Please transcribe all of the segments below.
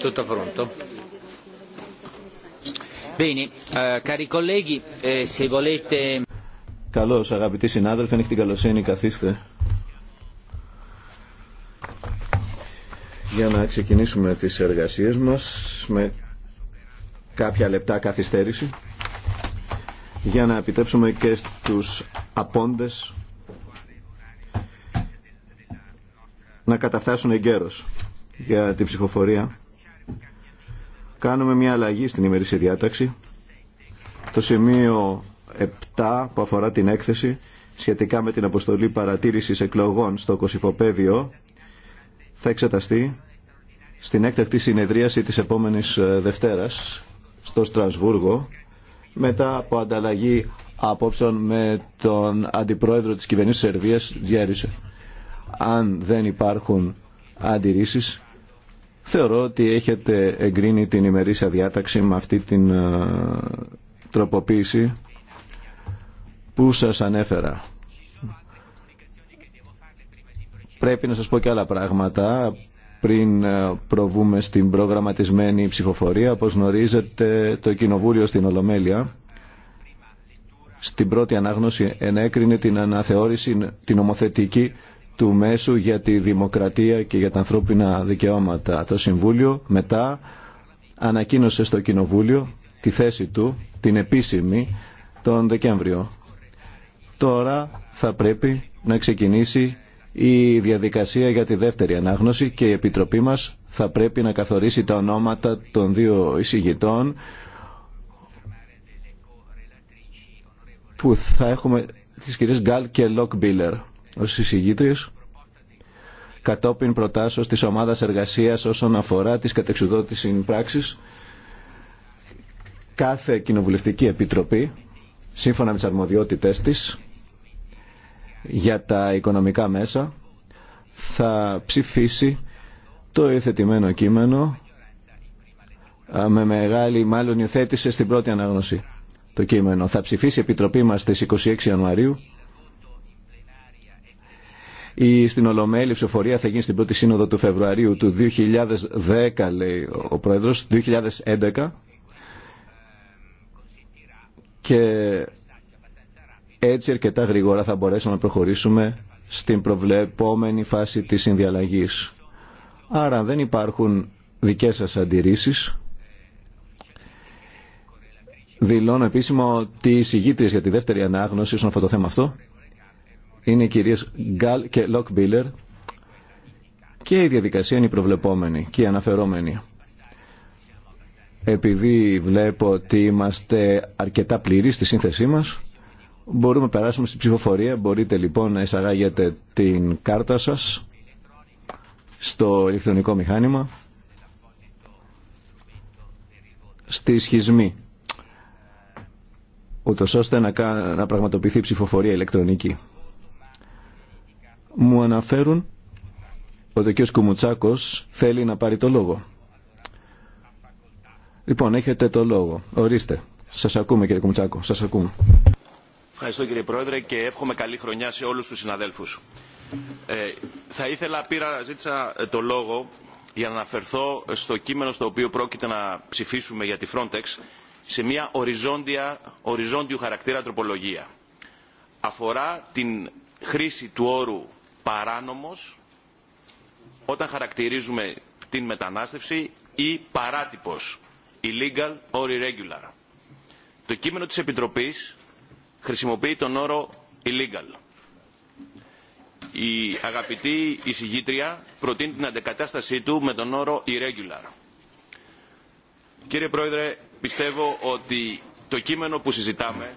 Tutto pronto? Bene, eh, cari colleghi, eh, se volete... Καλώς αγαπητοί συνάδελφοι, αν την καλοσύνη καθίστε. Για να ξεκινήσουμε τις εργασίες μας με κάποια λεπτά καθυστέρηση για να επιτρέψουμε και στους απόντες να καταφτάσουν εγκαίρως για την ψηφοφορία κάνουμε μια αλλαγή στην ημερήσια διάταξη. Το σημείο 7 που αφορά την έκθεση σχετικά με την αποστολή παρατήρησης εκλογών στο Κωσυφοπαίδιο θα εξεταστεί στην έκτακτη συνεδρίαση της επόμενης ε, Δευτέρας στο Στρασβούργο μετά από ανταλλαγή απόψεων με τον αντιπρόεδρο της κυβερνήσης Σερβίας διέρισε Αν δεν υπάρχουν αντιρρήσεις Θεωρώ ότι έχετε εγκρίνει την ημερήσια διάταξη με αυτή την ε, τροποποίηση που σας ανέφερα. Πρέπει να σας πω και άλλα πράγματα πριν ε, προβούμε στην προγραμματισμένη ψηφοφορία. Όπως γνωρίζετε το Κοινοβούλιο στην Ολομέλεια στην πρώτη ανάγνωση ενέκρινε την αναθεώρηση, την ομοθετική του μέσου για τη δημοκρατία και για τα ανθρώπινα δικαιώματα. Το Συμβούλιο μετά ανακοίνωσε στο Κοινοβούλιο τη θέση του, την επίσημη, τον Δεκέμβριο. Τώρα θα πρέπει να ξεκινήσει η διαδικασία για τη δεύτερη ανάγνωση και η Επιτροπή μας θα πρέπει να καθορίσει τα ονόματα των δύο εισηγητών που θα έχουμε τις κυρίες Γκάλ και Λοκ Μπίλερ ως εισηγήτριες κατόπιν προτάσεως της ομάδας εργασίας όσον αφορά τις κατεξουδότηση πράξεις κάθε κοινοβουλευτική επιτροπή σύμφωνα με τις αρμοδιότητές της για τα οικονομικά μέσα θα ψηφίσει το υιοθετημένο κείμενο με μεγάλη μάλλον υιοθέτηση στην πρώτη ανάγνωση το κείμενο. Θα ψηφίσει η Επιτροπή μας στις 26 Ιανουαρίου η στην Ολομέλη ψηφοφορία θα γίνει στην πρώτη σύνοδο του Φεβρουαρίου του 2010, λέει ο Πρόεδρος, 2011 και έτσι αρκετά γρήγορα θα μπορέσουμε να προχωρήσουμε στην προβλεπόμενη φάση της συνδιαλλαγής. Άρα δεν υπάρχουν δικές σας αντιρρήσεις. Δηλώνω επίσημα ότι οι συγγήτρες για τη δεύτερη ανάγνωση στον αυτό το θέμα αυτό είναι οι κυρίες Γκάλ και Λοκ Μπίλερ και η διαδικασία είναι η προβλεπόμενη και η αναφερόμενη. Επειδή βλέπω ότι είμαστε αρκετά πληροί στη σύνθεσή μας, μπορούμε να περάσουμε στη ψηφοφορία. Μπορείτε λοιπόν να εισαγάγετε την κάρτα σας στο ηλεκτρονικό μηχάνημα στη σχισμή ούτως ώστε να, να πραγματοποιηθεί ψηφοφορία ηλεκτρονική. Μου αναφέρουν ότι ο κ. Κουμουτσάκος θέλει να πάρει το λόγο. Λοιπόν, έχετε το λόγο. Ορίστε. Σας ακούμε κύριε Κουμουτσάκο. Σας ακούμε. Ευχαριστώ κύριε Πρόεδρε και εύχομαι καλή χρονιά σε όλους τους συναδέλφους. Ε, θα ήθελα, πήρα, ζήτησα το λόγο για να αναφερθώ στο κείμενο στο οποίο πρόκειται να ψηφίσουμε για τη Frontex σε μια οριζόντια, οριζόντιου χαρακτήρα τροπολογία. Αφορά την χρήση του όρου παράνομος όταν χαρακτηρίζουμε την μετανάστευση ή παράτυπος illegal or irregular. Το κείμενο της Επιτροπής χρησιμοποιεί τον όρο illegal. Η αγαπητή εισηγήτρια προτείνει την αντεκατάστασή του με τον όρο irregular. Κύριε Πρόεδρε, πιστεύω ότι το κείμενο που συζητάμε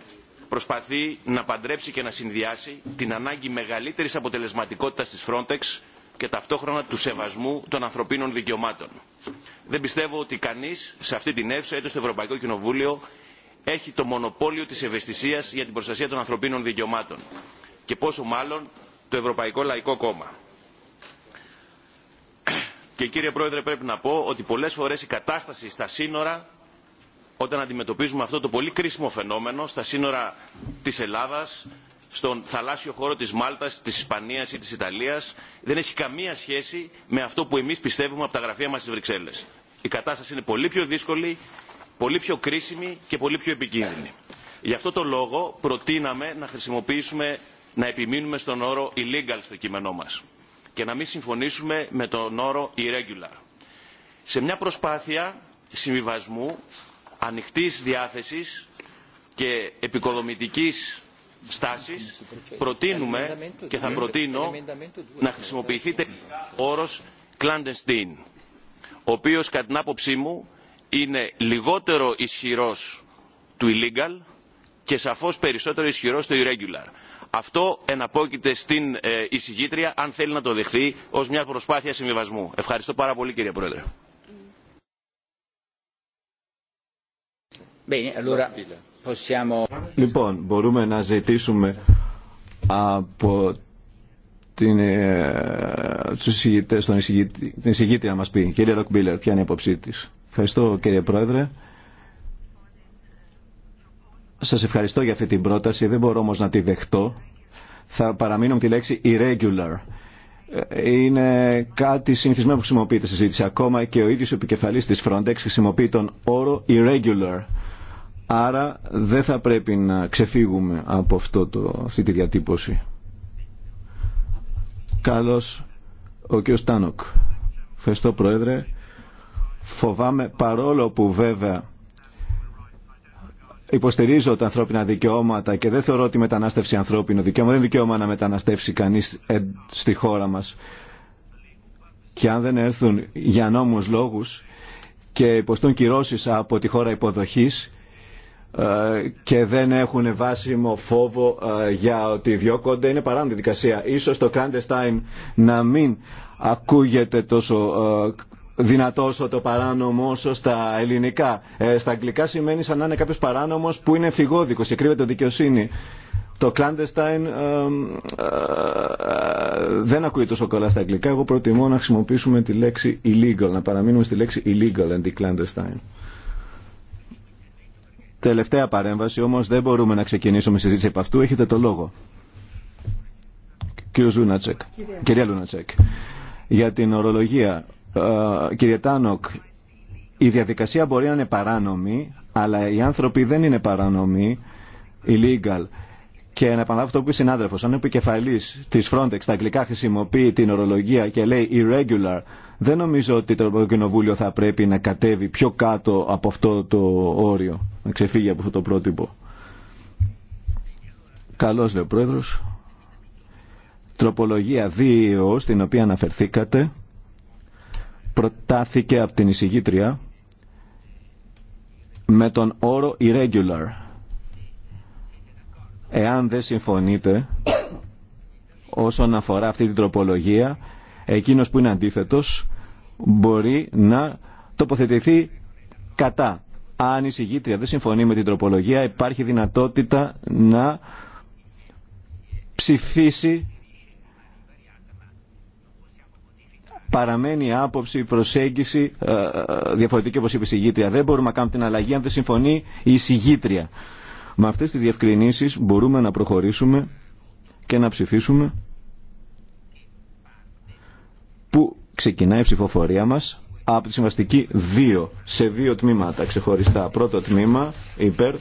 προσπαθεί να παντρέψει και να συνδυάσει την ανάγκη μεγαλύτερης αποτελεσματικότητας της Frontex και ταυτόχρονα του σεβασμού των ανθρωπίνων δικαιωμάτων. Δεν πιστεύω ότι κανείς σε αυτή την αίθουσα είτε στο Ευρωπαϊκό Κοινοβούλιο έχει το μονοπόλιο της ευαισθησίας για την προστασία των ανθρωπίνων δικαιωμάτων και πόσο μάλλον το Ευρωπαϊκό Λαϊκό Κόμμα. Και κύριε Πρόεδρε πρέπει να πω ότι πολλές φορές η κατάσταση στα σύνορα όταν αντιμετωπίζουμε αυτό το πολύ κρίσιμο φαινόμενο στα σύνορα της ελλάδας στον θαλάσσιο χώρο της μάλτας της ισπανίας ή της ιταλίας δεν έχει καμία σχέση με αυτό που εμείς πιστεύουμε από τα γραφεία μας στις βρυξέλλες. η κατάσταση είναι πολύ πιο δύσκολη πολύ πιο κρίσιμη και πολύ πιο επικίνδυνη. γι' αυτό το λόγο προτείναμε να χρησιμοποιήσουμε να επιμείνουμε στον όρο illegal στο κείμενό μας και να μην συμφωνήσουμε με τον όρο irregular. σε μια προσπάθεια συμβιβασμού ανοιχτής διάθεσης και επικοδομητικής στάσης προτείνουμε και θα προτείνω να χρησιμοποιηθεί ο όρος clandestine ο οποίος κατά την άποψή μου είναι λιγότερο ισχυρός του illegal και σαφώς περισσότερο ισχυρός του irregular. Αυτό εναπόκειται στην ε, εισηγήτρια αν θέλει να το δεχθεί ως μια προσπάθεια συμβιβασμού. Ευχαριστώ πάρα πολύ κύριε Πρόεδρε. Λοιπόν, μπορούμε να ζητήσουμε από την, ε, τους τον εισηγητή, να μας πει. Κύριε Ροκμπίλερ, ποια είναι η απόψή της. Ευχαριστώ κύριε Πρόεδρε. Σας ευχαριστώ για αυτή την πρόταση. Δεν μπορώ όμως να τη δεχτώ. Θα παραμείνω με τη λέξη irregular. Ε, είναι κάτι συνηθισμένο που χρησιμοποιείται στη συζήτηση. Ακόμα και ο ίδιος ο επικεφαλής της Frontex χρησιμοποιεί τον όρο irregular Άρα δεν θα πρέπει να ξεφύγουμε από αυτό το, αυτή τη διατύπωση. Καλώς ο κ. Στάνοκ. Ευχαριστώ Πρόεδρε. Φοβάμαι παρόλο που βέβαια υποστηρίζω τα ανθρώπινα δικαιώματα και δεν θεωρώ ότι μετανάστευση ανθρώπινο δικαίωμα. Δεν είναι δικαίωμα να μεταναστεύσει κανείς ε, στη χώρα μας. Και αν δεν έρθουν για νόμους λόγους και υποστούν κυρώσεις από τη χώρα υποδοχής ε, και δεν έχουν βάσιμο φόβο ε, για ότι διώκονται είναι παράνομη δικασία. Ίσως το clandestine να μην ακούγεται τόσο ε, δυνατό όσο το παράνομο όσο στα ελληνικά. στα αγγλικά σημαίνει σαν να είναι κάποιος παράνομος που είναι φυγόδικο και κρύβεται δικαιοσύνη. Το clandestine δεν ακούει τόσο καλά στα αγγλικά. Εγώ προτιμώ να χρησιμοποιήσουμε τη λέξη illegal, να παραμείνουμε στη λέξη illegal αντί clandestine. Τελευταία παρέμβαση, όμως δεν μπορούμε να ξεκινήσουμε συζήτηση από αυτού. Έχετε το λόγο. Κύριο Λούνατσεκ. Κυρία. Κυρία Λούνατσεκ. Για την ορολογία, ε, κύριε Τάνοκ, η διαδικασία μπορεί να είναι παράνομη, αλλά οι άνθρωποι δεν είναι παράνομοι, illegal. Και να επαναλάβω αυτό που είπε συνάδελφο. Αν ο επικεφαλή τη Frontex στα αγγλικά χρησιμοποιεί την ορολογία και λέει irregular, δεν νομίζω ότι το Ευρωπαϊκό Κοινοβούλιο θα πρέπει να κατέβει πιο κάτω από αυτό το όριο, να ξεφύγει από αυτό το πρότυπο. Καλώς λέει ο Πρόεδρος. Τροπολογία 2, στην οποία αναφερθήκατε, προτάθηκε από την εισηγήτρια με τον όρο irregular. Εάν δεν συμφωνείτε όσον αφορά αυτή την τροπολογία, εκείνος που είναι αντίθετος μπορεί να τοποθετηθεί κατά. Αν η συγγήτρια δεν συμφωνεί με την τροπολογία, υπάρχει δυνατότητα να ψηφίσει παραμένει άποψη, η προσέγγιση ε, ε, διαφορετική όπως είπε η συγγήτρια. Δεν μπορούμε να κάνουμε την αλλαγή αν δεν συμφωνεί η συγγήτρια. Με αυτές τις διευκρινήσεις μπορούμε να προχωρήσουμε και να ψηφίσουμε που ξεκινάει η ψηφοφορία μας από τη συμβαστική 2 σε δύο τμήματα ξεχωριστά. Πρώτο τμήμα υπέρ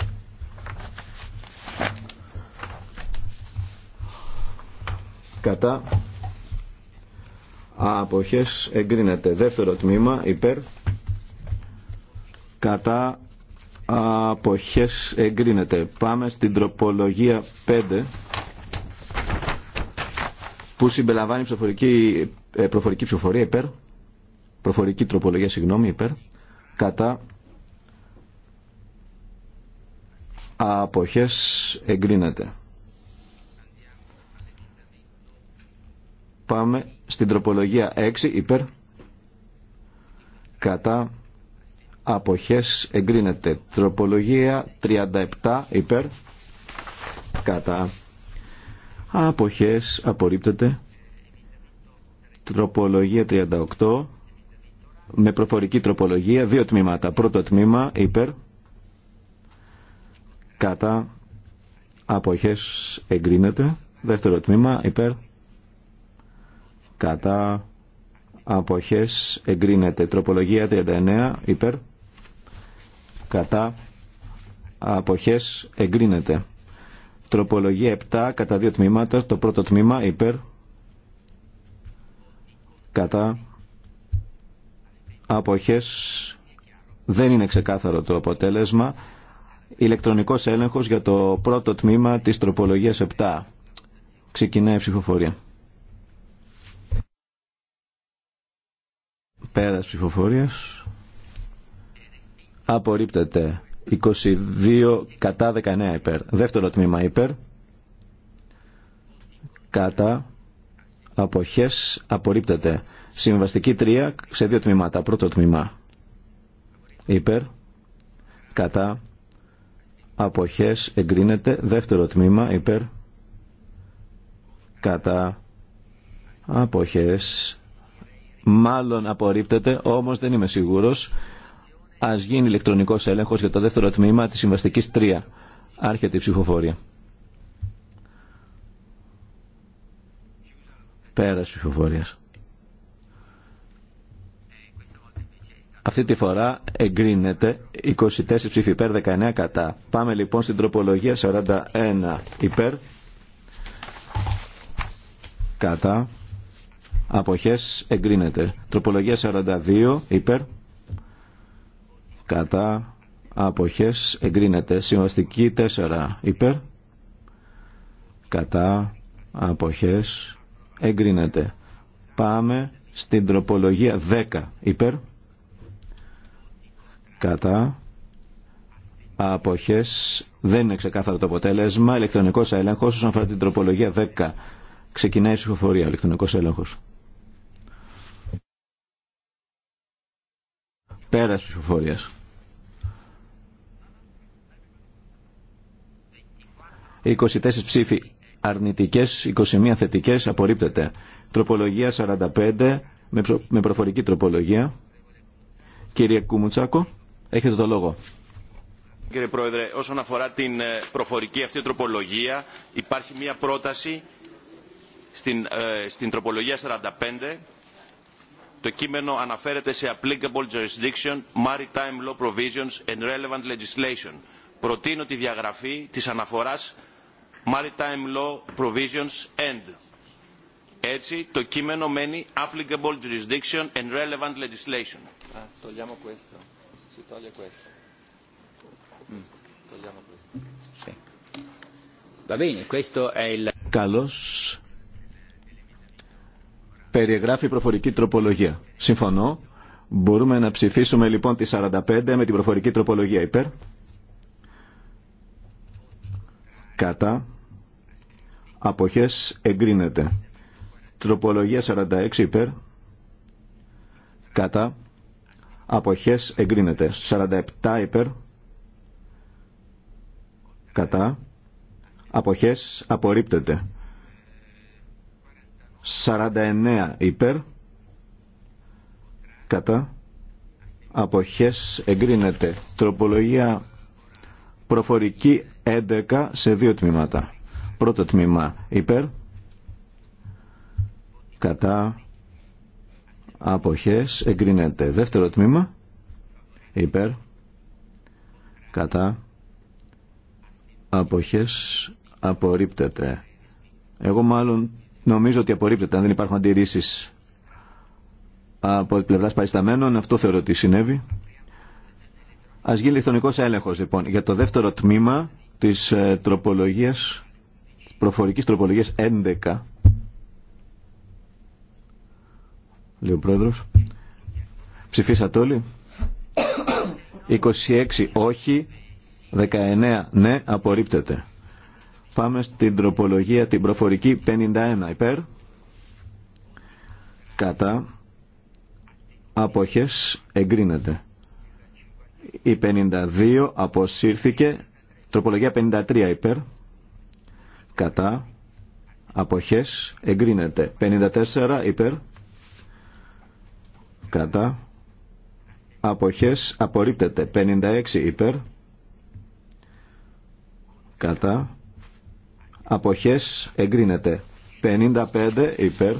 κατά αποχές εγκρίνεται. Δεύτερο τμήμα υπέρ κατά αποχές εγκρίνεται. Πάμε στην τροπολογία 5 που συμπεριλαμβάνει προφορική, ε, προφορική ψηφοφορία υπέρ, προφορική τροπολογία, συγγνώμη, υπέρ, κατά αποχές εγκρίνεται. Πάμε στην τροπολογία 6 υπέρ κατά αποχές εγκρίνεται. Τροπολογία 37 υπέρ κατά Αποχές απορρίπτεται. Τροπολογία 38 με προφορική τροπολογία, δύο τμήματα. Πρώτο τμήμα υπέρ, κατά, αποχές εγκρίνεται. Δεύτερο τμήμα υπέρ, κατά, αποχές εγκρίνεται. Τροπολογία 39 υπέρ, κατά, αποχές εγκρίνεται. Τροπολογία 7 κατά δύο τμήματα. Το πρώτο τμήμα υπέρ. Κατά. Αποχές. Δεν είναι ξεκάθαρο το αποτέλεσμα. Ηλεκτρονικός έλεγχος για το πρώτο τμήμα της τροπολογίας 7. Ξεκινάει η ψηφοφορία. Πέρας ψηφοφορίας. Απορρίπτεται. 22 κατά 19 υπέρ. Δεύτερο τμήμα υπέρ. Κατά. Αποχές απορρίπτεται. Συμβαστική 3 σε δύο τμήματα. Πρώτο τμήμα υπέρ. Κατά. Αποχές εγκρίνεται. Δεύτερο τμήμα υπέρ. Κατά. Αποχές. Μάλλον απορρίπτεται, όμως δεν είμαι σίγουρος. Ας γίνει ηλεκτρονικός έλεγχος για το δεύτερο τμήμα της συμβαστική 3. Άρχεται η ψηφοφορία. Πέρας ψηφοφορία. Αυτή τη φορά εγκρίνεται 24 ψήφοι υπέρ, 19 κατά. Πάμε λοιπόν στην τροπολογία 41 υπέρ, κατά, αποχές εγκρίνεται. Τροπολογία 42 υπέρ, κατά αποχές εγκρίνεται συμβαστική 4 υπέρ κατά αποχές εγκρίνεται πάμε στην τροπολογία 10 υπέρ κατά αποχές δεν είναι ξεκάθαρο το αποτέλεσμα ηλεκτρονικός έλεγχος όσον αφορά την τροπολογία 10 ξεκινάει η ψηφοφορία ηλεκτρονικός έλεγχος πέρας ψηφοφορίας 24 ψήφοι αρνητικές, 21 θετικές, απορρίπτεται. Τροπολογία 45 με προφορική τροπολογία. Κύριε Κουμουτσάκο, έχετε το λόγο. Κύριε Πρόεδρε, όσον αφορά την ε, προφορική αυτή τροπολογία, υπάρχει μία πρόταση στην, ε, στην τροπολογία 45. Το κείμενο αναφέρεται σε applicable jurisdiction, maritime law provisions and relevant legislation. Προτείνω τη διαγραφή της αναφοράς maritime law provisions and έτσι το κείμενο μένει applicable jurisdiction and relevant legislation. Καλώς. Περιγράφει προφορική τροπολογία. Συμφωνώ. Μπορούμε να ψηφίσουμε λοιπόν τη 45 με την προφορική τροπολογία υπέρ κατά αποχές εγκρίνεται τροπολογία 46 υπέρ κατά αποχές εγκρίνεται 47 υπέρ κατά αποχές απορρίπτεται 49 υπέρ κατά αποχές εγκρίνεται τροπολογία προφορική 11 σε δύο τμήματα. Πρώτο τμήμα υπέρ, κατά, αποχές, εγκρίνεται. Δεύτερο τμήμα υπέρ, κατά, αποχές, απορρίπτεται. Εγώ μάλλον νομίζω ότι απορρίπτεται αν δεν υπάρχουν αντιρρήσεις από πλευρά παρισταμένων. Αυτό θεωρώ ότι συνέβη. Ας γίνει ηλεκτρονικός έλεγχος, λοιπόν. Για το δεύτερο τμήμα της ε, τροπολογίας, προφορικής τροπολογίας 11, λέει ο Πρόεδρος. Ψηφίσατε όλοι. 26 όχι, 19 ναι, απορρίπτεται. Πάμε στην τροπολογία την προφορική 51 υπέρ. Κατά. Αποχές εγκρίνεται. Η 52 αποσύρθηκε. Τροπολογία 53 υπέρ. Κατά. Αποχές. Εγκρίνεται. 54 υπέρ. Κατά. Αποχές. Απορρίπτεται. 56 υπέρ. Κατά. Αποχές. Εγκρίνεται. 55 υπέρ.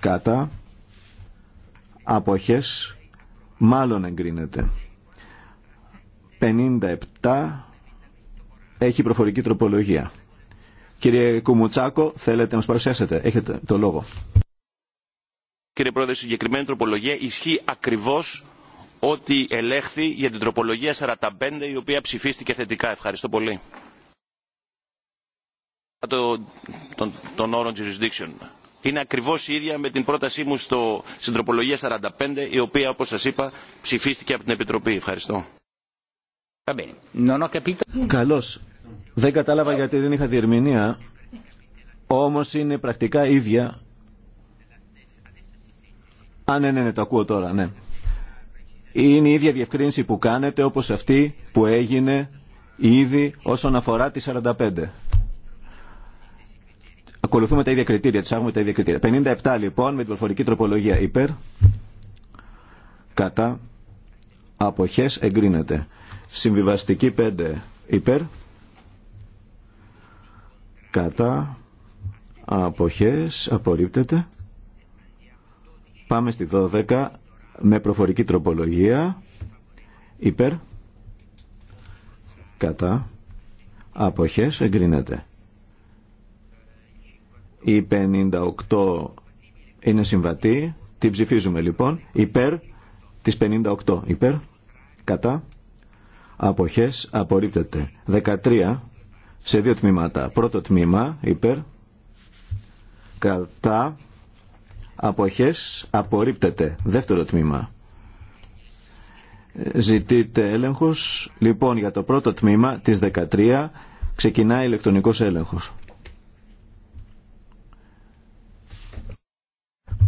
Κατά. Αποχές. Μάλλον εγκρίνεται. 57 έχει προφορική τροπολογία. Κύριε Κουμουτσάκο, θέλετε να μας παρουσιάσετε. Έχετε το λόγο. Κύριε Πρόεδρε, η συγκεκριμένη τροπολογία ισχύει ακριβώς ό,τι ελέγχθη για την τροπολογία 45 η οποία ψηφίστηκε θετικά. Ευχαριστώ πολύ. Το, τον, τον jurisdiction. Είναι ακριβώς η ίδια με την πρότασή μου στο, στην τροπολογία 45 η οποία όπως σας είπα ψηφίστηκε από την Επιτροπή. Ευχαριστώ. Καλώς. Δεν κατάλαβα γιατί δεν είχα διερμηνία. Όμως είναι πρακτικά ίδια. Α, ναι, ναι, ναι, το ακούω τώρα, ναι. Είναι η ίδια διευκρίνηση που κάνετε όπως αυτή που έγινε ήδη όσον αφορά τη 45. Ακολουθούμε τα ίδια κριτήρια, τσάγουμε τα ίδια κριτήρια. 57 λοιπόν με την προφορική τροπολογία υπέρ, κατά, αποχές εγκρίνεται. Συμβιβαστική 5 υπέρ. Κατά αποχές απορρίπτεται. Πάμε στη 12 με προφορική τροπολογία υπέρ. Κατά αποχές εγκρίνεται. Η 58 είναι συμβατή. Την ψηφίζουμε λοιπόν. Υπέρ της 58. Υπέρ. Κατά. Αποχές απορρίπτεται. 13 σε δύο τμήματα. Πρώτο τμήμα υπέρ. Κατά. Αποχές απορρίπτεται. Δεύτερο τμήμα. Ζητείτε έλεγχος. Λοιπόν, για το πρώτο τμήμα της 13 ξεκινάει ηλεκτρονικός έλεγχος.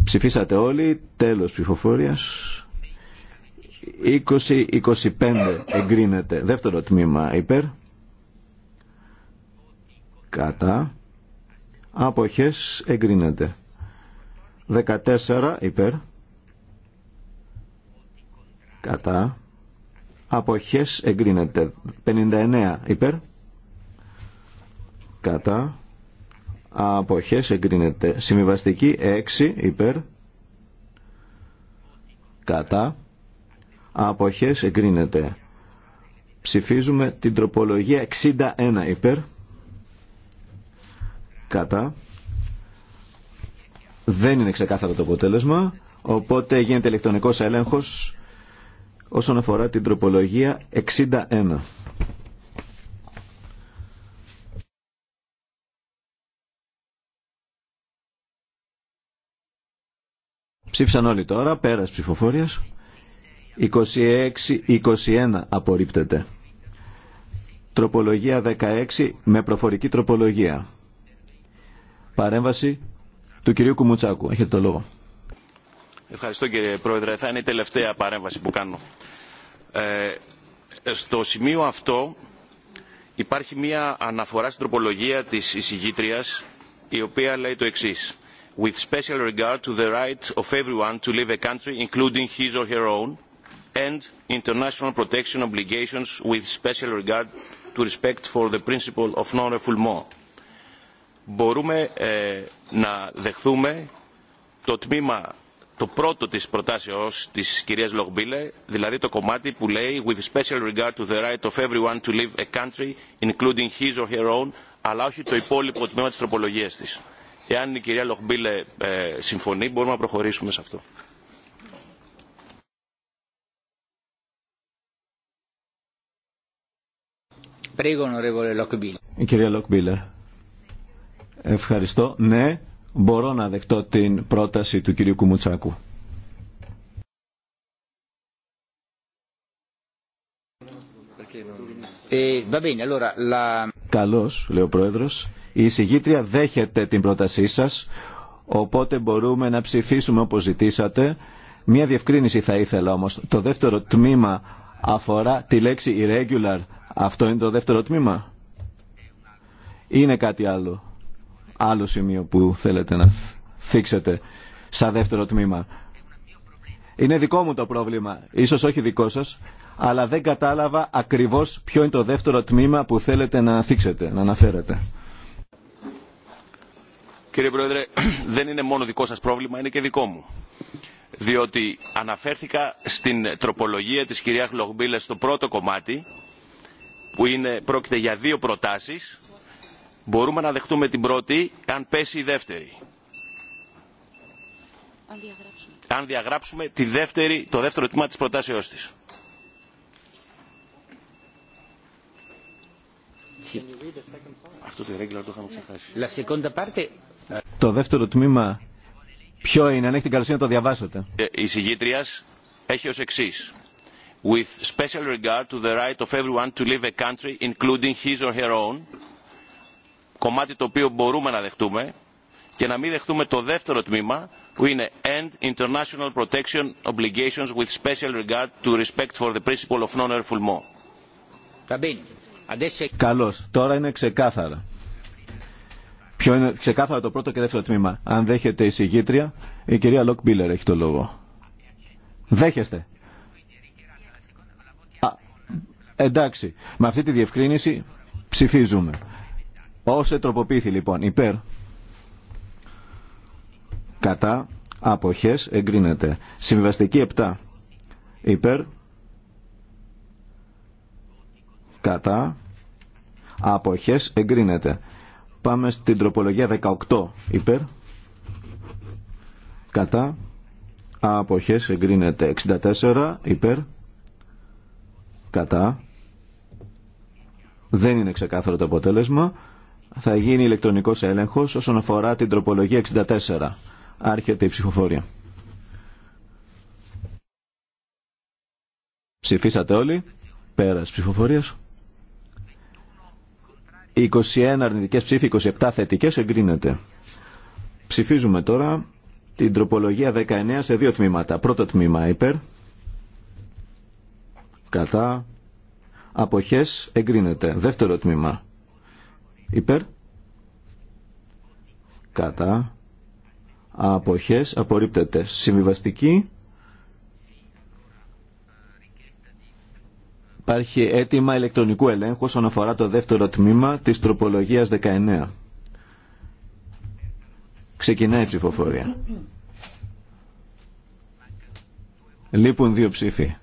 Ψηφίσατε όλοι. Τέλος ψηφοφορίας. 20-25 εγκρίνεται. Δεύτερο τμήμα υπέρ. Κατά. Άποχες εγκρίνεται. 14 υπέρ. Κατά. Αποχές εγκρίνεται. 59 υπέρ. Κατά. Αποχές εγκρίνεται. Συμβιβαστική 6 υπέρ. Κατά αποχές εγκρίνεται. Ψηφίζουμε την τροπολογία 61 υπέρ, κατά. Δεν είναι ξεκάθαρο το αποτέλεσμα, οπότε γίνεται ηλεκτρονικός έλεγχος όσον αφορά την τροπολογία 61. Ψήφισαν όλοι τώρα, πέρας ψηφοφόρειας. 26-21 απορρίπτεται. Τροπολογία 16 με προφορική τροπολογία. Παρέμβαση του κυρίου Κουμουτσάκου. Έχετε το λόγο. Ευχαριστώ κύριε Πρόεδρε. Θα είναι η τελευταία παρέμβαση που κάνω. Ε, στο σημείο αυτό υπάρχει μία αναφορά στην τροπολογία της εισηγήτριας η οποία λέει το εξής. With special regard to the right of everyone to leave a country including his or her own and international protection obligations with special regard to respect for the principle of non refoulement. Μπορούμε ε, να δεχθούμε το τμήμα, το πρώτο της προτάσεως της κυρίας Λογμπίλε, δηλαδή το κομμάτι που λέει «With special regard to the right of everyone to leave a country, including his or her own», αλλά όχι το υπόλοιπο τμήμα της τροπολογίας της. Εάν η κυρία Λογμπίλε ε, συμφωνεί, μπορούμε να προχωρήσουμε σε αυτό. κυρία Λοκμπίλερ. Ευχαριστώ. Ναι, μπορώ να δεχτώ την πρόταση του κυρίου Κουμουτσάκου. Ε, Καλώς, λέει ο Πρόεδρος. Η εισηγήτρια δέχεται την πρότασή σας, οπότε μπορούμε να ψηφίσουμε όπως ζητήσατε. Μία διευκρίνηση θα ήθελα όμως. Το δεύτερο τμήμα αφορά τη λέξη irregular αυτό είναι το δεύτερο τμήμα. Είναι κάτι άλλο. Άλλο σημείο που θέλετε να θίξετε σαν δεύτερο τμήμα. Είναι δικό μου το πρόβλημα, ίσως όχι δικό σας, αλλά δεν κατάλαβα ακριβώς ποιο είναι το δεύτερο τμήμα που θέλετε να θίξετε, να αναφέρετε. Κύριε Πρόεδρε, δεν είναι μόνο δικό σας πρόβλημα, είναι και δικό μου. Διότι αναφέρθηκα στην τροπολογία της κυρία Χλογμπίλα στο πρώτο κομμάτι που είναι, πρόκειται για δύο προτάσεις, μπορούμε να δεχτούμε την πρώτη αν πέσει η δεύτερη. Αν διαγράψουμε, τη δεύτερη, το δεύτερο τμήμα της προτάσεώς της. Αυτό το το είχαμε ξεχάσει. Το δεύτερο τμήμα ποιο είναι, αν έχετε την καλοσύνη να το διαβάσετε. Ε, η συγγήτριας έχει ως εξής with special regard to the right of everyone to leave a country including his or her own κομμάτι το οποίο μπορούμε να δεχτούμε και να μην δεχτούμε το δεύτερο τμήμα που είναι end international protection obligations with special regard to respect for the principle of non airful law. Καλώς. Τώρα είναι ξεκάθαρα. Ποιο είναι ξεκάθαρα το πρώτο και δεύτερο τμήμα. Αν δέχεται η συγγήτρια, η κυρία Λοκ Μπίλερ έχει το λόγο. Δέχεστε. Εντάξει, με αυτή τη διευκρίνηση ψηφίζουμε. Όσε τροποποιήθη λοιπόν υπέρ, κατά, αποχές, εγκρίνεται. Συμβαστική 7, υπέρ, κατά, αποχές, εγκρίνεται. Πάμε στην τροπολογία 18, υπέρ, κατά, αποχές, εγκρίνεται. 64, υπέρ, κατά, δεν είναι ξεκάθαρο το αποτέλεσμα. Θα γίνει ηλεκτρονικός έλεγχος όσον αφορά την τροπολογία 64. Άρχεται η ψηφοφορία. Ψηφίσατε όλοι. Πέρας ψηφοφορία. 21 αρνητικές ψήφοι, 27 θετικές εγκρίνεται. Ψηφίζουμε τώρα την τροπολογία 19 σε δύο τμήματα. Πρώτο τμήμα υπέρ, κατά, αποχές εγκρίνεται. Δεύτερο τμήμα. Υπέρ. Κατά. Αποχές απορρίπτεται. Συμβιβαστική. Υπάρχει αίτημα ηλεκτρονικού ελέγχου όσον αφορά το δεύτερο τμήμα της τροπολογίας 19. Ξεκινάει η ψηφοφορία. Λείπουν δύο ψήφοι.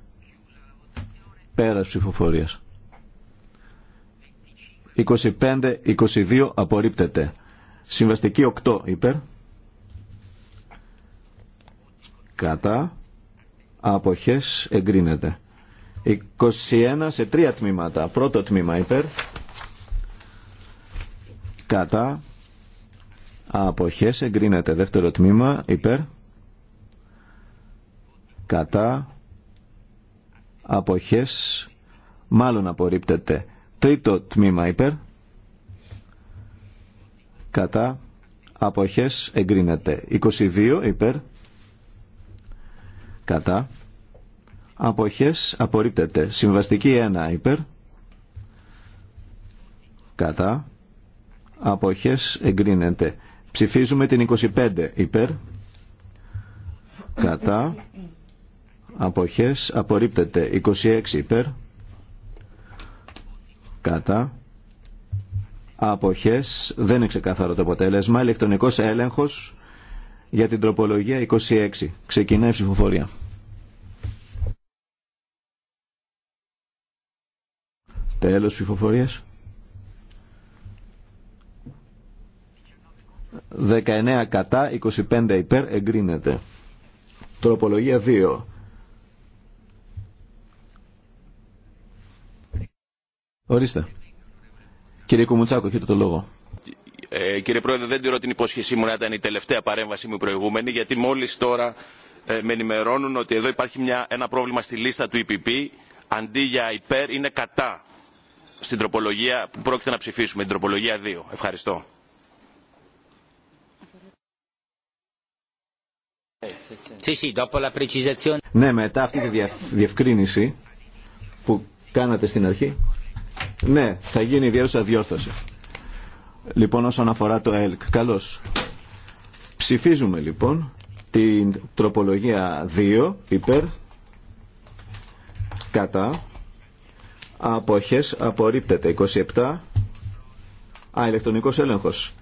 Πέρας ψηφοφορίας. 25-22 απορρίπτεται. Συμβαστική 8 υπέρ. Κατά. Αποχές εγκρίνεται. 21 σε τρία τμήματα. Πρώτο τμήμα υπέρ. Κατά. Αποχές εγκρίνεται. Δεύτερο τμήμα υπέρ. Κατά. Αποχές μάλλον απορρίπτεται. Τρίτο τμήμα υπέρ. Κατά. Αποχές εγκρίνεται. 22 υπέρ. Κατά. Αποχές απορρίπτεται. Συμβαστική 1 υπέρ. Κατά. Αποχές εγκρίνεται. Ψηφίζουμε την 25 υπέρ. Κατά. Αποχές απορρίπτεται. 26 υπέρ κατά αποχές δεν είναι ξεκάθαρο το αποτέλεσμα ηλεκτρονικός έλεγχος για την τροπολογία 26 ξεκινάει η ψηφοφορία τέλος ψηφοφορίας 19 κατά 25 υπέρ εγκρίνεται τροπολογία 2 Ορίστε. Κύριε Κουμουτσάκο, έχετε το λόγο. Ε, κύριε Πρόεδρε, δεν τηρώ την υπόσχεσή μου να ήταν η τελευταία παρέμβασή μου προηγούμενη, γιατί μόλι τώρα ε, με ενημερώνουν ότι εδώ υπάρχει μια, ένα πρόβλημα στη λίστα του ΕΠΠ. Αντί για υπέρ είναι κατά στην τροπολογία που πρόκειται να ψηφίσουμε, την τροπολογία 2. Ευχαριστώ. Ναι, μετά αυτή τη διευκρίνηση που κάνατε στην αρχή, ναι, θα γίνει ιδιαίτερη διόρθωση. Λοιπόν, όσον αφορά το ΕΛΚ. Καλώς. Ψηφίζουμε λοιπόν την τροπολογία 2 υπέρ κατά αποχές απορρίπτεται 27 α, ηλεκτρονικός έλεγχος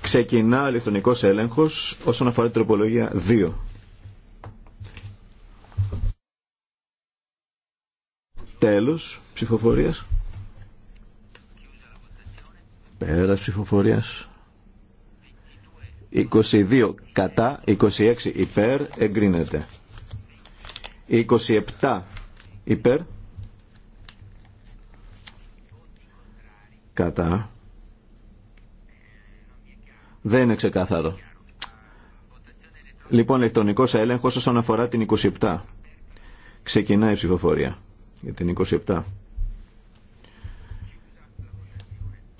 ξεκινά ηλεκτρονικός έλεγχος όσον αφορά την τροπολογία 2 τέλος ψηφοφορίας Πέρα ψηφοφορία. 22 κατά, 26 υπέρ, εγκρίνεται. 27 υπέρ, κατά. Δεν είναι ξεκάθαρο. Λοιπόν, ηλεκτρονικό έλεγχο όσον αφορά την 27. Ξεκινάει η ψηφοφορία για την 27.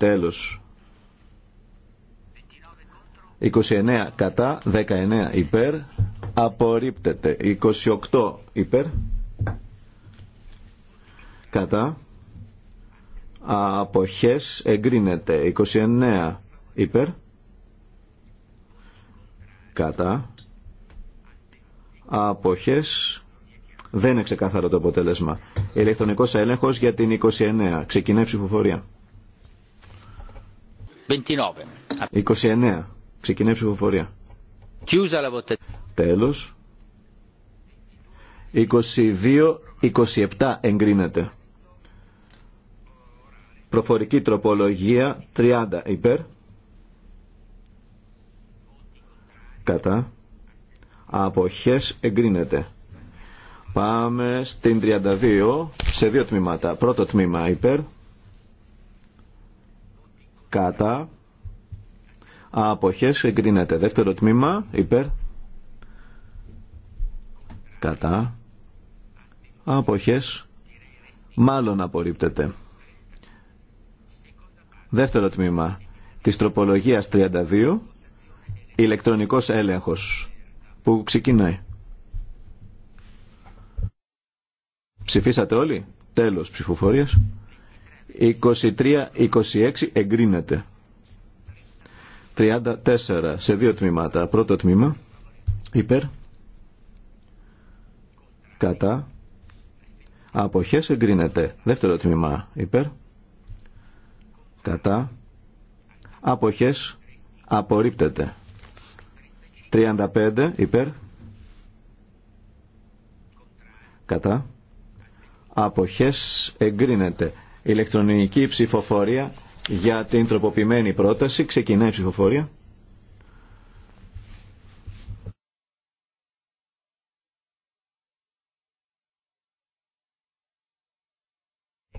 Τέλος. 29 κατά, 19 υπέρ, απορρίπτεται. 28 υπέρ, κατά, αποχές εγκρίνεται. 29 υπέρ, κατά, αποχές δεν είναι ξεκάθαρο το αποτέλεσμα. Ηλεκτρονικός έλεγχος για την 29. Ξεκινάει ψηφοφορία. 29. 29. Ξεκινάει η ψηφοφορια ψηφοφορία. Τέλος. 22-27 εγκρίνεται. Προφορική τροπολογία 30 υπέρ. Κατά. Αποχές εγκρίνεται. Πάμε στην 32 σε δύο τμήματα. Πρώτο τμήμα υπέρ κατά αποχές εγκρίνεται δεύτερο τμήμα υπέρ κατά αποχές μάλλον απορρίπτεται δεύτερο τμήμα της τροπολογίας 32 ηλεκτρονικός έλεγχος που ξεκινάει ψηφίσατε όλοι τέλος ψηφοφορίας 23-26 εγκρίνεται. 34 σε δύο τμήματα. Πρώτο τμήμα υπέρ κατά αποχές εγκρίνεται. Δεύτερο τμήμα υπέρ κατά αποχές απορρίπτεται. 35 υπέρ κατά αποχές εγκρίνεται ηλεκτρονική ψηφοφορία για την τροποποιημένη πρόταση. Ξεκινάει η ψηφοφορία.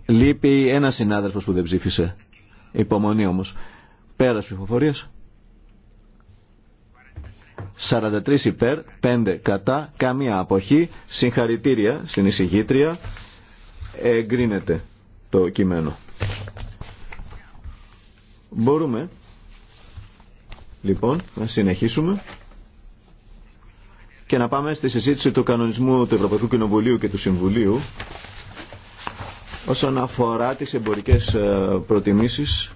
Λείπει ένα συνάδελφος που δεν ψήφισε. Υπομονή όμως. Πέρας ψηφοφορία. 43 υπέρ, 5 κατά, καμία αποχή. Συγχαρητήρια στην εισηγήτρια. Εγκρίνεται το κείμενο. Μπορούμε λοιπόν να συνεχίσουμε και να πάμε στη συζήτηση του κανονισμού του Ευρωπαϊκού Κοινοβουλίου και του Συμβουλίου όσον αφορά τις εμπορικές ε, προτιμήσεις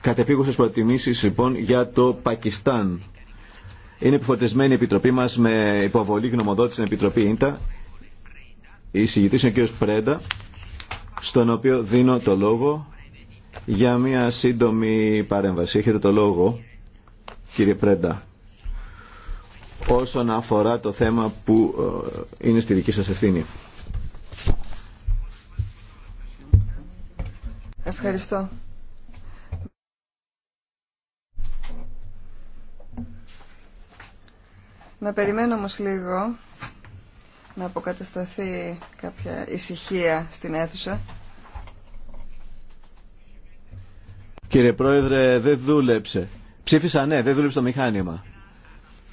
κατεπίγουσες προτιμήσεις λοιπόν για το Πακιστάν. Είναι επιφορτισμένη η Επιτροπή μας με υποβολή γνωμοδότηση στην Επιτροπή ΙΝΤΑ. Η συγητής είναι ο κ. Πρέντα στον οποίο δίνω το λόγο για μια σύντομη παρέμβαση. Έχετε το λόγο, κύριε Πρέντα, όσον αφορά το θέμα που ε, είναι στη δική σας ευθύνη. Ευχαριστώ. Να περιμένω όμως λίγο να αποκατασταθεί κάποια ησυχία στην αίθουσα. Κύριε Πρόεδρε, δεν δούλεψε. Ψήφισα ναι, δεν δούλεψε το μηχάνημα.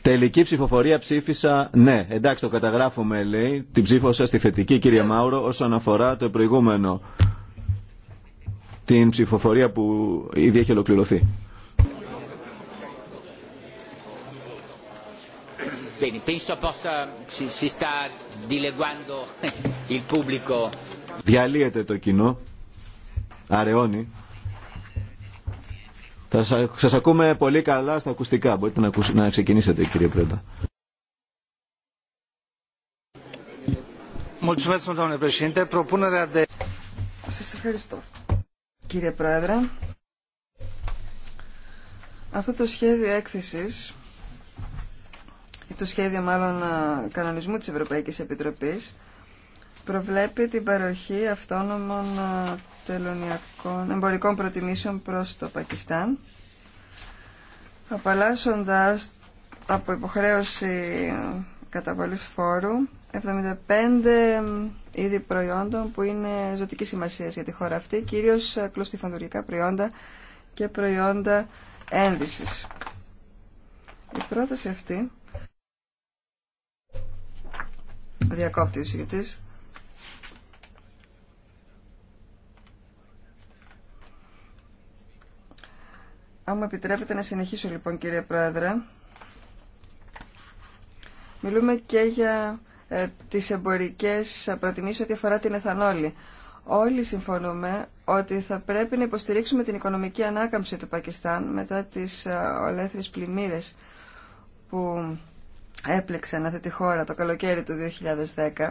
Τελική ψηφοφορία ψήφισα ναι. Εντάξει, το καταγράφουμε, λέει. Την ψήφο στη θετική, κύριε Μάουρο, όσον αφορά το προηγούμενο. Την ψηφοφορία που ήδη έχει ολοκληρωθεί. Διαλύεται το κοινό, αραιώνει. Θα σας, ακούμε πολύ καλά στα ακουστικά. Μπορείτε να, ακουσ, να ξεκινήσετε κύριε Πρέντα. Σας ευχαριστώ. Κύριε Πρόεδρε, αυτό το σχέδιο έκθεσης το σχέδιο μάλλον ε, κανονισμού της Ευρωπαϊκής Επιτροπής προβλέπει την παροχή αυτόνομων ε, τελωνιακών εμπορικών προτιμήσεων προς το Πακιστάν απαλλάσσοντας από υποχρέωση καταβολής φόρου 75 είδη προϊόντων που είναι ζωτική σημασία για τη χώρα αυτή, κυρίως ε, κλωστιφαντουργικά προϊόντα και προϊόντα ένδυσης. Η πρόταση αυτή Διακόπτει ο συγκεκριτής. Αν μου επιτρέπετε να συνεχίσω λοιπόν κύριε Πρόεδρε. Μιλούμε και για ε, τις εμπορικές προτιμήσεις ό,τι αφορά την εθανόλη. Όλοι συμφωνούμε ότι θα πρέπει να υποστηρίξουμε την οικονομική ανάκαμψη του Πακιστάν μετά τις ολέθρες ολέθριες πλημμύρες που έπλεξαν αυτή τη χώρα το καλοκαίρι του 2010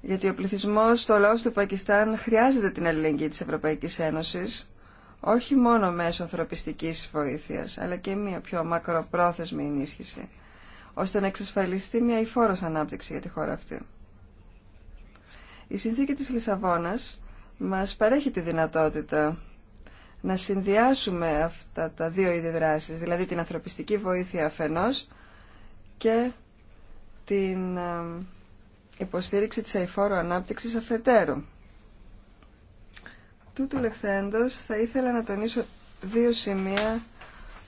γιατί ο πληθυσμός στο λαό του Πακιστάν χρειάζεται την αλληλεγγύη της Ευρωπαϊκής Ένωσης όχι μόνο μέσω ανθρωπιστικής βοήθειας αλλά και μια πιο μακροπρόθεσμη ενίσχυση ώστε να εξασφαλιστεί μια υφόρος ανάπτυξη για τη χώρα αυτή. Η συνθήκη της Λισαβόνας μας παρέχει τη δυνατότητα να συνδυάσουμε αυτά τα δύο είδη δράσης, δηλαδή την ανθρωπιστική βοήθεια αφενός και την ε, υποστήριξη της αηφόρου ανάπτυξης αφετέρου. Τούτου λεχθέντος θα ήθελα να τονίσω δύο σημεία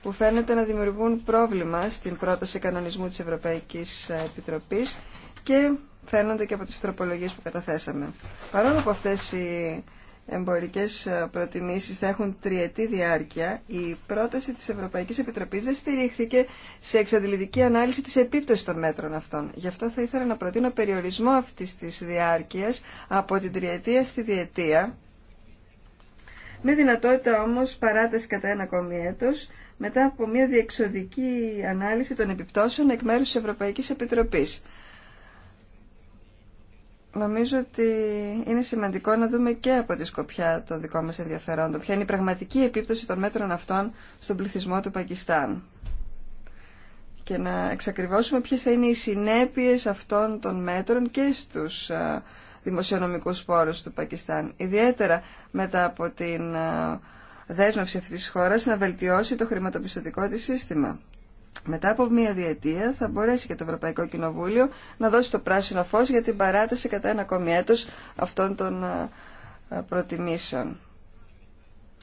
που φαίνεται να δημιουργούν πρόβλημα στην πρόταση κανονισμού της Ευρωπαϊκής ε, Επιτροπής και φαίνονται και από τις τροπολογίες που καταθέσαμε. Παρόλο που αυτές οι εμπορικές ε, προτιμήσεις θα έχουν τριετή διάρκεια, η πρόταση της Ευρωπαϊκής Επιτροπής δεν στηρίχθηκε σε εξαντλητική ανάλυση της επίπτωσης των μέτρων αυτών. Γι' αυτό θα ήθελα να προτείνω περιορισμό αυτής της διάρκειας από την τριετία στη διετία, με δυνατότητα όμως παράταση κατά ένα ακόμη έτος, μετά από μια διεξοδική ανάλυση των επιπτώσεων εκ μέρους της Ευρωπαϊκής Επιτροπής. Νομίζω ότι είναι σημαντικό να δούμε και από τη σκοπιά το δικό μας ενδιαφερόντο ποια είναι η πραγματική επίπτωση των μέτρων αυτών στον πληθυσμό του Πακιστάν και να εξακριβώσουμε ποιες θα είναι οι συνέπειες αυτών των μέτρων και στους δημοσιονομικούς πόρους του Πακιστάν. Ιδιαίτερα μετά από την δέσμευση αυτής της χώρας να βελτιώσει το χρηματοπιστωτικό της σύστημα μετά από μία διετία θα μπορέσει και το Ευρωπαϊκό Κοινοβούλιο να δώσει το πράσινο φως για την παράταση κατά ένα ακόμη έτος αυτών των ε, ε, προτιμήσεων.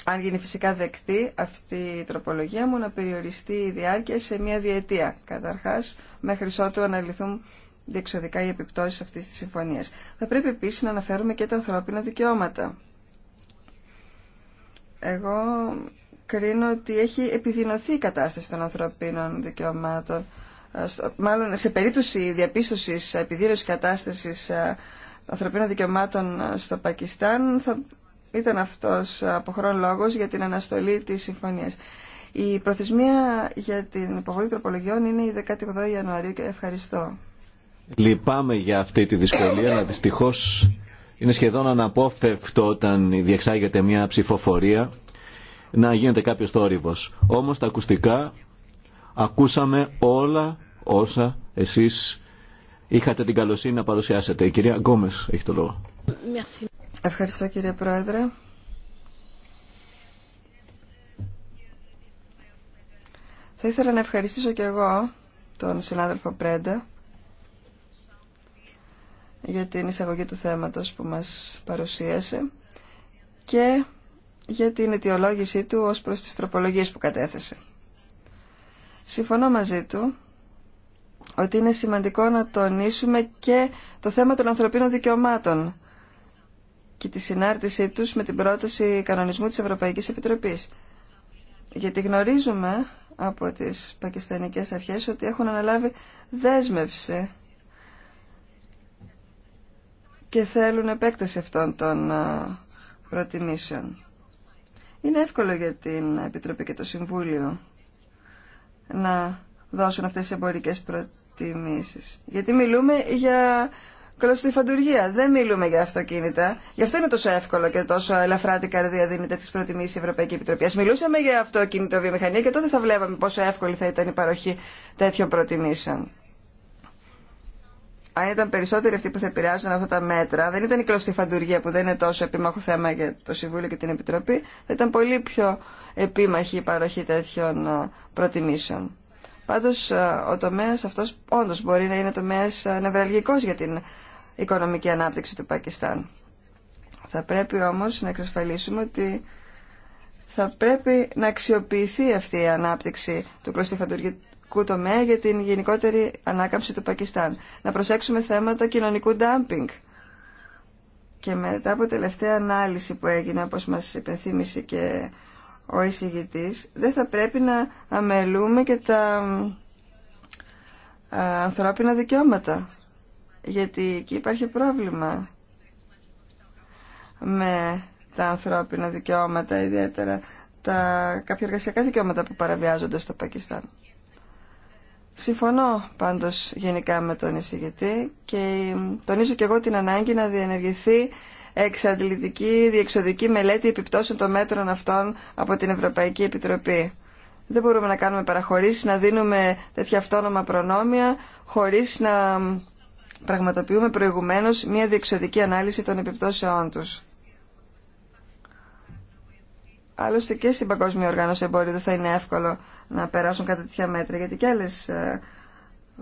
Αν γίνει φυσικά δεκτή αυτή η τροπολογία μου να περιοριστεί η διάρκεια σε μία διετία καταρχάς μέχρι ότου αναλυθούν διεξοδικά οι επιπτώσεις αυτής της συμφωνίας. Θα πρέπει επίσης να αναφέρουμε και τα ανθρώπινα δικαιώματα. Εγώ κρίνω ότι έχει επιδεινωθεί η κατάσταση των ανθρωπίνων δικαιωμάτων. Ε, μάλλον σε περίπτωση διαπίστωσης επιδείνωσης κατάστασης ε, ανθρωπίνων δικαιωμάτων ε, στο Πακιστάν θα ήταν αυτός από χρόνο λόγος για την αναστολή της συμφωνίας. Η προθεσμία για την υποβολή τροπολογιών είναι η 18 Ιανουαρίου και ευχαριστώ. Λυπάμαι για αυτή τη δυσκολία, αλλά δυστυχώ είναι σχεδόν αναπόφευκτο όταν διεξάγεται μια ψηφοφορία να γίνεται κάποιο θόρυβο. Όμως τα ακουστικά ακούσαμε όλα όσα εσείς είχατε την καλοσύνη να παρουσιάσετε. Η κυρία Γκόμες έχει το λόγο. Ευχαριστώ κύριε Πρόεδρε. Θα ήθελα να ευχαριστήσω και εγώ τον συνάδελφο Πρέντα για την εισαγωγή του θέματος που μας παρουσίασε και για την αιτιολόγησή του ως προς τις τροπολογίες που κατέθεσε. Συμφωνώ μαζί του ότι είναι σημαντικό να τονίσουμε και το θέμα των ανθρωπίνων δικαιωμάτων και τη συνάρτησή τους με την πρόταση κανονισμού της Ευρωπαϊκής Επιτροπής. Γιατί γνωρίζουμε από τις πακιστανικές αρχές ότι έχουν αναλάβει δέσμευση και θέλουν επέκταση αυτών των προτιμήσεων. Είναι εύκολο για την Επιτροπή και το Συμβούλιο να δώσουν αυτές τις εμπορικές προτιμήσεις. Γιατί μιλούμε για κλωστιφαντουργία, δεν μιλούμε για αυτοκίνητα. Γι' αυτό είναι τόσο εύκολο και τόσο ελαφρά την καρδία δίνεται τις προτιμήσεις η Ευρωπαϊκή Επιτροπή. μιλούσαμε για αυτοκίνητο βιομηχανία και τότε θα βλέπαμε πόσο εύκολη θα ήταν η παροχή τέτοιων προτιμήσεων αν ήταν περισσότεροι αυτοί που θα επηρεάζουν αυτά τα μέτρα, δεν ήταν η κλωστή φαντουργία που δεν είναι τόσο επίμαχο θέμα για το Συμβούλιο και την Επιτροπή, θα ήταν πολύ πιο επίμαχη η παροχή τέτοιων ε, προτιμήσεων. Πάντω, ε, ο τομέα αυτό όντω μπορεί να είναι τομέα ε, νευραλγικός για την οικονομική ανάπτυξη του Πακιστάν. Θα πρέπει όμω να εξασφαλίσουμε ότι θα πρέπει να αξιοποιηθεί αυτή η ανάπτυξη του κλωστή για την γενικότερη ανάκαμψη του Πακιστάν. Να προσέξουμε θέματα κοινωνικού ντάμπινγκ. Και μετά από τελευταία ανάλυση που έγινε, όπως μας υπενθύμησε και ο εισηγητής, δεν θα πρέπει να αμελούμε και τα ανθρώπινα δικαιώματα. Γιατί εκεί υπάρχει πρόβλημα με τα ανθρώπινα δικαιώματα, ιδιαίτερα τα κάποια εργασιακά δικαιώματα που παραβιάζονται στο Πακιστάν. Συμφωνώ πάντως γενικά με τον εισηγητή και τονίζω και εγώ την ανάγκη να διενεργηθεί εξαντλητική διεξοδική μελέτη επιπτώσεων των μέτρων αυτών από την Ευρωπαϊκή Επιτροπή. Δεν μπορούμε να κάνουμε παραχωρήσεις, να δίνουμε τέτοια αυτόνομα προνόμια χωρίς να πραγματοποιούμε προηγουμένως μια διεξοδική ανάλυση των επιπτώσεών τους. Άλλωστε και στην Παγκόσμια Οργάνωση Εμπορίου δεν θα είναι εύκολο να περάσουν κατά τέτοια μέτρα, γιατί και άλλε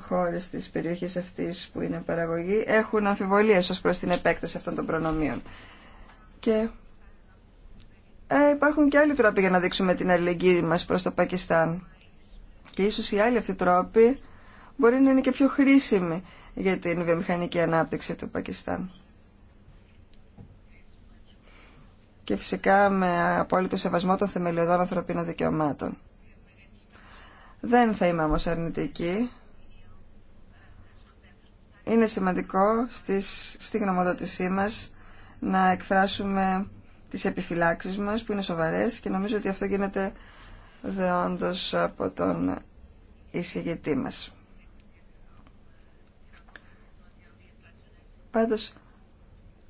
χώρε τη περιοχή αυτή που είναι παραγωγή έχουν αμφιβολίε ω προ την επέκταση αυτών των προνομίων. Και ε, υπάρχουν και άλλοι τρόποι για να δείξουμε την αλληλεγγύη μα προ το Πακιστάν. Και ίσω οι άλλοι αυτοί τρόποι μπορεί να είναι και πιο χρήσιμοι για την βιομηχανική ανάπτυξη του Πακιστάν. και φυσικά με απόλυτο σεβασμό των θεμελιωδών ανθρωπίνων δικαιωμάτων. Δεν θα είμαι όμως αρνητική. Είναι σημαντικό στις, στη γνωμοδότησή μας να εκφράσουμε τις επιφυλάξεις μας που είναι σοβαρές και νομίζω ότι αυτό γίνεται δεόντως από τον εισηγητή μας. Πάντως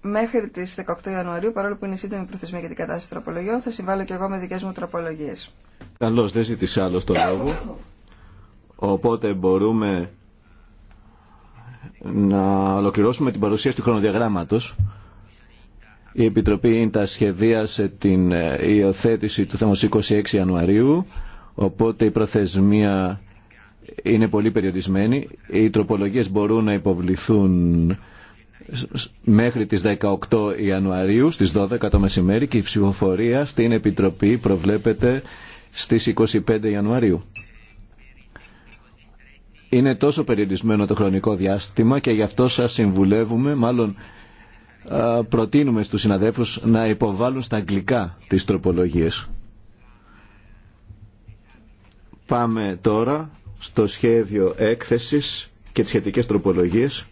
μέχρι τις 18 Ιανουαρίου, παρόλο που είναι σύντομη προθεσμία για την κατάσταση τροπολογιών, θα συμβάλλω και εγώ με δικές μου τροπολογίες. Καλώς, δεν ζήτησε άλλο το λόγο. Οπότε μπορούμε να ολοκληρώσουμε την παρουσίαση του χρονοδιαγράμματος. Η Επιτροπή σχεδία σε την ε, υιοθέτηση του θέματος 26 Ιανουαρίου, οπότε η προθεσμία είναι πολύ περιορισμένη. Οι τροπολογίες μπορούν να υποβληθούν μέχρι τις 18 Ιανουαρίου στις 12 το μεσημέρι και η ψηφοφορία στην Επιτροπή προβλέπεται στις 25 Ιανουαρίου. Είναι τόσο περιορισμένο το χρονικό διάστημα και γι' αυτό σας συμβουλεύουμε, μάλλον προτείνουμε στους συναδέλφους να υποβάλουν στα αγγλικά τις τροπολογίες. Πάμε τώρα στο σχέδιο έκθεσης και τις σχετικές τροπολογίες.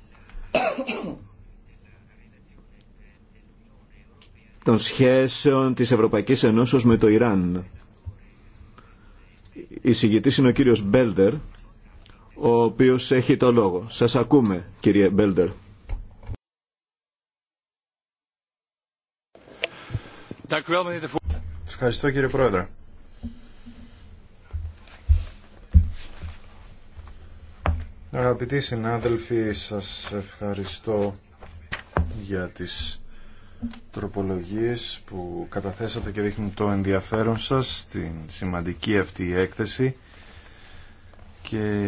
των σχέσεων της Ευρωπαϊκής Ενώσεως με το Ιράν. Η συγγητής είναι ο κύριος Μπέλτερ, ο οποίος έχει το λόγο. Σας ακούμε, κύριε Μπέλτερ. Ευχαριστώ κύριε Πρόεδρε. Αγαπητοί συνάδελφοι, σας ευχαριστώ για τις τροπολογίες που καταθέσατε και δείχνουν το ενδιαφέρον σας στην σημαντική αυτή έκθεση και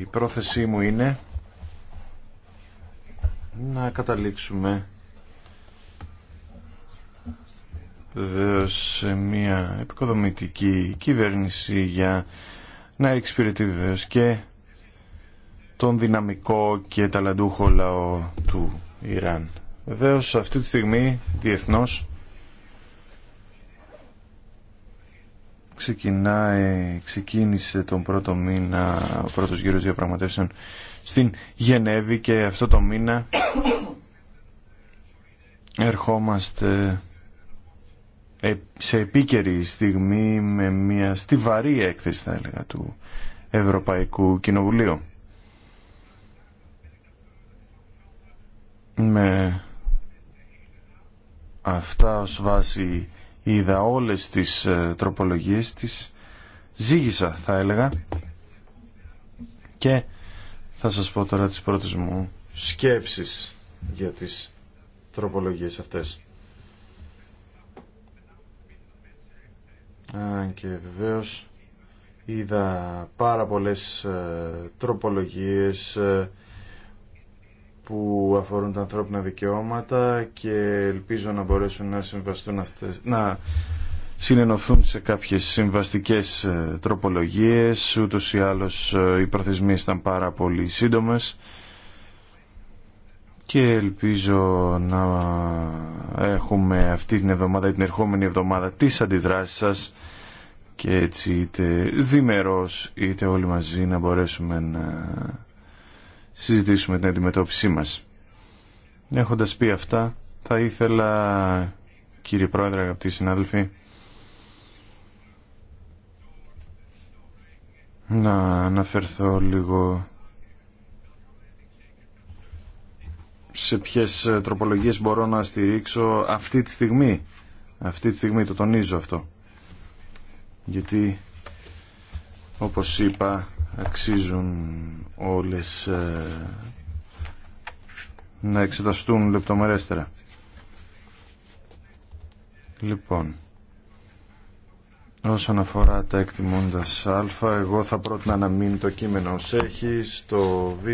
η πρόθεσή μου είναι να καταλήξουμε βεβαίω σε μια επικοδομητική κυβέρνηση για να εξυπηρετεί βεβαίω και τον δυναμικό και ταλαντούχο λαό του Ιράν. Βεβαίω, αυτή τη στιγμή διεθνώ ξεκινάει, ξεκίνησε τον πρώτο μήνα ο πρώτο γύρος διαπραγματεύσεων στην Γενέβη και αυτό το μήνα ερχόμαστε ε, σε επίκαιρη στιγμή με μια στιβαρή έκθεση θα έλεγα του Ευρωπαϊκού Κοινοβουλίου με αυτά ως βάση είδα όλες τις ε, τροπολογίες της ζήγησα θα έλεγα και θα σας πω τώρα τις πρώτες μου σκέψεις για τις τροπολογίες αυτές. και βεβαίως είδα πάρα πολλές ε, τροπολογίες ε, που αφορούν τα ανθρώπινα δικαιώματα και ελπίζω να μπορέσουν να συμβαστούν να συνενωθούν σε κάποιες συμβαστικές ε, τροπολογίες. Ούτως ή άλλως ε, οι προθεσμίες ήταν πάρα πολύ σύντομες και ελπίζω να έχουμε αυτή την εβδομάδα ή την ερχόμενη εβδομάδα τις αντιδράσεις σας και έτσι είτε διμερός είτε όλοι μαζί να μπορέσουμε να συζητήσουμε την αντιμετώπιση μας. Έχοντας πει αυτά, θα ήθελα, κύριε Πρόεδρε, αγαπητοί συνάδελφοι, να αναφερθώ λίγο σε ποιες τροπολογίες μπορώ να στηρίξω αυτή τη στιγμή. Αυτή τη στιγμή το τονίζω αυτό. Γιατί, όπως είπα, αξίζουν όλες ε, να εξεταστούν λεπτομερέστερα. Λοιπόν, όσον αφορά τα εκτιμώντας α, εγώ θα πρότεινα να μείνει το κείμενο ως έχει. Στο β,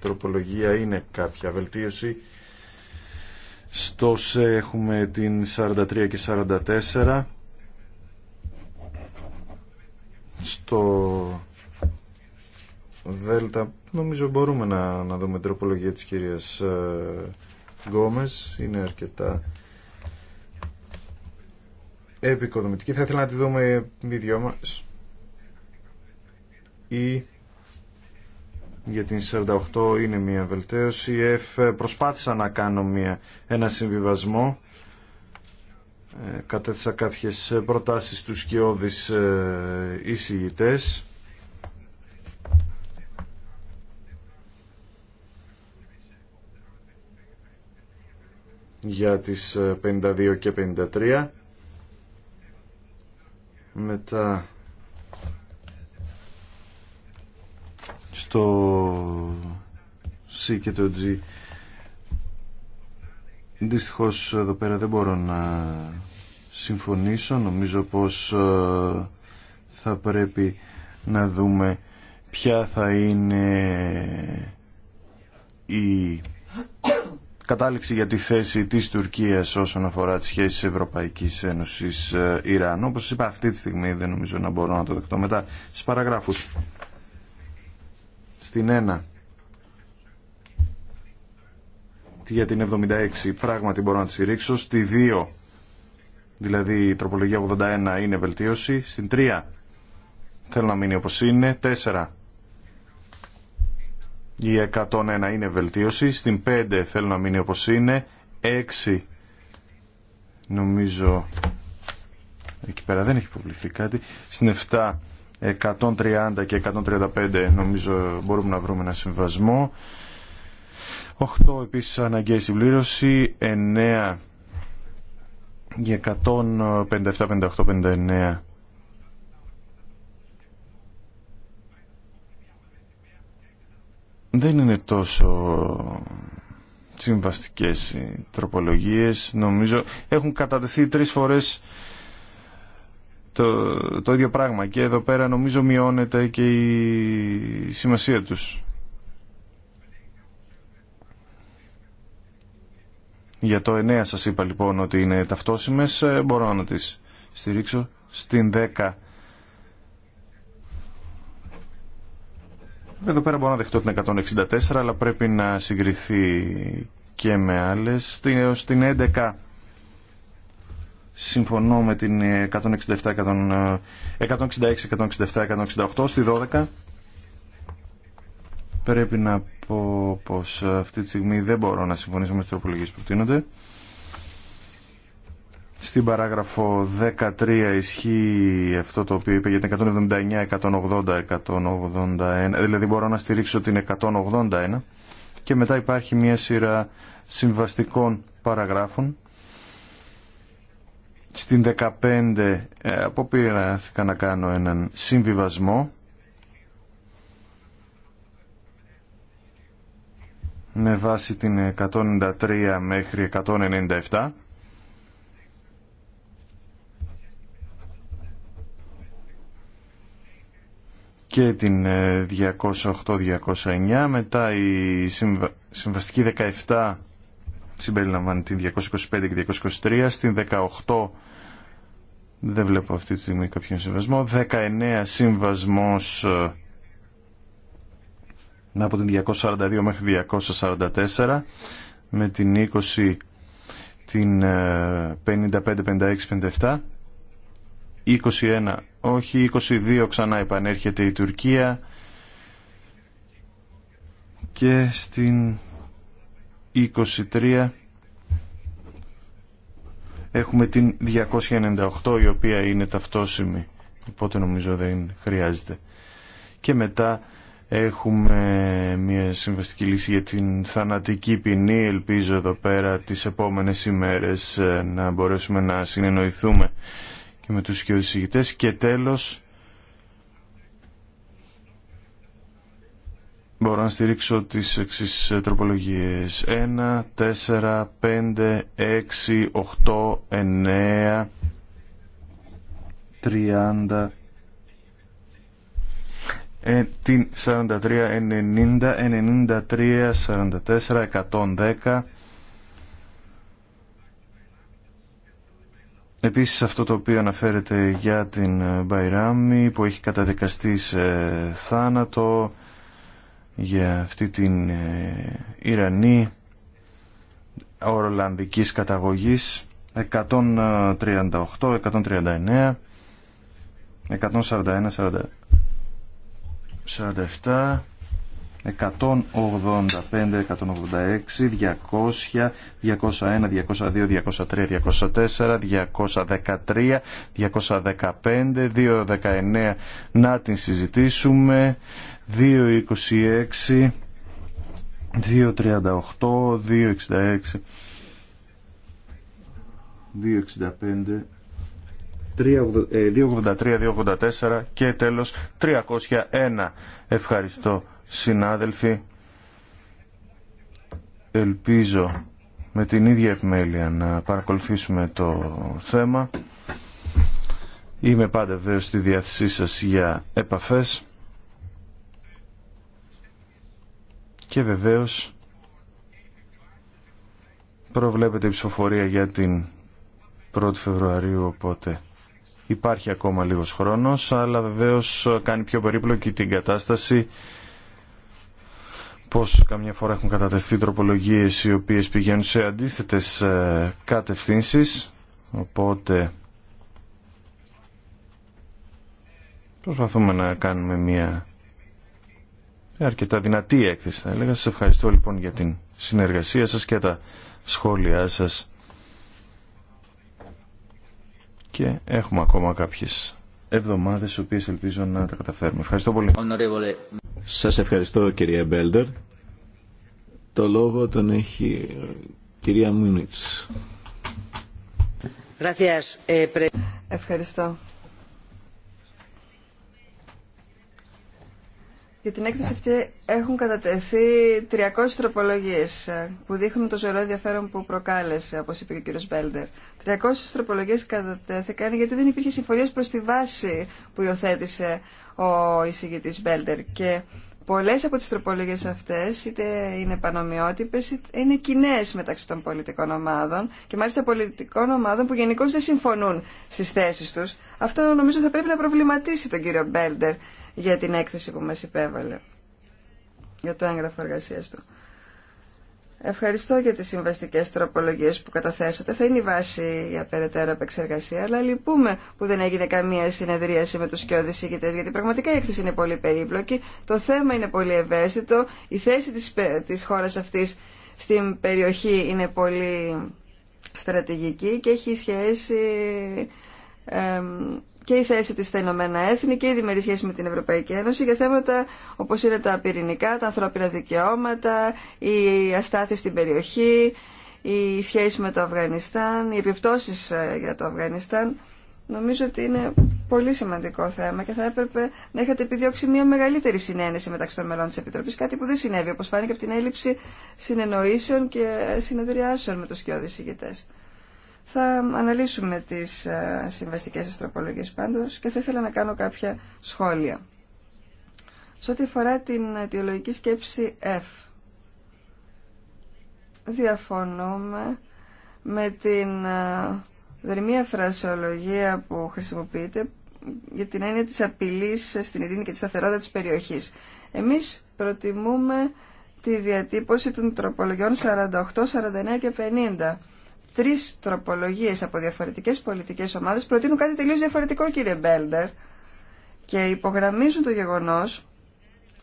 τροπολογία είναι κάποια βελτίωση. Στο σε έχουμε την 43 και 44. Στο Δέλτα. Νομίζω μπορούμε να, να δούμε τροπολογία της κυρίας ε, Γκόμες. Είναι αρκετά επικοδομητική. Θα ήθελα να τη δούμε οι δυο μας. Ή για την 48 είναι μια βελτίωση. Η F ε, προσπάθησα να κάνω μια, ένα συμβιβασμό. Ε, κατέθεσα κάποιες ε, προτάσεις στους σκιώδεις εισηγητές για τις 52 ε, και 53 μετά στο C και το G δυστυχώς εδώ πέρα δεν μπορώ να συμφωνήσω νομίζω πως ε, θα πρέπει να δούμε ποια θα είναι η κατάληξη για τη θέση της Τουρκίας όσον αφορά τις σχέσεις Ευρωπαϊκής Ένωσης ε, Ιράν. Όπως είπα αυτή τη στιγμή δεν νομίζω να μπορώ να το δεχτώ μετά στις παραγράφους. Στην 1 για την 76 πράγματι μπορώ να τη ρίξω. Στη 2 δηλαδή η τροπολογία 81 είναι βελτίωση. Στην 3 θέλω να μείνει όπως είναι. 4 η 101 είναι βελτίωση. Στην 5 θέλω να μείνει όπως είναι. 6 νομίζω εκεί πέρα δεν έχει υποβληθεί κάτι. Στην 7 130 και 135 νομίζω μπορούμε να βρούμε ένα συμβασμό. 8 επίσης αναγκαία συμπλήρωση. 9 για 157, 58, 59 δεν είναι τόσο συμβαστικές οι τροπολογίες. Νομίζω έχουν κατατεθεί τρεις φορές το, το ίδιο πράγμα και εδώ πέρα νομίζω μειώνεται και η σημασία τους. Για το 9 σας είπα λοιπόν ότι είναι ταυτόσιμες, ε, μπορώ να τις στηρίξω. Στην 10 Εδώ πέρα μπορώ να δεχτώ την 164, αλλά πρέπει να συγκριθεί και με άλλε. Στην 11 συμφωνώ με την 166, 167, 168. Στη 12 πρέπει να πω πως αυτή τη στιγμή δεν μπορώ να συμφωνήσω με τις τροπολογίες που προτείνονται. Στην παράγραφο 13 ισχύει αυτό το οποίο είπε για την 179, 180, 181. Δηλαδή μπορώ να στηρίξω την 181 και μετά υπάρχει μια σειρά συμβαστικών παραγράφων. Στην 15 ε, από αποπειράθηκα να κάνω έναν συμβιβασμό. με βάση την 193 μέχρι 197 και την 208-209, ε, μετά η συμβα... συμβαστική 17 συμπεριλαμβάνει την 225 και 223, στην 18 δεν βλέπω αυτή τη στιγμή κάποιον συμβασμό, 19 συμβασμός ε, από την 242 μέχρι 244, με την 20 την 55, 56, 57 21 όχι, 22 ξανά επανέρχεται η Τουρκία και στην 23 έχουμε την 298 η οποία είναι ταυτόσιμη οπότε νομίζω δεν χρειάζεται και μετά έχουμε μια συμβαστική λύση για την θανατική ποινή ελπίζω εδώ πέρα τις επόμενες ημέρες να μπορέσουμε να συνεννοηθούμε και με τους και τέλος μπορώ να στηρίξω τις εξής τροπολογίες 1, 4, 5, 6, 8, 9, 30, 43, 90, 93, 44, 110, Επίσης αυτό το οποίο αναφέρεται για την ε, Μπαϊράμι που έχει καταδικαστεί σε θάνατο για αυτή την ε, Ιρανή ορολανδικής καταγωγής 138, 139, 141, 47 185, 186, 200, 201, 202, 203, 204, 213, 215, 219 να την συζητήσουμε, 226, 238, 266, 265, 283, 284 και τέλος 301. Ευχαριστώ συνάδελφοι, ελπίζω με την ίδια επιμέλεια να παρακολουθήσουμε το θέμα. Είμαι πάντα βέβαιος στη διάθεσή σας για επαφές και βεβαίως προβλέπεται η ψηφοφορία για την 1η Φεβρουαρίου οπότε υπάρχει ακόμα λίγος χρόνος αλλά βεβαίως κάνει πιο περίπλοκη την κατάσταση πως καμιά φορά έχουν κατατεθεί τροπολογίες οι οποίες πηγαίνουν σε αντίθετες ε, κατευθύνσεις οπότε προσπαθούμε να κάνουμε μια αρκετά δυνατή έκθεση θα έλεγα. Σας ευχαριστώ λοιπόν για την συνεργασία σας και τα σχόλιά σας και έχουμε ακόμα κάποιες εβδομάδες οι οποίες ελπίζω να τα καταφέρουμε. Ευχαριστώ πολύ. Σας ευχαριστώ κυρία Μπέλντερ. Το λόγο τον έχει κυρία Μούνιτς. Ε, ευχαριστώ. Για την έκθεση αυτή έχουν κατατεθεί 300 τροπολογίε ε, που δείχνουν το ζωηρό ενδιαφέρον που προκάλεσε, όπω είπε και ο κ. Μπέλντερ. 300 τροπολογίε κατατέθηκαν γιατί δεν υπήρχε συμφωνία προ τη βάση που υιοθέτησε ο εισηγητή Μπέλντερ. Και Πολλές από τις τροπολογίες αυτές είτε είναι πανομοιότυπες είτε είναι κοινέ μεταξύ των πολιτικών ομάδων και μάλιστα πολιτικών ομάδων που γενικώ δεν συμφωνούν στις θέσεις τους. Αυτό νομίζω θα πρέπει να προβληματίσει τον κύριο Μπέλντερ για την έκθεση που μας υπέβαλε για το έγγραφο εργασία του. Ευχαριστώ για τις συμβαστικές τροπολογίες που καταθέσατε. Θα είναι η βάση για περαιτέρω επεξεργασία, αλλά λυπούμε που δεν έγινε καμία συνεδρίαση με τους σκιώδεις ηγητές, γιατί πραγματικά η έκθεση είναι πολύ περίπλοκη, το θέμα είναι πολύ ευαίσθητο, η θέση της, της χώρας αυτής στην περιοχή είναι πολύ στρατηγική και έχει σχέση και η θέση της στα Ηνωμένα Έθνη και η διμερή σχέση με την Ευρωπαϊκή Ένωση για θέματα όπως είναι τα πυρηνικά, τα ανθρώπινα δικαιώματα, η αστάθεια στην περιοχή, η σχέση με το Αφγανιστάν, οι επιπτώσεις ε, για το Αφγανιστάν. Νομίζω ότι είναι πολύ σημαντικό θέμα και θα έπρεπε να είχατε επιδιώξει μια μεγαλύτερη συνένεση μεταξύ των μελών της Επιτροπής, κάτι που δεν συνέβη, όπως φάνηκε από την έλλειψη συνεννοήσεων και συνεδριάσεων με τους κοιόδης ηγητές. Θα αναλύσουμε τις ε, συμβαστικές αστροπολογίες πάντως και θα ήθελα να κάνω κάποια σχόλια. Σε ό,τι αφορά την αιτιολογική σκέψη F, διαφωνούμε με την ε, δερμία φρασεολογία που χρησιμοποιείται για την έννοια της απειλής στην ειρήνη και τη σταθερότητα της περιοχής. Εμείς προτιμούμε τη διατύπωση των τροπολογιών 48, 49 και 50 Τρει τροπολογίες από διαφορετικές πολιτικές ομάδες προτείνουν κάτι τελείω διαφορετικό κύριε Μπέλντερ και υπογραμμίζουν το γεγονός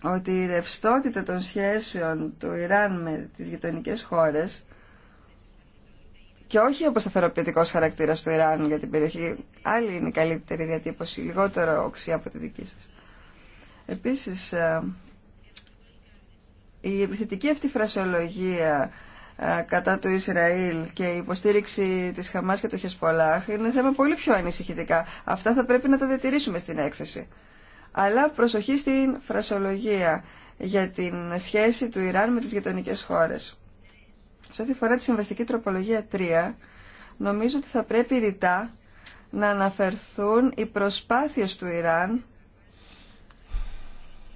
ότι η ρευστότητα των σχέσεων του Ιράν με τις γειτονικέ χώρες και όχι ο σταθεροποιητικό χαρακτήρα του Ιράν για την περιοχή. Άλλη είναι η καλύτερη διατύπωση, λιγότερο οξύ από τη δική σα. Επίση, ε, η επιθετική αυτή φρασιολογία ε, κατά του Ισραήλ και η υποστήριξη της Χαμάς και του Χεσπολάχ είναι θέμα πολύ πιο ανησυχητικά. Αυτά θα πρέπει να τα διατηρήσουμε στην έκθεση. Αλλά προσοχή στην φρασολογία για την σχέση του Ιράν με τις γειτονικέ χώρες. Σε ό,τι αφορά τη συμβαστική τροπολογία 3, νομίζω ότι θα πρέπει ρητά να αναφερθούν οι προσπάθειες του Ιράν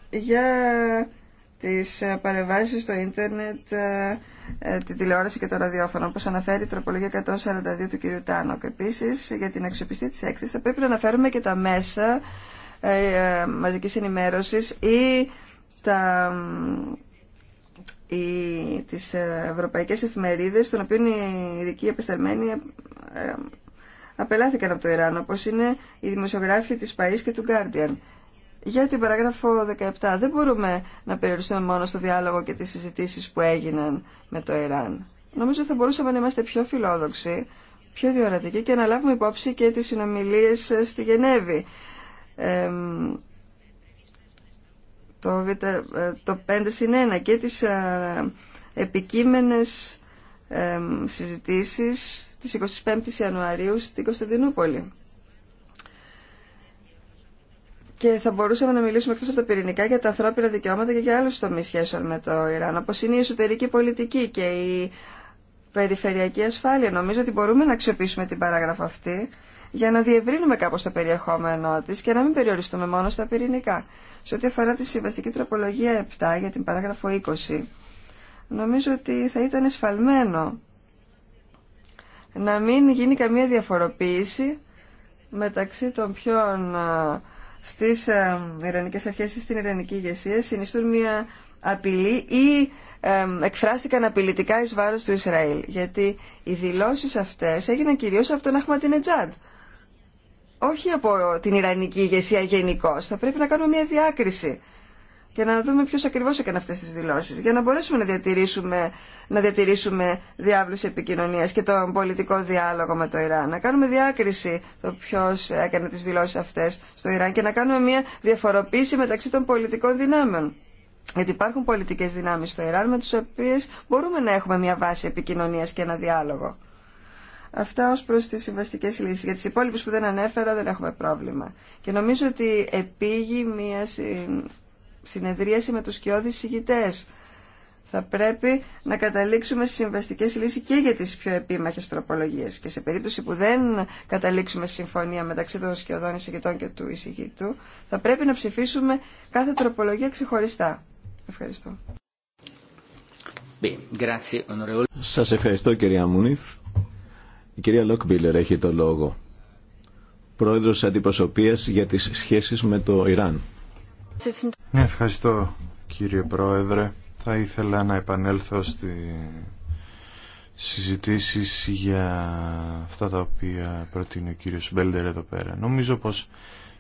για τις παρεμβάσεις στο ίντερνετ ε, ε, την τηλεόραση και το ραδιόφωνο, όπω αναφέρει η τροπολογία 142 του κ. Τάνοκ. Επίση, για την αξιοπιστή της έκθεσης θα πρέπει να αναφέρουμε και τα μέσα ε, ε, μαζική ενημέρωσης ή τα, ευρωπαϊκέ τις ευρωπαϊκές εφημερίδες, των οποίων οι ειδικοί επισταλμένοι απελάθηκαν από το Ιράν, όπως είναι οι δημοσιογράφοι της ΠαΐΣ και του Guardian για την παράγραφο 17 δεν μπορούμε να περιοριστούμε μόνο στο διάλογο και τις συζητήσεις που έγιναν με το Ιράν. Νομίζω θα μπορούσαμε να είμαστε πιο φιλόδοξοι, πιο διορατικοί και να λάβουμε υπόψη και τις συνομιλίες ε, στη Γενέβη. το, ε, το 5 συν 1 και τις ε, επικείμενες ε, συζητήσεις της 25ης Ιανουαρίου στην Κωνσταντινούπολη. Και θα μπορούσαμε να μιλήσουμε εκτό από τα πυρηνικά για τα ανθρώπινα δικαιώματα και για άλλου τομεί σχέσεων με το Ιράν, Όπω είναι η εσωτερική πολιτική και η περιφερειακή ασφάλεια. Νομίζω ότι μπορούμε να αξιοποιήσουμε την παράγραφο αυτή για να διευρύνουμε κάπως το περιεχόμενό τη και να μην περιοριστούμε μόνο στα πυρηνικά. Σε ό,τι αφορά τη συμβαστική τροπολογία 7 για την παράγραφο 20, νομίζω ότι θα ήταν εσφαλμένο να μην γίνει καμία διαφοροποίηση μεταξύ των ποιον στις ε, Ιρανικές αρχές ή στην Ιρανική ηγεσία συνιστούν μια απειλή ή ε, εκφράστηκαν απειλητικά εις βάρος του Ισραήλ. Γιατί οι δηλώσεις αυτές έγιναν κυρίως από τον Αχματινετζάντ. Όχι από την Ιρανική ηγεσία γενικώ. Θα πρέπει να κάνουμε μια διάκριση και να δούμε ποιο ακριβώ έκανε αυτέ τι δηλώσει για να μπορέσουμε να διατηρήσουμε, να διατηρήσουμε επικοινωνίας και τον πολιτικό διάλογο με το Ιράν. Να κάνουμε διάκριση το ποιο έκανε τι δηλώσει αυτέ στο Ιράν και να κάνουμε μια διαφοροποίηση μεταξύ των πολιτικών δυνάμεων. Γιατί υπάρχουν πολιτικέ δυνάμει στο Ιράν με τι οποίε μπορούμε να έχουμε μια βάση επικοινωνία και ένα διάλογο. Αυτά ω προ τι συμβαστικέ λύσει. Για τι υπόλοιπε που δεν ανέφερα δεν έχουμε πρόβλημα. Και νομίζω ότι επήγει μια συνεδρίαση με τους σκιώδεις συγητές. Θα πρέπει να καταλήξουμε στις συμβαστικές λύσεις και για τις πιο επίμαχες τροπολογίες. Και σε περίπτωση που δεν καταλήξουμε συμφωνία μεταξύ των σκιωδών εισηγητών και του εισηγητού, θα πρέπει να ψηφίσουμε κάθε τροπολογία ξεχωριστά. Ευχαριστώ. Σας ευχαριστώ κυρία Μούνιθ. Η κυρία Λόκμπιλερ έχει το λόγο. Πρόεδρος Αντιπροσωπείας για τις σχέσεις με το Ιράν. Ναι, ευχαριστώ κύριε Πρόεδρε. Θα ήθελα να επανέλθω στι συζητήσεις για αυτά τα οποία προτείνει ο κύριος Μπέλντερ εδώ πέρα. Νομίζω πως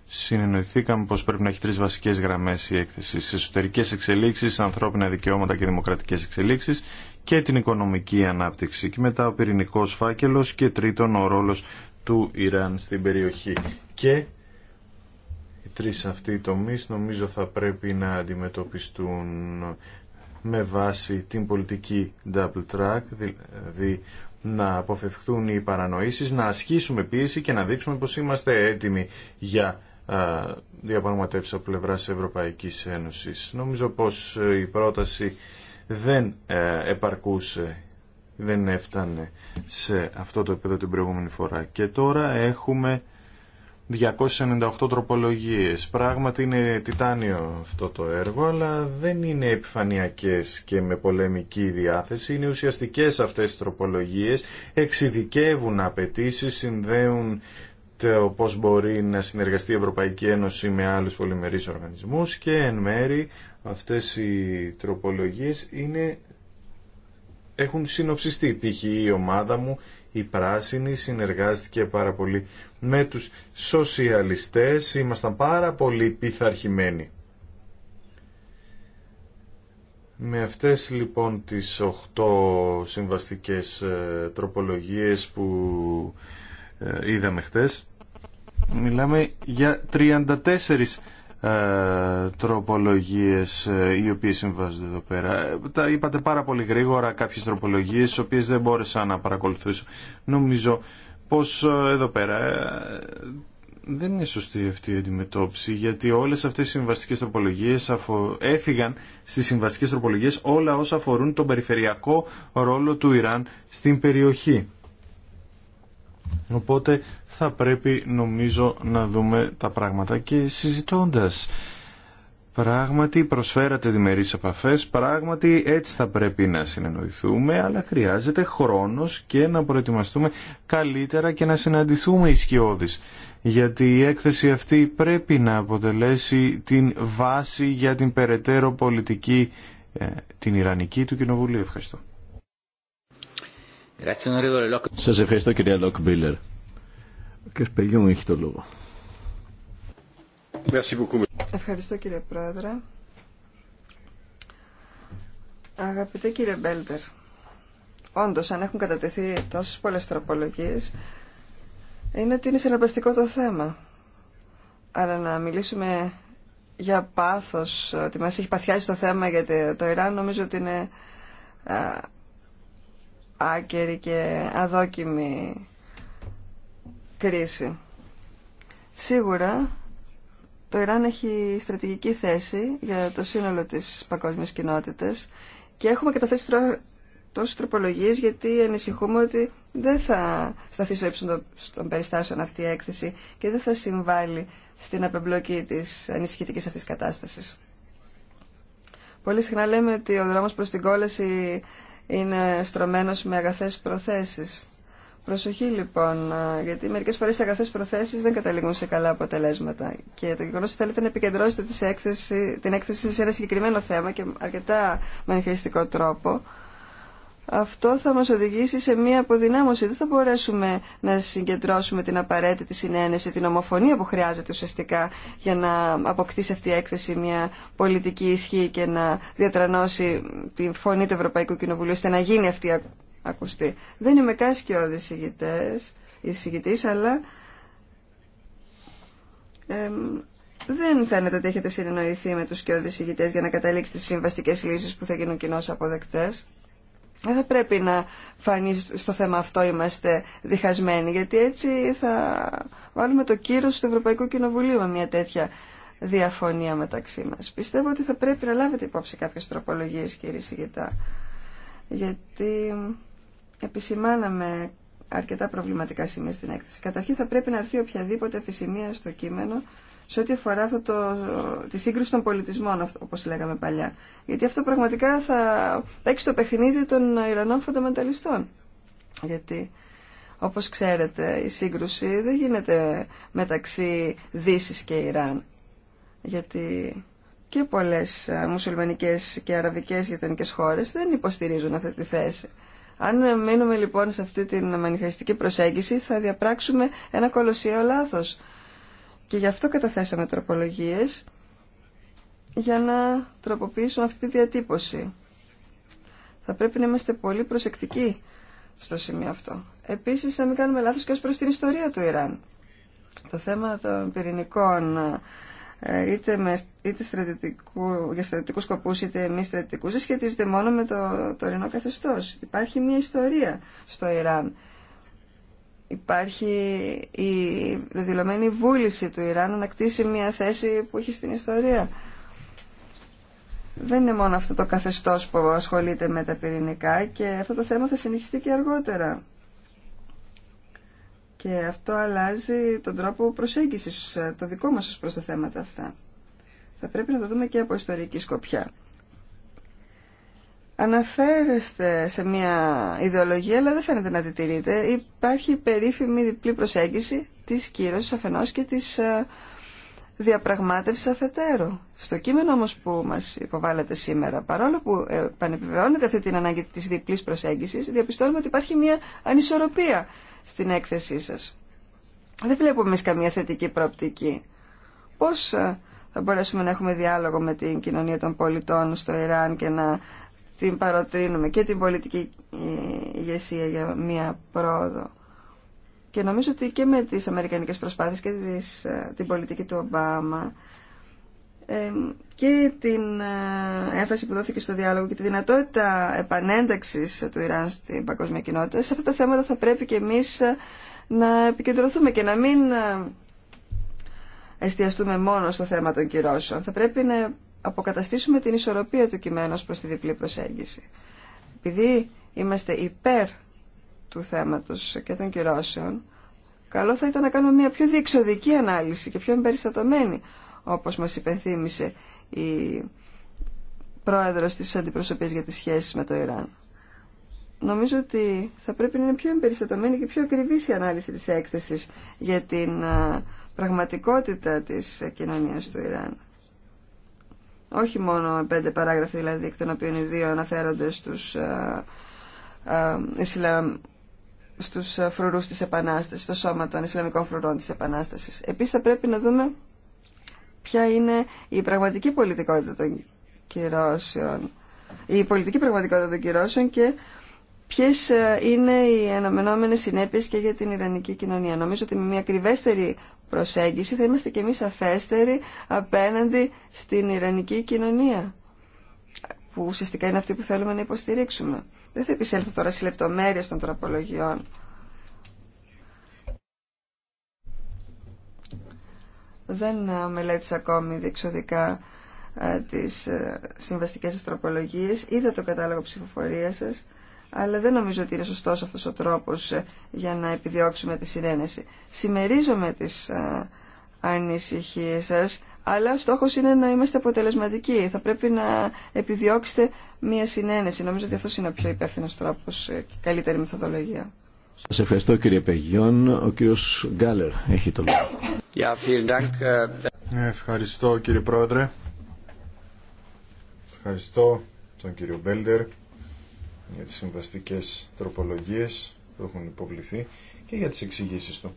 συνεννοηθήκαμε πως πρέπει να έχει τρεις βασικές γραμμές η έκθεση. Σε εσωτερικές εξελίξεις, ανθρώπινα δικαιώματα και δημοκρατικές εξελίξεις και την οικονομική ανάπτυξη. Και μετά ο πυρηνικός φάκελος και τρίτον ο ρόλος του Ιράν στην περιοχή. Και τρεις αυτοί τομείς νομίζω θα πρέπει να αντιμετωπιστούν με βάση την πολιτική double track, δηλαδή να αποφευχθούν οι παρανοήσεις, να ασκήσουμε πίεση και να δείξουμε πως είμαστε έτοιμοι για διαπραγματεύσεις από πλευράς Ευρωπαϊκής Ένωσης. Νομίζω πως η πρόταση δεν ε, επαρκούσε, δεν έφτανε σε αυτό το επίπεδο την προηγούμενη φορά. Και τώρα έχουμε 298 τροπολογίες. Πράγματι είναι τιτάνιο αυτό το έργο, αλλά δεν είναι επιφανειακές και με πολεμική διάθεση. Είναι ουσιαστικές αυτές οι τροπολογίες, εξειδικεύουν απαιτήσει, συνδέουν το πώς μπορεί να συνεργαστεί η Ευρωπαϊκή Ένωση με άλλους πολυμερείς οργανισμούς και εν μέρη αυτές οι τροπολογίες είναι, έχουν συνοψιστεί. Π.χ. η ομάδα μου, η πράσινη, συνεργάστηκε πάρα πολύ με τους σοσιαλιστές ήμασταν πάρα πολύ πειθαρχημένοι. Με αυτές λοιπόν τις οχτώ συμβαστικές ε, τροπολογίες που ε, είδαμε χτες, μιλάμε για 34 ε, τροπολογίες ε, οι οποίες συμβάζονται εδώ πέρα. Τα είπατε πάρα πολύ γρήγορα κάποιες τροπολογίες τις οποίες δεν μπόρεσα να παρακολουθήσω. Νομίζω πως ε, εδώ πέρα ε, δεν είναι σωστή αυτή η αντιμετώπιση γιατί όλες αυτές οι συμβαστικές τροπολογίες αφο... έφυγαν στις συμβαστικές τροπολογίες όλα όσα αφορούν τον περιφερειακό ρόλο του Ιράν στην περιοχή. Οπότε θα πρέπει νομίζω να δούμε τα πράγματα και συζητώντας Πράγματι προσφέρατε διμερείς επαφές, πράγματι έτσι θα πρέπει να συνεννοηθούμε, αλλά χρειάζεται χρόνος και να προετοιμαστούμε καλύτερα και να συναντηθούμε ισχυώδεις. Γιατί η έκθεση αυτή πρέπει να αποτελέσει την βάση για την περαιτέρω πολιτική, ε, την Ιρανική του Κοινοβουλίου. Ευχαριστώ. Σας ευχαριστώ κυρία Λόκ Μπίλερ. Ο κ. μου έχει το λόγο. Ευχαριστώ κύριε Πρόεδρε. Αγαπητέ κύριε Μπέλτερ, όντως αν έχουν κατατεθεί τόσες πολλές τροπολογίες, είναι ότι είναι συναρπαστικό το θέμα. Αλλά να μιλήσουμε για πάθος, ότι μας έχει παθιάσει το θέμα γιατί το Ιράν, νομίζω ότι είναι άκερη και αδόκιμη κρίση. Σίγουρα το Ιράν έχει στρατηγική θέση για το σύνολο της παγκόσμιας κοινότητας και έχουμε καταθέσει τόσες τροπολογίες γιατί ανησυχούμε ότι δεν θα σταθεί στο ύψο των περιστάσεων αυτή η έκθεση και δεν θα συμβάλλει στην απεμπλοκή της ανησυχητικής αυτής κατάστασης. Πολύ συχνά λέμε ότι ο δρόμος προς την κόλαση είναι στρωμένος με αγαθές προθέσεις. Προσοχή λοιπόν, γιατί μερικές φορές οι αγαθές προθέσεις δεν καταλήγουν σε καλά αποτελέσματα. Και το γεγονός ότι θέλετε να επικεντρώσετε έκθεση, την έκθεση σε ένα συγκεκριμένο θέμα και αρκετά μανιχαριστικό τρόπο, αυτό θα μας οδηγήσει σε μία αποδυνάμωση. Δεν θα μπορέσουμε να συγκεντρώσουμε την απαραίτητη συνένεση, την ομοφωνία που χρειάζεται ουσιαστικά για να αποκτήσει αυτή η έκθεση μια πολιτική ισχύ και να διατρανώσει τη φωνή του Ευρωπαϊκού Κοινοβουλίου ώστε να γίνει αυτή η ακουστεί. Δεν είμαι ή εισηγητής, αλλά ε, δεν φαίνεται ότι έχετε συνεννοηθεί με τους σκιώδης ηγητές για να καταλήξετε τι συμβαστικές λύσεις που θα γίνουν κοινώς αποδεκτές. Δεν θα πρέπει να φανεί στο θέμα αυτό είμαστε διχασμένοι, γιατί έτσι θα βάλουμε το κύρος του Ευρωπαϊκού Κοινοβουλίου με μια τέτοια διαφωνία μεταξύ μας. Πιστεύω ότι θα πρέπει να λάβετε υπόψη κάποιες τροπολογίες, κύριε Σιγητά, γιατί επισημάναμε αρκετά προβληματικά σημεία στην έκθεση. Καταρχήν θα πρέπει να έρθει οποιαδήποτε αφησημία στο κείμενο σε ό,τι αφορά το, τη σύγκρουση των πολιτισμών, όπως λέγαμε παλιά. Γιατί αυτό πραγματικά θα παίξει το παιχνίδι των Ιρανών φονταμενταλιστών. Γιατί, όπως ξέρετε, η σύγκρουση δεν γίνεται μεταξύ Δύση και Ιράν. Γιατί και πολλές μουσουλμανικές και αραβικές γειτονικές χώρες δεν υποστηρίζουν αυτή τη θέση. Αν μείνουμε λοιπόν σε αυτή την μανιχαριστική προσέγγιση θα διαπράξουμε ένα κολοσιαίο λάθος. Και γι' αυτό καταθέσαμε τροπολογίες για να τροποποιήσουμε αυτή τη διατύπωση. Θα πρέπει να είμαστε πολύ προσεκτικοί στο σημείο αυτό. Επίσης να μην κάνουμε λάθος και ως προς την ιστορία του Ιράν. Το θέμα των πυρηνικών ε, είτε, με, είτε στρατιωτικού, για στρατιωτικούς σκοπούς είτε μη στρατιωτικούς δεν σχετίζεται μόνο με το τωρινό καθεστώς. Υπάρχει μια ιστορία στο Ιράν. Υπάρχει η δηλωμένη βούληση του Ιράν να κτίσει μια θέση που έχει στην ιστορία. Δεν είναι μόνο αυτό το καθεστώς που ασχολείται με τα πυρηνικά και αυτό το θέμα θα συνεχιστεί και αργότερα. Και αυτό αλλάζει τον τρόπο προσέγγισης, ε, το δικό μας ως προς τα θέματα αυτά. Θα πρέπει να το δούμε και από ιστορική σκοπιά. Αναφέρεστε σε μια ιδεολογία, αλλά δεν φαίνεται να τη τηρείτε. Υπάρχει περίφημη διπλή προσέγγιση της κύρωσης αφενός και της ε, διαπραγμάτευση αφετέρου. Στο κείμενο όμως που μας υποβάλλεται σήμερα, παρόλο που επανεπιβεβαιώνεται αυτή την ανάγκη της διπλής προσέγγισης, διαπιστώνουμε ότι υπάρχει μια ανισορροπία στην έκθεσή σας. Δεν βλέπουμε εμείς καμία θετική προοπτική. Πώς ε, θα μπορέσουμε να έχουμε διάλογο με την κοινωνία των πολιτών στο Ιράν και να την παροτρύνουμε και την πολιτική ε, ηγεσία για μια πρόοδο. Και νομίζω ότι και με τις αμερικανικές προσπάθειες και τις, ε, την πολιτική του Ομπάμα και την ε, έμφαση που δόθηκε στο διάλογο και τη δυνατότητα επανένταξης του Ιράν στην παγκόσμια κοινότητα, σε αυτά τα θέματα θα πρέπει και εμείς ε, να επικεντρωθούμε και να μην εστιαστούμε μόνο στο θέμα των κυρώσεων. Θα πρέπει να αποκαταστήσουμε την ισορροπία του κειμένου προς τη διπλή προσέγγιση. Επειδή είμαστε υπέρ του θέματος και των κυρώσεων, καλό θα ήταν να κάνουμε μια πιο διεξοδική ανάλυση και πιο εμπεριστατωμένη, όπως μας υπενθύμησε η πρόεδρος της Αντιπροσωπείας για τις σχέσεις με το Ιράν. Νομίζω ότι θα πρέπει να είναι πιο εμπεριστατωμένη και πιο ακριβή η ανάλυση της έκθεσης για την πραγματικότητα της κοινωνίας του Ιράν. Όχι μόνο πέντε παράγραφοι δηλαδή, εκ των οποίων οι δύο αναφέρονται στους Ισλαμ, στους ε, φρουρούς της Επανάστασης, στο σώμα των Ισλαμικών φρουρών της Επανάστασης. Επίσης θα πρέπει να δούμε ποια είναι η πραγματική πολιτικότητα των κυρώσεων, η πολιτική πραγματικότητα των κυρώσεων και ποιες ε, είναι οι αναμενόμενες συνέπειες και για την Ιρανική κοινωνία. Νομίζω ότι με μια ακριβέστερη προσέγγιση θα είμαστε και εμείς αφέστεροι απέναντι στην Ιρανική κοινωνία που ουσιαστικά είναι αυτή που θέλουμε να υποστηρίξουμε. Δεν θα επισέλθω τώρα σε λεπτομέρειες των τροπολογιών. Δεν ε, μελέτησα ακόμη διεξοδικά ε, τις ε, συμβαστικές σας τροπολογίες. Είδα το κατάλογο ψηφοφορίας σας, αλλά δεν νομίζω ότι είναι σωστός αυτός ο τρόπος για να επιδιώξουμε τη συνένεση. Σημερίζομαι τις ανησυχίες σας, αλλά στόχος είναι να είμαστε αποτελεσματικοί. Θα πρέπει να επιδιώξετε μία συνένεση. Νομίζω ότι αυτό είναι ο πιο υπεύθυνο τρόπος ε, και καλύτερη μεθοδολογία. Σας ευχαριστώ κύριε Πεγιόν. Ο κύριος Γκάλερ έχει το λόγο. Ε, ευχαριστώ κύριε Πρόεδρε. Ευχαριστώ τον κύριο Μπέλτερ για τις συμβαστικές τροπολογίες που έχουν υποβληθεί και για τις εξηγήσεις του.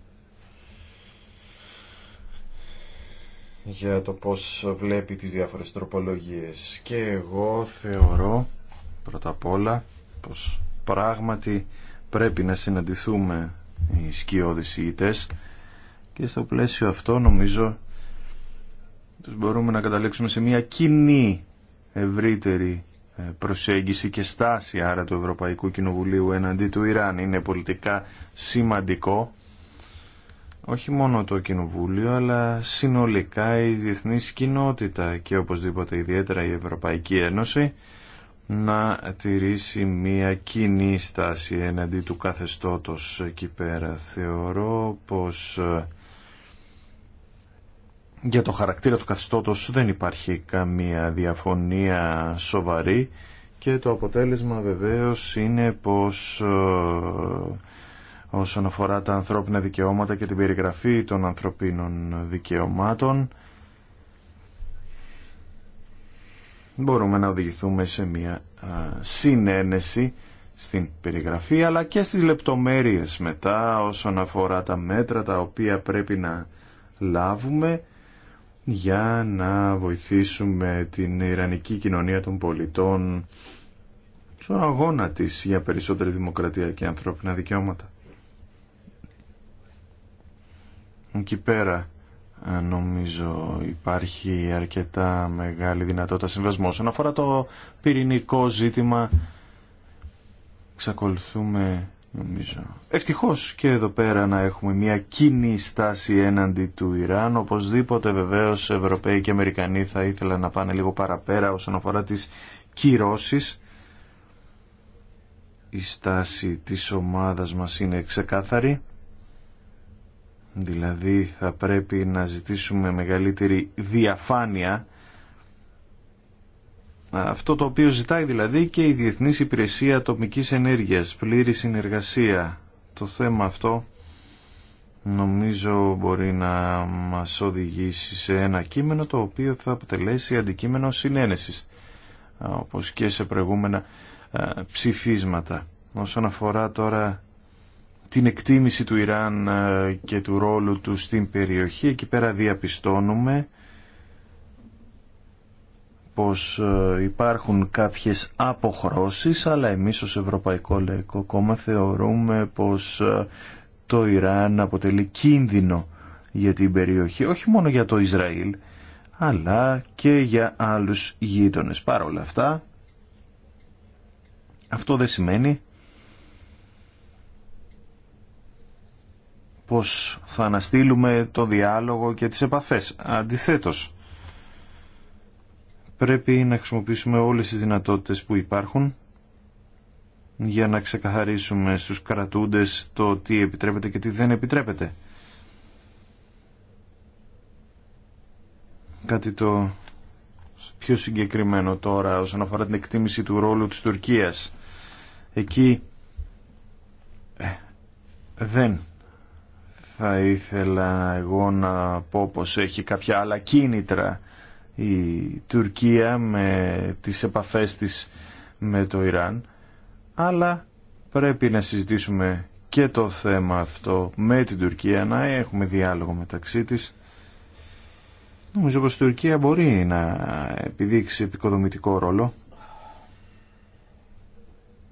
για το πώς βλέπει τις διάφορες τροπολογίες. Και εγώ θεωρώ πρώτα απ' όλα πως πράγματι πρέπει να συναντηθούμε οι σκιώδεις και στο πλαίσιο αυτό νομίζω τους μπορούμε να καταλήξουμε σε μια κοινή ευρύτερη ε, προσέγγιση και στάση άρα του Ευρωπαϊκού Κοινοβουλίου εναντί του Ιράν. Είναι πολιτικά σημαντικό όχι μόνο το Κοινοβούλιο, αλλά συνολικά η διεθνής κοινότητα και οπωσδήποτε ιδιαίτερα η Ευρωπαϊκή Ένωση να τηρήσει μία κοινή στάση εναντί του καθεστώτος εκεί πέρα. Θεωρώ πως ε, για το χαρακτήρα του καθεστώτος δεν υπάρχει καμία διαφωνία σοβαρή και το αποτέλεσμα βεβαίως είναι πως ε, όσον αφορά τα ανθρώπινα δικαιώματα και την περιγραφή των ανθρωπίνων δικαιωμάτων μπορούμε να οδηγηθούμε σε μια συνένεση στην περιγραφή αλλά και στις λεπτομέρειες μετά όσον αφορά τα μέτρα τα οποία πρέπει να λάβουμε για να βοηθήσουμε την Ιρανική κοινωνία των πολιτών στον αγώνα της για περισσότερη δημοκρατία και ανθρώπινα δικαιώματα. Εκεί πέρα ε, νομίζω υπάρχει αρκετά μεγάλη δυνατότητα συμβασμού. Όσον αφορά το πυρηνικό ζήτημα, εξακολουθούμε νομίζω. Ευτυχώς και εδώ πέρα να έχουμε μια κοινή στάση έναντι του Ιράν. Οπωσδήποτε βεβαίως Ευρωπαίοι και Αμερικανοί θα ήθελαν να πάνε λίγο παραπέρα όσον αφορά τις κυρώσεις. Η στάση της ομάδας μας είναι ξεκάθαρη. Δηλαδή θα πρέπει να ζητήσουμε μεγαλύτερη διαφάνεια αυτό το οποίο ζητάει δηλαδή και η Διεθνής Υπηρεσία Τοπικής Ενέργειας, πλήρη συνεργασία. Το θέμα αυτό νομίζω μπορεί να μας οδηγήσει σε ένα κείμενο το οποίο θα αποτελέσει αντικείμενο συνένεσης, όπως και σε προηγούμενα ε, ψηφίσματα. Όσον αφορά τώρα την εκτίμηση του Ιράν ε, και του ρόλου του στην περιοχή. Εκεί πέρα διαπιστώνουμε πως ε, υπάρχουν κάποιες αποχρώσεις, αλλά εμείς ως Ευρωπαϊκό Λαϊκό Κόμμα θεωρούμε πως ε, το Ιράν αποτελεί κίνδυνο για την περιοχή, όχι μόνο για το Ισραήλ, αλλά και για άλλους γείτονες. Παρ' όλα αυτά, αυτό δεν σημαίνει πως θα αναστείλουμε το διάλογο και τις επαφές. Αντιθέτως, πρέπει να χρησιμοποιήσουμε όλες τις δυνατότητες που υπάρχουν για να ξεκαθαρίσουμε στους κρατούντες το τι επιτρέπεται και τι δεν επιτρέπεται. Κάτι το πιο συγκεκριμένο τώρα όσον αφορά την εκτίμηση του ρόλου της Τουρκίας. Εκεί ε, δεν θα ήθελα εγώ να πω πως έχει κάποια άλλα κίνητρα η Τουρκία με τις επαφές της με το Ιράν αλλά πρέπει να συζητήσουμε και το θέμα αυτό με την Τουρκία να έχουμε διάλογο μεταξύ της νομίζω πως η Τουρκία μπορεί να επιδείξει επικοδομητικό ρόλο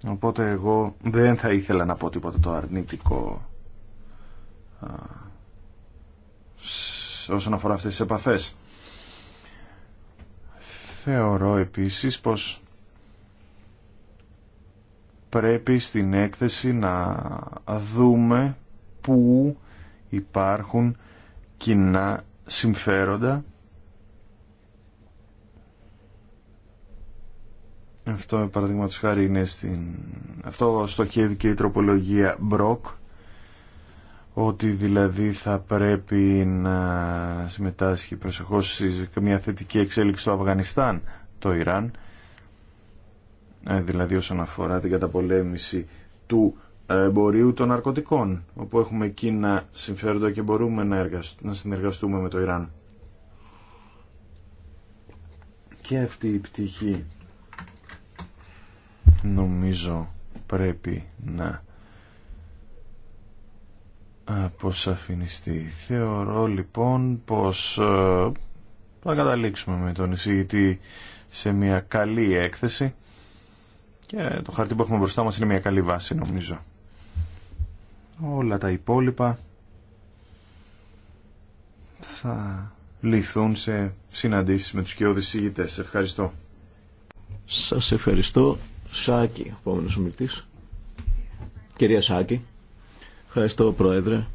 οπότε εγώ δεν θα ήθελα να πω τίποτα το αρνητικό όσον αφορά αυτές τις επαφές. Θεωρώ επίσης πως πρέπει στην έκθεση να δούμε πού υπάρχουν κοινά συμφέροντα. Αυτό, παραδείγματος χάρη, είναι στην... Αυτό στοχεύει και η τροπολογία Μπροκ ότι δηλαδή θα πρέπει να συμμετάσχει προσεχώς σε μια θετική εξέλιξη στο Αφγανιστάν το Ιράν ε, δηλαδή όσον αφορά την καταπολέμηση του εμπορίου των ναρκωτικών όπου έχουμε να συμφέροντα και μπορούμε να, να συνεργαστούμε με το Ιράν και αυτή η πτυχή νομίζω πρέπει να αποσαφινιστεί. Θεωρώ λοιπόν πως ε, θα καταλήξουμε με τον εισηγητή σε μια καλή έκθεση και το χαρτί που έχουμε μπροστά μας είναι μια καλή βάση νομίζω. Όλα τα υπόλοιπα θα λυθούν σε συναντήσεις με τους κοιόδης εισηγητές. Ευχαριστώ. Σας ευχαριστώ. Σάκη, επόμενος ομιλητής. Κυρία Σάκη. Ευχαριστώ, Πρόεδρε.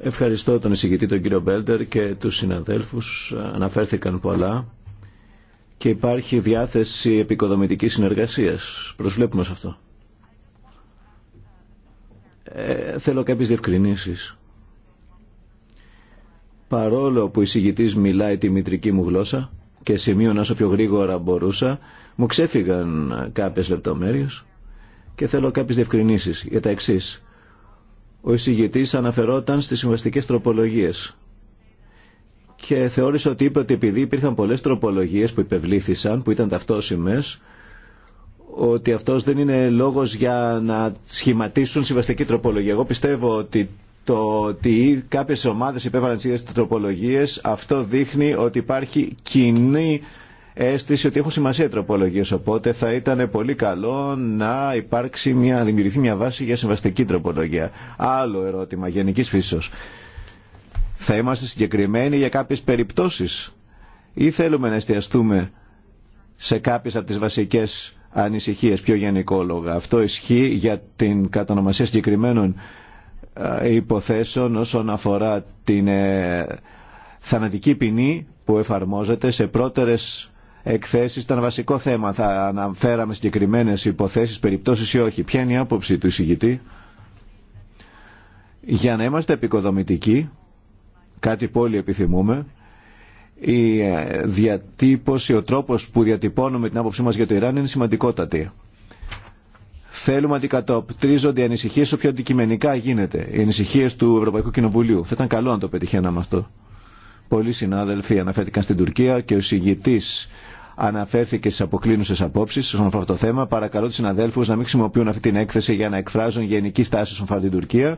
Ευχαριστώ τον εισηγητή τον κύριο Μπέλτερ και τους συναδέλφους. Αναφέρθηκαν πολλά και υπάρχει διάθεση επικοδομητικής συνεργασίας. Προσβλέπουμε σε αυτό. Ε, θέλω κάποιες διευκρινήσεις. Παρόλο που η συγητής μιλάει τη μητρική μου γλώσσα και σημείωνα όσο πιο γρήγορα μπορούσα, μου ξέφυγαν κάποιες λεπτομέρειες και θέλω κάποιες διευκρινήσεις για τα εξής. Ο εισηγητής αναφερόταν στις συμβαστικές τροπολογίες και θεώρησε ότι είπε ότι επειδή υπήρχαν πολλές τροπολογίες που υπευλήθησαν, που ήταν ταυτόσιμες, ότι αυτός δεν είναι λόγος για να σχηματίσουν συμβαστική τροπολογία. Εγώ πιστεύω ότι το ότι κάποιες ομάδες υπέβαλαν τις τροπολογίες, αυτό δείχνει ότι υπάρχει κοινή αίσθηση ότι έχουν σημασία οι τροπολογίε. Οπότε θα ήταν πολύ καλό να υπάρξει μια, δημιουργηθεί μια βάση για συμβαστική τροπολογία. Άλλο ερώτημα γενική φύσεω. Θα είμαστε συγκεκριμένοι για κάποιε περιπτώσει ή θέλουμε να εστιαστούμε σε κάποιε από τι βασικέ ανησυχίε πιο γενικόλογα. Αυτό ισχύει για την κατονομασία συγκεκριμένων ε, υποθέσεων όσον αφορά την ε, θανατική ποινή που εφαρμόζεται σε πρώτερες Εκθέσει ήταν βασικό θέμα. Θα αναφέραμε συγκεκριμένε υποθέσεις, περιπτώσεις ή όχι. Πια είναι η άποψη του εισηγητή. Για να είμαστε επικοδομητικοί, κάτι που όλοι επιθυμούμε, η ε, διατύπωση, ο τρόπο που διατυπώνουμε την άποψή μα για το Ιράν είναι σημαντικότατη. Θέλουμε να αντικατοπτρίζονται οι ανησυχίε όποιο αντικειμενικά γίνεται. Οι ανησυχίε του Ευρωπαϊκού Κοινοβουλίου. Θα ήταν καλό αν το πετυχαίναμε αυτό. Πολλοί συνάδελφοι αναφέρθηκαν στην Τουρκία και ο συγητής αναφέρθηκε στι αποκλίνουσε απόψει στον αφορά το θέμα. Παρακαλώ του συναδέλφου να μην χρησιμοποιούν αυτή την έκθεση για να εκφράζουν γενική στάση στον αφορά την Τουρκία,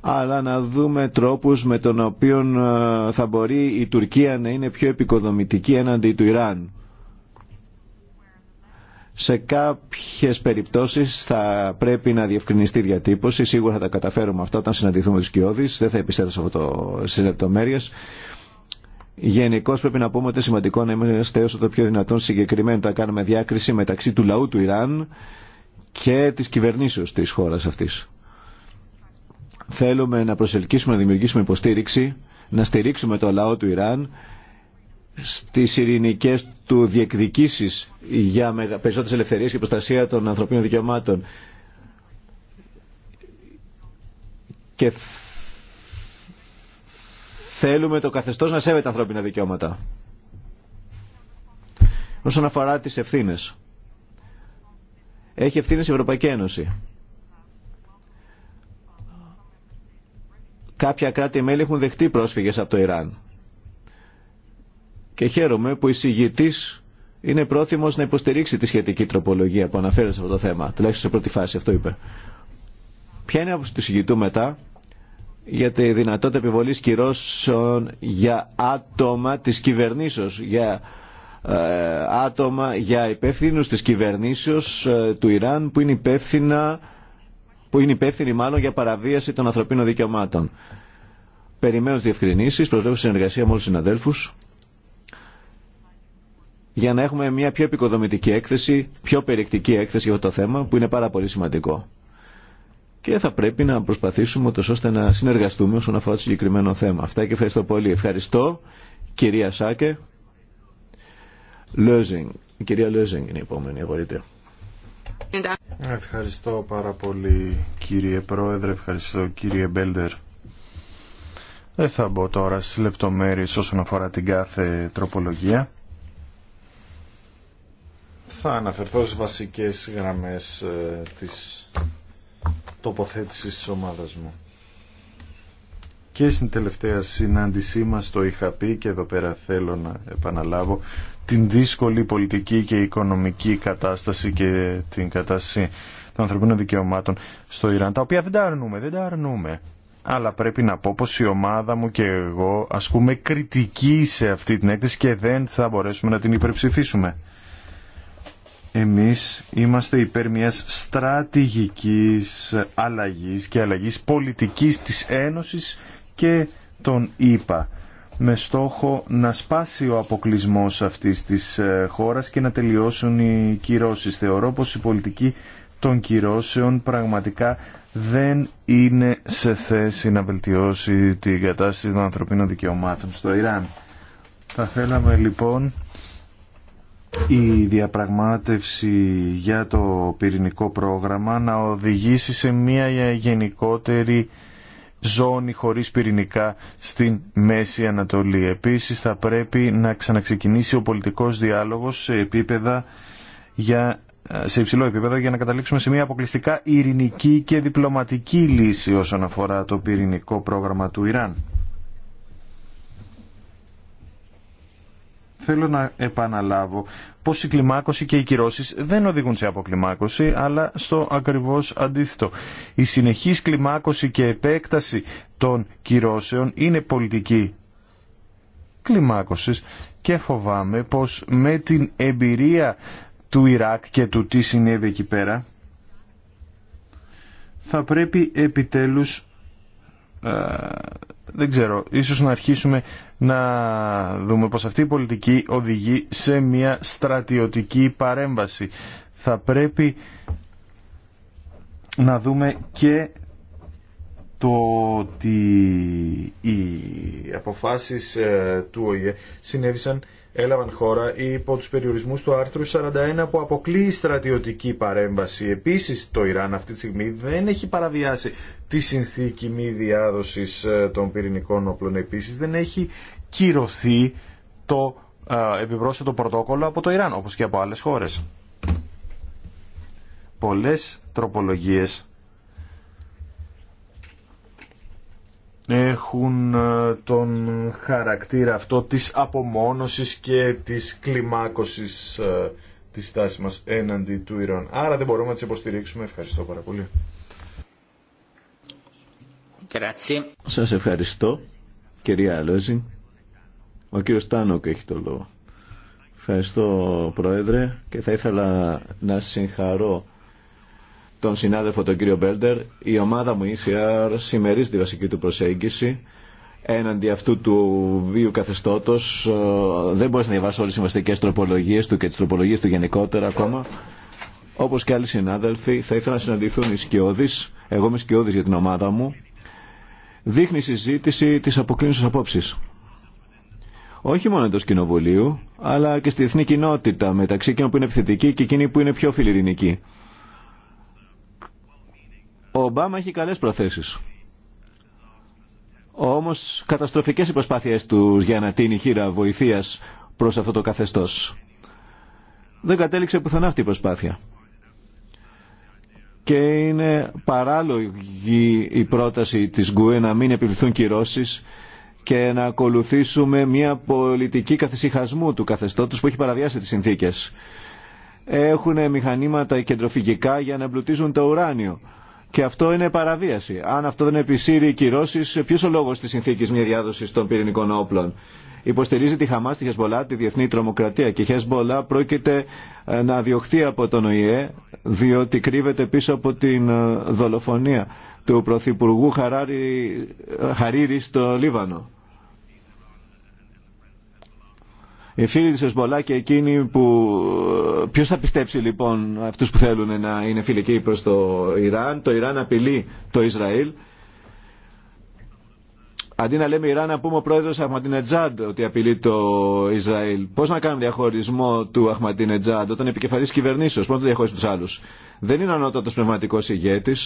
αλλά να δούμε τρόπου με τον οποίο ε, θα μπορεί η Τουρκία να είναι πιο επικοδομητική έναντι του Ιράν. Σε κάποιες περιπτώσεις θα πρέπει να διευκρινιστεί διατύπωση. Σίγουρα θα τα καταφέρουμε αυτά όταν συναντηθούμε τους κοιόδης. Δεν θα επιστρέψω αυτό το, στις Γενικώ πρέπει να πούμε ότι είναι σημαντικό να είμαστε όσο το πιο δυνατόν συγκεκριμένοι να κάνουμε διάκριση μεταξύ του λαού του Ιράν και της κυβερνήσεως της χώρας αυτής. Θέλουμε να προσελκύσουμε, να δημιουργήσουμε υποστήριξη, να στηρίξουμε το λαό του Ιράν στις ειρηνικέ του διεκδικήσεις για περισσότερε ελευθερίες και προστασία των ανθρωπίνων δικαιωμάτων. Και Θέλουμε το καθεστώς να σέβεται ανθρώπινα δικαιώματα. Όσον αφορά τι ευθύνε. Έχει ευθύνε η Ευρωπαϊκή Ένωση. Κάποια κράτη-μέλη έχουν δεχτεί πρόσφυγες από το Ιράν. Και χαίρομαι που η συγητής είναι πρόθυμος να υποστηρίξει τη σχετική τροπολογία που αναφέρεται σε αυτό το θέμα. Τουλάχιστον σε πρώτη φάση αυτό είπε. Ποια είναι η άποψη του συγητού μετά για τη δυνατότητα επιβολής κυρώσεων για άτομα της κυβερνήσεως, για ε, άτομα, για υπεύθυνους της κυβερνήσεως ε, του Ιράν που είναι υπεύθυνα που είναι υπεύθυνοι μάλλον για παραβίαση των ανθρωπίνων δικαιωμάτων. Περιμένω τις διευκρινήσεις, προσβλέπω συνεργασία με όλους τους συναδέλφους για να έχουμε μια πιο επικοδομητική έκθεση, πιο περιεκτική έκθεση για αυτό το θέμα που είναι πάρα πολύ σημαντικό και θα πρέπει να προσπαθήσουμε τόσο ώστε να συνεργαστούμε όσον αφορά το συγκεκριμένο θέμα. Αυτά και ευχαριστώ πολύ. Ευχαριστώ κυρία Σάκε. Λέζινγκ. Η κυρία Λέζινγκ είναι η επόμενη αγορήτρια. Ευχαριστώ πάρα πολύ κύριε Πρόεδρε, ευχαριστώ κύριε Μπέλντερ. Δεν θα μπω τώρα στις λεπτομέρειες όσον αφορά την κάθε τροπολογία. Θα αναφερθώ στις βασικές γραμμές ε, της Τοποθέτηση τη ομάδα μου. Και στην τελευταία συνάντησή μας το είχα πει και εδώ πέρα θέλω να επαναλάβω την δύσκολη πολιτική και οικονομική κατάσταση και την κατάσταση των ανθρωπίνων δικαιωμάτων στο Ιράν, τα οποία δεν τα αρνούμε, δεν τα αρνούμε. Αλλά πρέπει να πω πως η ομάδα μου και εγώ ασκούμε κριτική σε αυτή την έκθεση και δεν θα μπορέσουμε να την υπερψηφίσουμε. Εμείς είμαστε υπέρ μιας στρατηγικής αλλαγής και αλλαγής πολιτικής της Ένωσης και των ΗΠΑ με στόχο να σπάσει ο αποκλεισμός αυτής της ε, χώρας και να τελειώσουν οι κυρώσεις. Θεωρώ πως η πολιτική των κυρώσεων πραγματικά δεν είναι σε θέση να βελτιώσει την κατάσταση των ανθρωπίνων δικαιωμάτων στο Ιράν. Θα θέλαμε λοιπόν η διαπραγμάτευση για το πυρηνικό πρόγραμμα να οδηγήσει σε μια γενικότερη ζώνη χωρίς πυρηνικά στην Μέση Ανατολή. Επίσης θα πρέπει να ξαναξεκινήσει ο πολιτικός διάλογος σε, επίπεδα για, σε υψηλό επίπεδο για να καταλήξουμε σε μια αποκλειστικά ειρηνική και διπλωματική λύση όσον αφορά το πυρηνικό πρόγραμμα του Ιράν. θέλω να επαναλάβω πως η κλιμάκωση και οι κυρώσεις δεν οδηγούν σε αποκλιμάκωση, αλλά στο ακριβώς αντίθετο. Η συνεχής κλιμάκωση και επέκταση των κυρώσεων είναι πολιτική κλιμάκωσης και φοβάμαι πως με την εμπειρία του Ιράκ και του τι συνέβη εκεί πέρα, θα πρέπει επιτέλους, α, ε, δεν ξέρω, ίσως να αρχίσουμε να δούμε πως αυτή η πολιτική οδηγεί σε μια στρατιωτική παρέμβαση. Θα πρέπει να δούμε και το ότι οι αποφάσεις ε, του ΟΗΕ συνέβησαν έλαβαν χώρα υπό τους περιορισμούς του άρθρου 41 που αποκλείει στρατιωτική παρέμβαση. Επίσης το Ιράν αυτή τη στιγμή δεν έχει παραβιάσει τη συνθήκη μη διάδοσης ε, των πυρηνικών όπλων. Επίσης δεν έχει κυρωθεί το ε, επιπρόσθετο πρωτόκολλο από το Ιράν όπως και από άλλες χώρες. Πολλές τροπολογίες έχουν ε, τον χαρακτήρα αυτό της απομόνωσης και της κλιμάκωσης ε, της στάσης μας έναντι του Ιράν. Άρα δεν μπορούμε να τις υποστηρίξουμε. Ευχαριστώ πάρα πολύ. Σας ευχαριστώ, κυρία Αλόζη. Ο κύριος Τάνοκ έχει το λόγο. Ευχαριστώ, Πρόεδρε, και θα ήθελα να συγχαρώ τον συνάδελφο τον κύριο Μπέλτερ, η ομάδα μου ECR συμμερίζει τη βασική του προσέγγιση έναντι αυτού του βίου Καθεστώτο, ε, Δεν μπορεί να διαβάσει όλες τις συμβαστικέ τροπολογίες του και τις τροπολογίες του γενικότερα ακόμα. Όπως και άλλοι συνάδελφοι, θα ήθελα να συναντηθούν οι σκιώδεις. Εγώ είμαι σκιώδης για την ομάδα μου. Δείχνει συζήτηση της αποκλίνουσης απόψης. Όχι μόνο εντό κοινοβουλίου, αλλά και στη διεθνή κοινότητα μεταξύ εκείνων που είναι επιθετική και εκείνοι που είναι πιο φιλιρινικοί. Ο Ομπάμα έχει καλές προθέσεις. Όμως καταστροφικές οι προσπάθειές του για να τίνει χείρα βοηθείας προς αυτό το καθεστώς. Δεν κατέληξε πουθενά αυτή η προσπάθεια. Και είναι παράλογη η πρόταση της ΓΚΟΕ να μην επιβληθούν κυρώσεις και να ακολουθήσουμε μια πολιτική καθησυχασμού του καθεστώτος που έχει παραβιάσει τις συνθήκες. Έχουν μηχανήματα κεντροφυγικά για να εμπλουτίζουν το ουράνιο και αυτό είναι παραβίαση. Αν αυτό δεν επισύρει κυρώσει, ποιο ο λόγο τη συνθήκη μια διάδοση των πυρηνικών όπλων. Υποστηρίζει τη Χαμά, τη Χεσμολά, τη διεθνή τρομοκρατία. Και η Χεσμολά πρόκειται ε, να διωχθεί από τον ΟΗΕ, διότι κρύβεται πίσω από την ε, δολοφονία του Πρωθυπουργού Χαράρι ε, Χαρίρη στο Λίβανο. Οι φίλοι της Εσμπολά και εκείνοι που... Ποιος θα πιστέψει λοιπόν αυτούς που θέλουν να είναι φιλικοί προς το Ιράν. Το Ιράν απειλεί το Ισραήλ. Αντί να λέμε Ιράν, να πούμε ο πρόεδρο Αχματινετζάντ ότι απειλεί το Ισραήλ. Πώ να κάνουμε διαχωρισμό του Αχματινετζάντ όταν επικεφαλή κυβερνήσεως. πώ να το διαχωρίσει του άλλου. Δεν είναι ανώτατο πνευματικό ηγέτη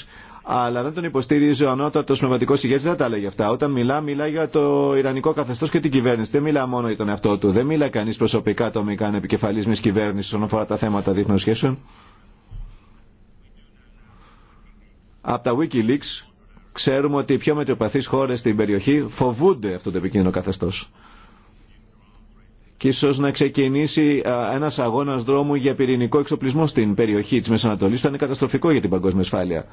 αλλά δεν τον υποστήριζε ο ανώτατο πνευματικό ηγέτη, δεν τα λέει αυτά. Όταν μιλά, μιλά για το Ιρανικό καθεστώ και την κυβέρνηση. Δεν μιλά μόνο για τον εαυτό του. Δεν μιλά κανεί προσωπικά το μη κάνει επικεφαλή μια κυβέρνηση όσον αφορά τα θέματα διεθνών σχέσεων. Από τα Wikileaks ξέρουμε ότι οι πιο μετριοπαθεί χώρε στην περιοχή φοβούνται αυτό το επικίνδυνο καθεστώ. Και ίσω να ξεκινήσει ένα αγώνα δρόμου για πυρηνικό εξοπλισμό στην περιοχή τη Μεσανατολή, που θα είναι καταστροφικό για την παγκόσμια ασφάλεια.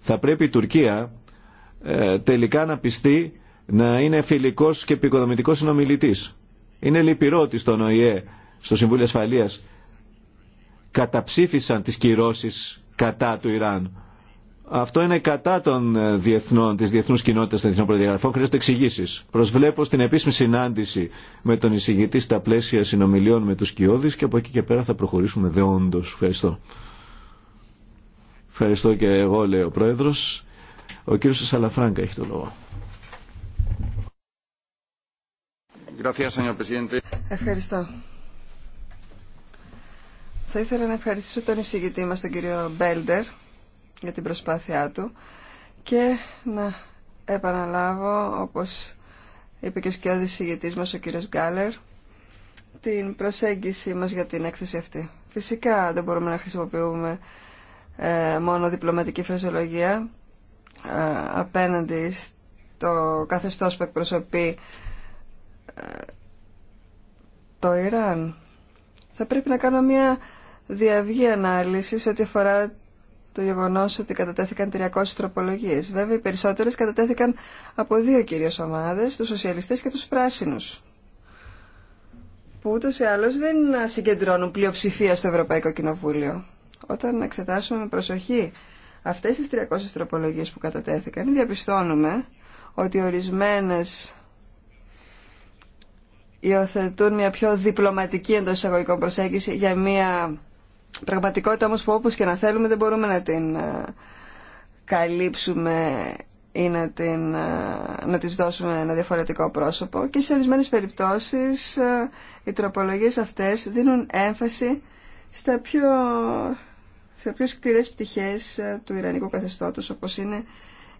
Θα πρέπει η Τουρκία ε, τελικά να πιστεί να είναι φιλικός και επικοδομητικός συνομιλητής. Είναι λυπηρό ότι στον ΟΗΕ, στο Συμβούλιο Ασφαλείας, καταψήφισαν τις κυρώσεις κατά του Ιράν. Αυτό είναι κατά των ε, διεθνών, της διεθνούς κοινότητας των διεθνών προδιαγραφών. Χρειάζεται εξηγήσει. Προσβλέπω στην επίσημη συνάντηση με τον εισηγητή στα πλαίσια συνομιλίων με τους Κιώδης και από εκεί και πέρα θα προχωρήσουμε δεόντω. Ευχαριστώ. Ευχαριστώ και εγώ, λέει ο Πρόεδρος. Ο κύριος Σαλαφράγκα έχει το λόγο. Ευχαριστώ. Θα ήθελα να ευχαριστήσω τον εισηγητή μας, τον κύριο Μπέλντερ, για την προσπάθειά του και να επαναλάβω, όπως είπε και ο σκιώδης εισηγητής μας, ο κύριος Γκάλερ, την προσέγγιση μας για την έκθεση αυτή. Φυσικά δεν μπορούμε να χρησιμοποιούμε ε, μόνο διπλωματική φρασιολογία ε, απέναντι στο καθεστώς που εκπροσωπεί ε, το Ιράν. Θα πρέπει να κάνω μια διαυγή ανάλυση σε ό,τι αφορά το γεγονό ότι κατατέθηκαν 300 τροπολογίε. Βέβαια, οι περισσότερε κατατέθηκαν από δύο κυρίω ομάδε, του σοσιαλιστέ και του πράσινου. Που ούτω ή άλλω δεν συγκεντρώνουν πλειοψηφία στο Ευρωπαϊκό Κοινοβούλιο. Όταν εξετάσουμε με προσοχή αυτές τις 300 τροπολογίες που κατατέθηκαν, διαπιστώνουμε ότι ορισμένες υιοθετούν μια πιο διπλωματική εντό εισαγωγικών προσέγγιση για μια πραγματικότητα όμως που όπως και να θέλουμε δεν μπορούμε να την ε, καλύψουμε ή να, την, ε, να της δώσουμε ένα διαφορετικό πρόσωπο και σε ορισμένε περιπτώσεις ε, οι τροπολογίες αυτές δίνουν έμφαση στα πιο σε πιο σκληρέ πτυχέ ε, του Ιρανικού καθεστώτο, όπω είναι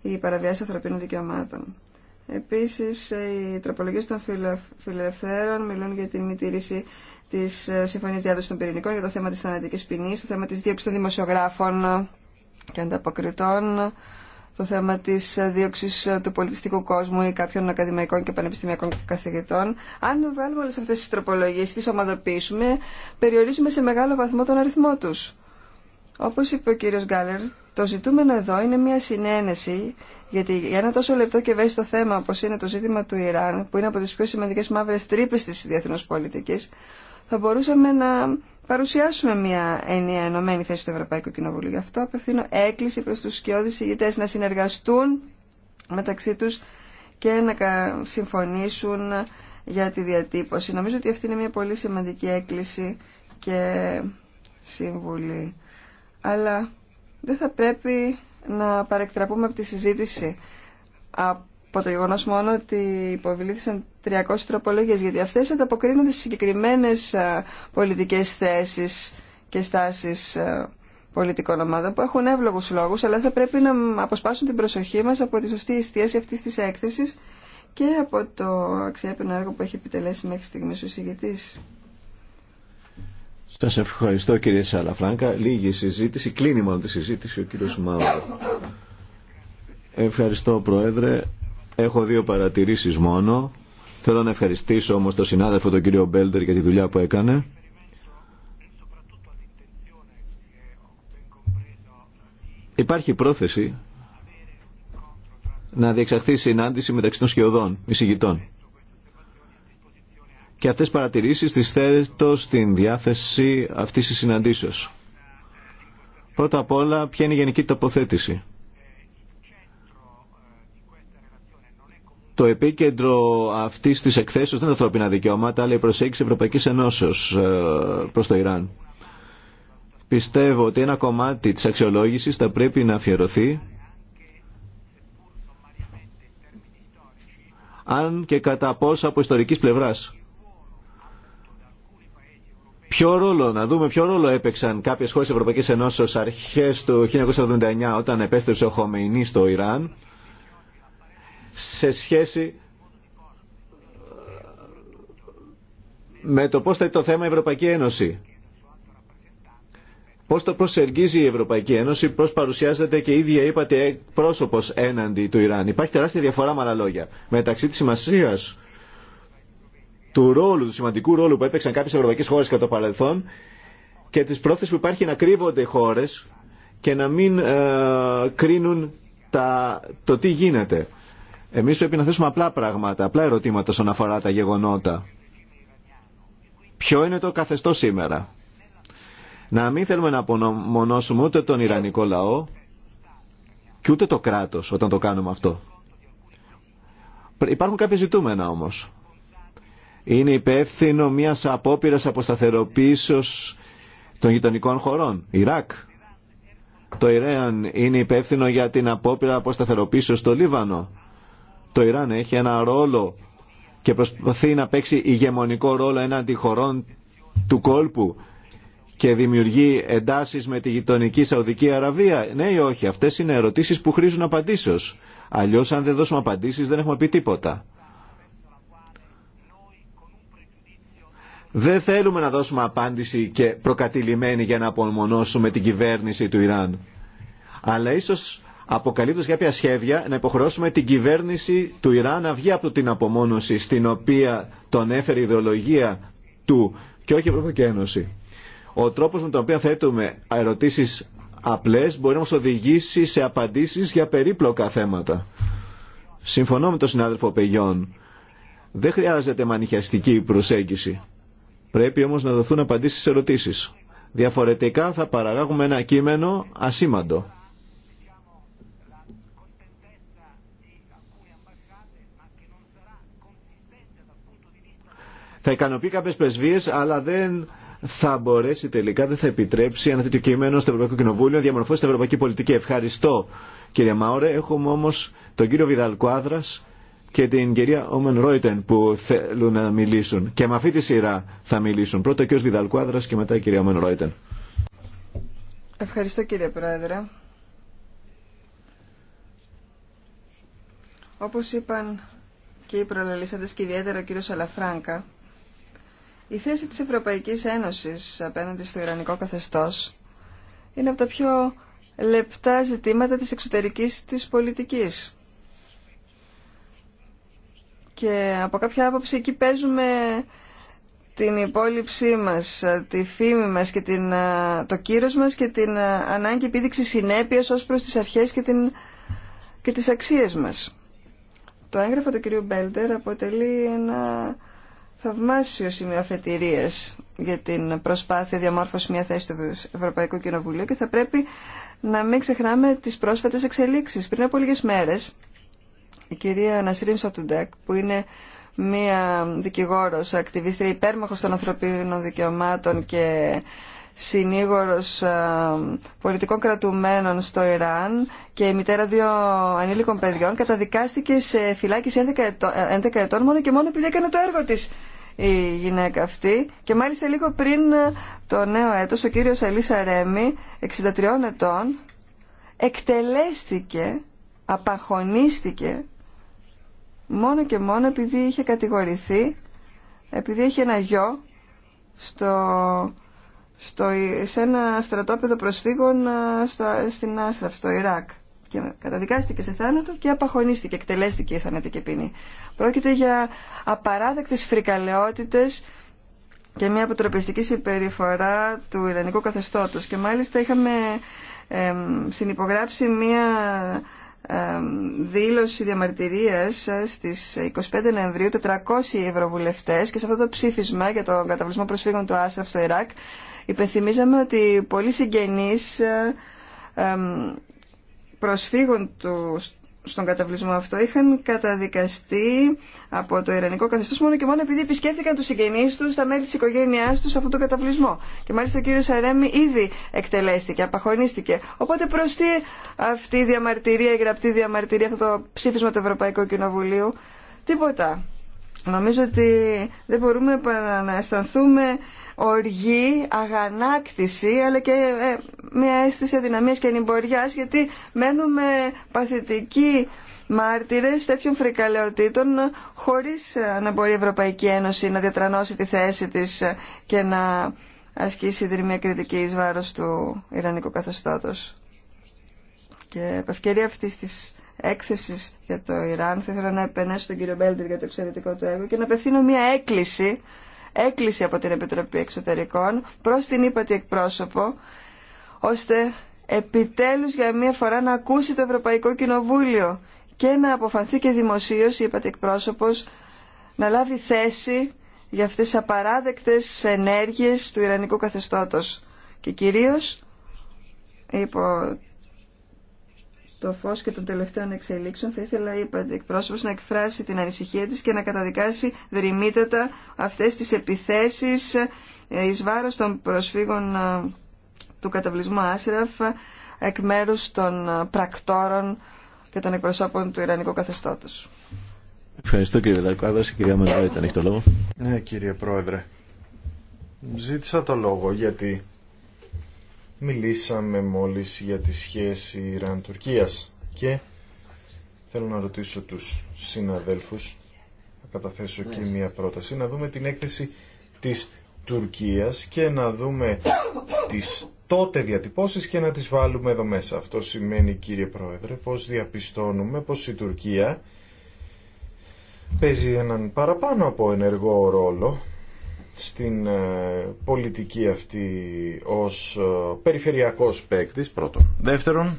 η παραβιάση ανθρωπίνων δικαιωμάτων. Επίση, ε, οι τροπολογίε των φιλελευθέρων μιλούν για τη μη τήρηση τη ε, Συμφωνία Διάδοση των Πυρηνικών, για το θέμα τη θανατική ποινή, το θέμα τη δίωξη των δημοσιογράφων και ανταποκριτών, το θέμα τη δίωξη του πολιτιστικού κόσμου ή κάποιων ακαδημαϊκών και πανεπιστημιακών καθηγητών. Αν βάλουμε όλε αυτέ τι τροπολογίε, τι ομαδοποιήσουμε, περιορίζουμε σε μεγάλο βαθμό τον αριθμό του. Όπως είπε ο κύριος Γκάλερ, το ζητούμενο εδώ είναι μια συνένεση, γιατί για ένα τόσο λεπτό και ευαίσθητο θέμα όπως είναι το ζήτημα του Ιράν, που είναι από τις πιο σημαντικές μαύρες τρύπες της διεθνούς πολιτικής, θα μπορούσαμε να παρουσιάσουμε μια ενιαία ενωμένη θέση του Ευρωπαϊκού Κοινοβουλίου. Γι' αυτό απευθύνω έκκληση προς τους σκιώδεις ηγητές να συνεργαστούν μεταξύ τους και να συμφωνήσουν για τη διατύπωση. Νομίζω ότι αυτή είναι μια πολύ σημαντική έκκληση και συμβουλή αλλά δεν θα πρέπει να παρεκτραπούμε από τη συζήτηση από το γεγονό μόνο ότι υποβλήθησαν 300 τροπολογίε, γιατί αυτέ ανταποκρίνονται σε συγκεκριμένε πολιτικέ θέσει και στάσει πολιτικών ομάδων που έχουν εύλογου λόγου, αλλά θα πρέπει να αποσπάσουν την προσοχή μα από τη σωστή εστίαση αυτή τη έκθεση και από το αξιέπαινο έργο που έχει επιτελέσει μέχρι στιγμή ο συγγετής. Σας ευχαριστώ κύριε Σαλαφράγκα. Λίγη συζήτηση, κλείνει μάλλον τη συζήτηση ο κύριος Μάουρο. Ευχαριστώ Πρόεδρε. Έχω δύο παρατηρήσεις μόνο. Θέλω να ευχαριστήσω όμως τον συνάδελφο τον κύριο Μπέλτερ για τη δουλειά που έκανε. Υπάρχει πρόθεση να διεξαχθεί συνάντηση μεταξύ των σχεδόν εισηγητών και αυτές τις παρατηρήσεις τις θέτω στην διάθεση αυτής της συναντήσεως. Πρώτα απ' όλα, ποια είναι η γενική τοποθέτηση. Το επίκεντρο αυτή τη εκθέσεω δεν είναι τα ανθρώπινα δικαιώματα, αλλά η προσέγγιση Ευρωπαϊκή Ενώσεω ε, προ το Ιράν. Πιστεύω ότι ένα κομμάτι τη αξιολόγηση θα πρέπει να αφιερωθεί αν και κατά πόσα από ιστορική πλευράς Ποιο ρόλο, να δούμε ποιο ρόλο έπαιξαν κάποιες χώρες Ευρωπαϊκής Ενώσης αρχές του 1979 όταν επέστρεψε ο Χομείνι στο Ιράν σε σχέση ε, με το πώς θα το θέμα η Ευρωπαϊκή Ένωση. Πώς το προσεργίζει η Ευρωπαϊκή Ένωση, πώς παρουσιάζεται και η ίδια είπατε πρόσωπος έναντι του Ιράν. Υπάρχει τεράστια διαφορά με άλλα λόγια μεταξύ της σημασίας του ρόλου, του σημαντικού ρόλου που έπαιξαν κάποιε ευρωπαϊκέ χώρε κατά το παρελθόν και τη πρόθεση που υπάρχει να κρύβονται οι χώρε και να μην ε, κρίνουν τα, το τι γίνεται. Εμεί πρέπει να θέσουμε απλά πράγματα, απλά ερωτήματα όσον αφορά τα γεγονότα. Ποιο είναι το καθεστώ σήμερα. Να μην θέλουμε να απομονώσουμε ούτε τον Ιρανικό λαό και ούτε το κράτος όταν το κάνουμε αυτό. Υπάρχουν κάποια ζητούμενα όμως είναι υπεύθυνο μιας απόπειρας αποσταθεροποίησεως των γειτονικών χωρών. Ιράκ. Το Ιράν είναι υπεύθυνο για την απόπειρα αποσταθεροποίησεως στο Λίβανο. Το Ιράν έχει ένα ρόλο και προσπαθεί να παίξει ηγεμονικό ρόλο έναντι χωρών του κόλπου και δημιουργεί εντάσεις με τη γειτονική Σαουδική Αραβία. Ναι ή όχι. Αυτές είναι ερωτήσεις που χρήζουν απαντήσεως. Αλλιώς αν δεν δώσουμε απαντήσεις δεν έχουμε πει τίποτα. Δεν θέλουμε να δώσουμε απάντηση και προκατηλημένη για να απομονώσουμε την κυβέρνηση του Ιράν. Αλλά ίσως για κάποια σχέδια να υποχρεώσουμε την κυβέρνηση του Ιράν να βγει από την απομόνωση στην οποία τον έφερε η ιδεολογία του και όχι η Ευρωπαϊκή Ένωση. Ο τρόπος με τον οποίο θέτουμε ερωτήσεις απλές μπορεί να μας οδηγήσει σε απαντήσεις για περίπλοκα θέματα. Συμφωνώ με τον συνάδελφο Πεγιόν. Δεν χρειάζεται μανιχιαστική προσέγγιση. Πρέπει όμως να δοθούν απαντήσεις σε ερωτήσεις. Διαφορετικά θα παραγάγουμε ένα κείμενο ασήμαντο. Θα ικανοποιεί κάποιες πρεσβείες, αλλά δεν θα μπορέσει τελικά, δεν θα επιτρέψει ένα τέτοιο κείμενο στο Ευρωπαϊκό Κοινοβούλιο να διαμορφώσει την ευρωπαϊκή πολιτική. Ευχαριστώ κύριε Μάωρε. Έχουμε όμως τον κύριο Βιδαλκουάδρας και την κυρία Όμεν Ρόιτεν που θέλουν να μιλήσουν. Και με αυτή τη σειρά θα μιλήσουν. Πρώτα ο κ. Βιδαλκουάδρας και μετά η κυρία Όμεν Ρόιτεν. Ευχαριστώ κύριε Πρόεδρε. Όπως είπαν και οι προλαλήσαντες και ιδιαίτερα ο κύριος Σαλαφράγκα, η θέση της Ευρωπαϊκής Ένωσης απέναντι στο Ιρανικό καθεστώς είναι από τα πιο λεπτά ζητήματα της εξωτερικής της πολιτικής. Και από κάποια άποψη εκεί παίζουμε την υπόλοιψή μας, τη φήμη μας και την, το κύρος μας και την ανάγκη επίδειξη συνέπειας ως προς τις αρχές και, την, και τις αξίες μας. Το έγγραφο του κυρίου Μπέλτερ αποτελεί ένα θαυμάσιο σημείο αφετηρίας για την προσπάθεια διαμόρφωση μια θέση του Ευρωπαϊκού Κοινοβουλίου και θα πρέπει να μην ξεχνάμε τις πρόσφατες εξελίξεις. Πριν από λίγες μέρες, η κυρία Νασρίν Σοτουντέκ, που είναι μία δικηγόρος, ακτιβίστρια, υπέρμαχος των ανθρωπίνων δικαιωμάτων και συνήγορος πολιτικών κρατουμένων στο Ιράν και η μητέρα δύο ανήλικων παιδιών καταδικάστηκε σε φυλάκιση 11 ε, ετών μόνο και μόνο επειδή έκανε το έργο της η γυναίκα αυτή και μάλιστα λίγο πριν ε, το νέο έτος ο κύριος Αλίσσα Ρέμι 63 ετών εκτελέστηκε, απαχωνίστηκε μόνο και μόνο επειδή είχε κατηγορηθεί, επειδή είχε ένα γιο στο, στο, σε ένα στρατόπεδο προσφύγων στο στην Άσραφ, στο Ιράκ. Και καταδικάστηκε σε θάνατο και απαχωνίστηκε, εκτελέστηκε η θανατική ποινή. Πρόκειται για απαράδεκτες φρικαλαιότητες και μια αποτροπιστική συμπεριφορά του Ιρανικού καθεστώτος. Και μάλιστα είχαμε ε, συνυπογράψει μια δήλωση διαμαρτυρίας ε, στις 25 Νοεμβρίου 400 ευρωβουλευτές και σε αυτό το ψήφισμα για τον καταβλισμό προσφύγων του Άσραφ στο Ιράκ υπενθυμίζαμε ότι πολλοί συγγενείς ε, προσφύγων του, στον καταβλισμό αυτό είχαν καταδικαστεί από το Ιρανικό καθεστώ μόνο και μόνο επειδή επισκέφθηκαν του συγγενεί του, τα μέλη τη οικογένειά του σε αυτόν τον καταβλισμό. Και μάλιστα ο κύριο Αρέμι ήδη εκτελέστηκε, απαχωνίστηκε. Οπότε τι αυτή η διαμαρτυρία, η γραπτή διαμαρτυρία, αυτό το ψήφισμα του Ευρωπαϊκού Κοινοβουλίου. Τίποτα. Νομίζω ότι δεν μπορούμε να αισθανθούμε οργή, αγανάκτηση, αλλά και ε, μια αίσθηση αδυναμίας και ανημποριάς, γιατί μένουμε παθητικοί μάρτυρες τέτοιων φρικαλαιοτήτων ε, χωρίς ε, να μπορεί η Ευρωπαϊκή Ένωση να διατρανώσει τη θέση της και να ασκήσει δρυμία κριτική εις βάρος του Ιρανικού καθεστώτος. Και από ευκαιρία αυτής της έκθεσης για το Ιράν θα ήθελα να επενέσω τον κύριο Μπέλντερ για το εξαιρετικό του έργο και να απευθύνω μια έκκληση έκκληση από την Επιτροπή Εξωτερικών προς την ύπατη εκπρόσωπο, ώστε επιτέλους για μία φορά να ακούσει το Ευρωπαϊκό Κοινοβούλιο και να αποφανθεί και δημοσίως η ύπατη εκπρόσωπος να λάβει θέση για αυτές τις απαράδεκτες ενέργειες του Ιρανικού καθεστώτος και κυρίως υπό το φω και των τελευταίων εξελίξεων, θα ήθελα η εκπρόσωπος να εκφράσει την ανησυχία της και να καταδικάσει δρυμύτατα αυτές τις επιθέσεις ε, εις βάρος των προσφύγων ε, του καταβλισμού Άσραφ εκ μέρου των ε, πρακτόρων και των εκπροσώπων του Ιρανικού καθεστώτος. Ευχαριστώ κύριε Η Κυρία Μελβάη, ήταν έχει το λόγο. Ναι κύριε Πρόεδρε. Ζήτησα το λόγο γιατί Μιλήσαμε μόλις για τη σχέση Ιράν-Τουρκίας και θέλω να ρωτήσω τους συναδέλφους, να καταθέσω και μία πρόταση, να δούμε την έκθεση της Τουρκίας και να δούμε τις τότε διατυπώσεις και να τις βάλουμε εδώ μέσα. Αυτό σημαίνει κύριε Πρόεδρε πως διαπιστώνουμε πως η Τουρκία παίζει έναν παραπάνω από ενεργό ρόλο στην ε, πολιτική αυτή ως ε, περιφερειακός παίκτη πρώτον. Δεύτερον,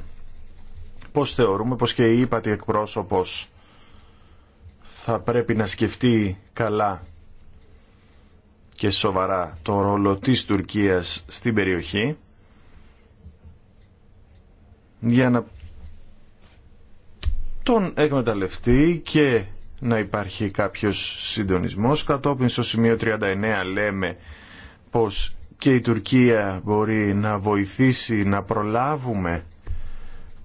πώς θεωρούμε πως και η ύπατη εκπρόσωπος θα πρέπει να σκεφτεί καλά και σοβαρά το ρόλο της Τουρκίας στην περιοχή για να τον εκμεταλλευτεί και να υπάρχει κάποιος συντονισμός. Κατόπιν στο σημείο 39 λέμε πως και η Τουρκία μπορεί να βοηθήσει να προλάβουμε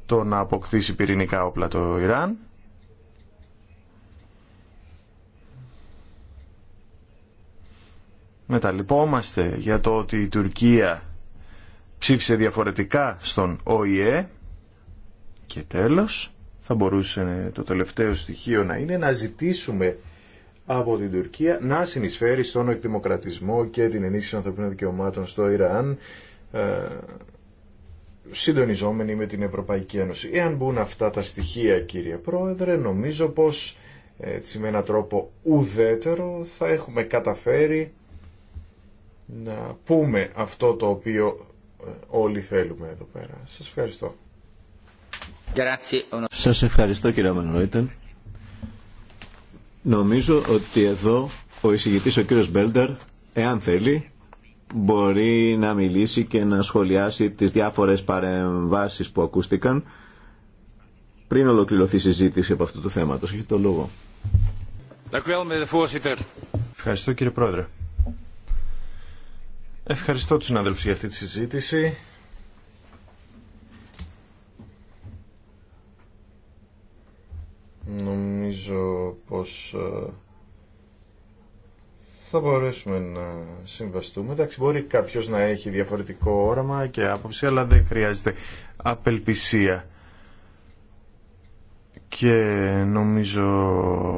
το να αποκτήσει πυρηνικά όπλα το Ιράν. Μεταλυπόμαστε για το ότι η Τουρκία ψήφισε διαφορετικά στον ΟΗΕ και τέλος θα μπορούσε το τελευταίο στοιχείο να είναι να ζητήσουμε από την Τουρκία να συνεισφέρει στον εκδημοκρατισμό και την ενίσχυση των ανθρωπίνων δικαιωμάτων στο Ιράν ε, συντονιζόμενοι με την Ευρωπαϊκή Ένωση. Εάν μπουν αυτά τα στοιχεία κύριε Πρόεδρε νομίζω πως ε, έτσι με έναν τρόπο ουδέτερο θα έχουμε καταφέρει να πούμε αυτό το οποίο ε, όλοι θέλουμε εδώ πέρα. Σας ευχαριστώ. Σας ευχαριστώ κύριε Μανρόιτεν. Νομίζω ότι εδώ ο εισηγητής ο κύριος Μπέλντερ, εάν θέλει, μπορεί να μιλήσει και να σχολιάσει τις διάφορες παρεμβάσεις που ακούστηκαν πριν ολοκληρωθεί η συζήτηση από αυτού του θέματος. Έχετε το λόγο. Ευχαριστώ κύριε Πρόεδρε. Ευχαριστώ τους συναδέλφους για αυτή τη συζήτηση Νομίζω πως ε, θα μπορέσουμε να συμβαστούμε. Εντάξει, μπορεί κάποιος να έχει διαφορετικό όραμα και άποψη, αλλά δεν χρειάζεται απελπισία. Και νομίζω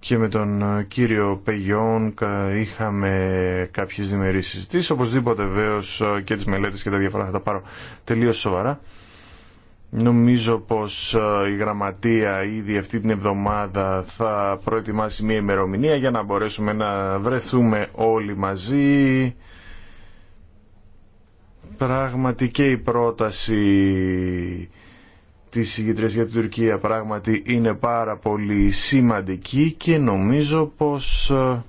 και με τον κύριο Πεγιόν είχαμε κάποιες διμερείς συζητήσεις. Οπωσδήποτε βεβαίω και τις μελέτες και τα διαφορά θα τα πάρω τελείως σοβαρά. Νομίζω πως ε, η Γραμματεία ήδη αυτή την εβδομάδα θα προετοιμάσει μια ημερομηνία για να μπορέσουμε να βρεθούμε όλοι μαζί. Πράγματι και η πρόταση της συγκεντρίας για την Τουρκία πράγματι είναι πάρα πολύ σημαντική και νομίζω πως ε,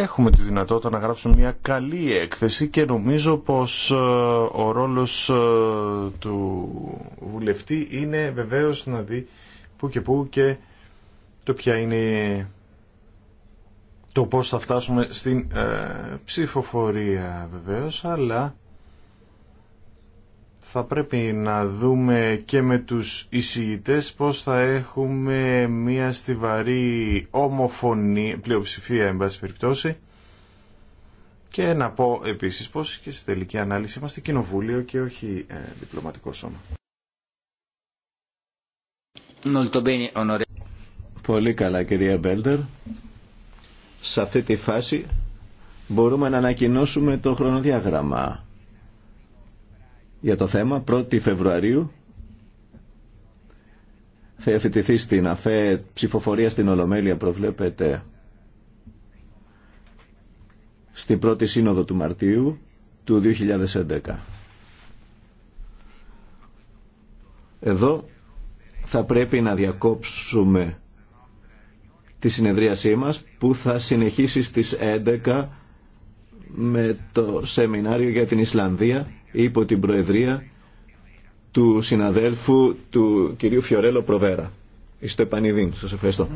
έχουμε τη δυνατότητα να γράψουμε μια καλή έκθεση και νομίζω πως ε, ο ρόλος ε, του βουλευτή είναι βεβαίως να δει που και που και το ποια είναι το πώς θα φτάσουμε στην ε, ψηφοφορία βεβαίως αλλά θα πρέπει να δούμε και με τους εισηγητές πώς θα έχουμε μια στιβαρή ομοφωνή πλειοψηφία εν πάση περιπτώσει και να πω επίσης πως και στη τελική ανάλυση είμαστε κοινοβούλιο και όχι ε, διπλωματικό σώμα. Πολύ καλά κυρία Μπέλτερ. Σε αυτή τη φάση μπορούμε να ανακοινώσουμε το χρονοδιάγραμμα για το θέμα 1η Φεβρουαρίου θα εφητηθεί στην ΑΦΕ ψηφοφορία στην Ολομέλεια προβλέπεται στην πρώτη σύνοδο του Μαρτίου του 2011. Εδώ θα πρέπει να διακόψουμε τη συνεδρίασή μας που θα συνεχίσει στις 11 με το σεμινάριο για την Ισλανδία υπό την Προεδρία του συναδέλφου του κυρίου Φιωρέλο Προβέρα. Είστε επανειδήν. Σας ευχαριστώ.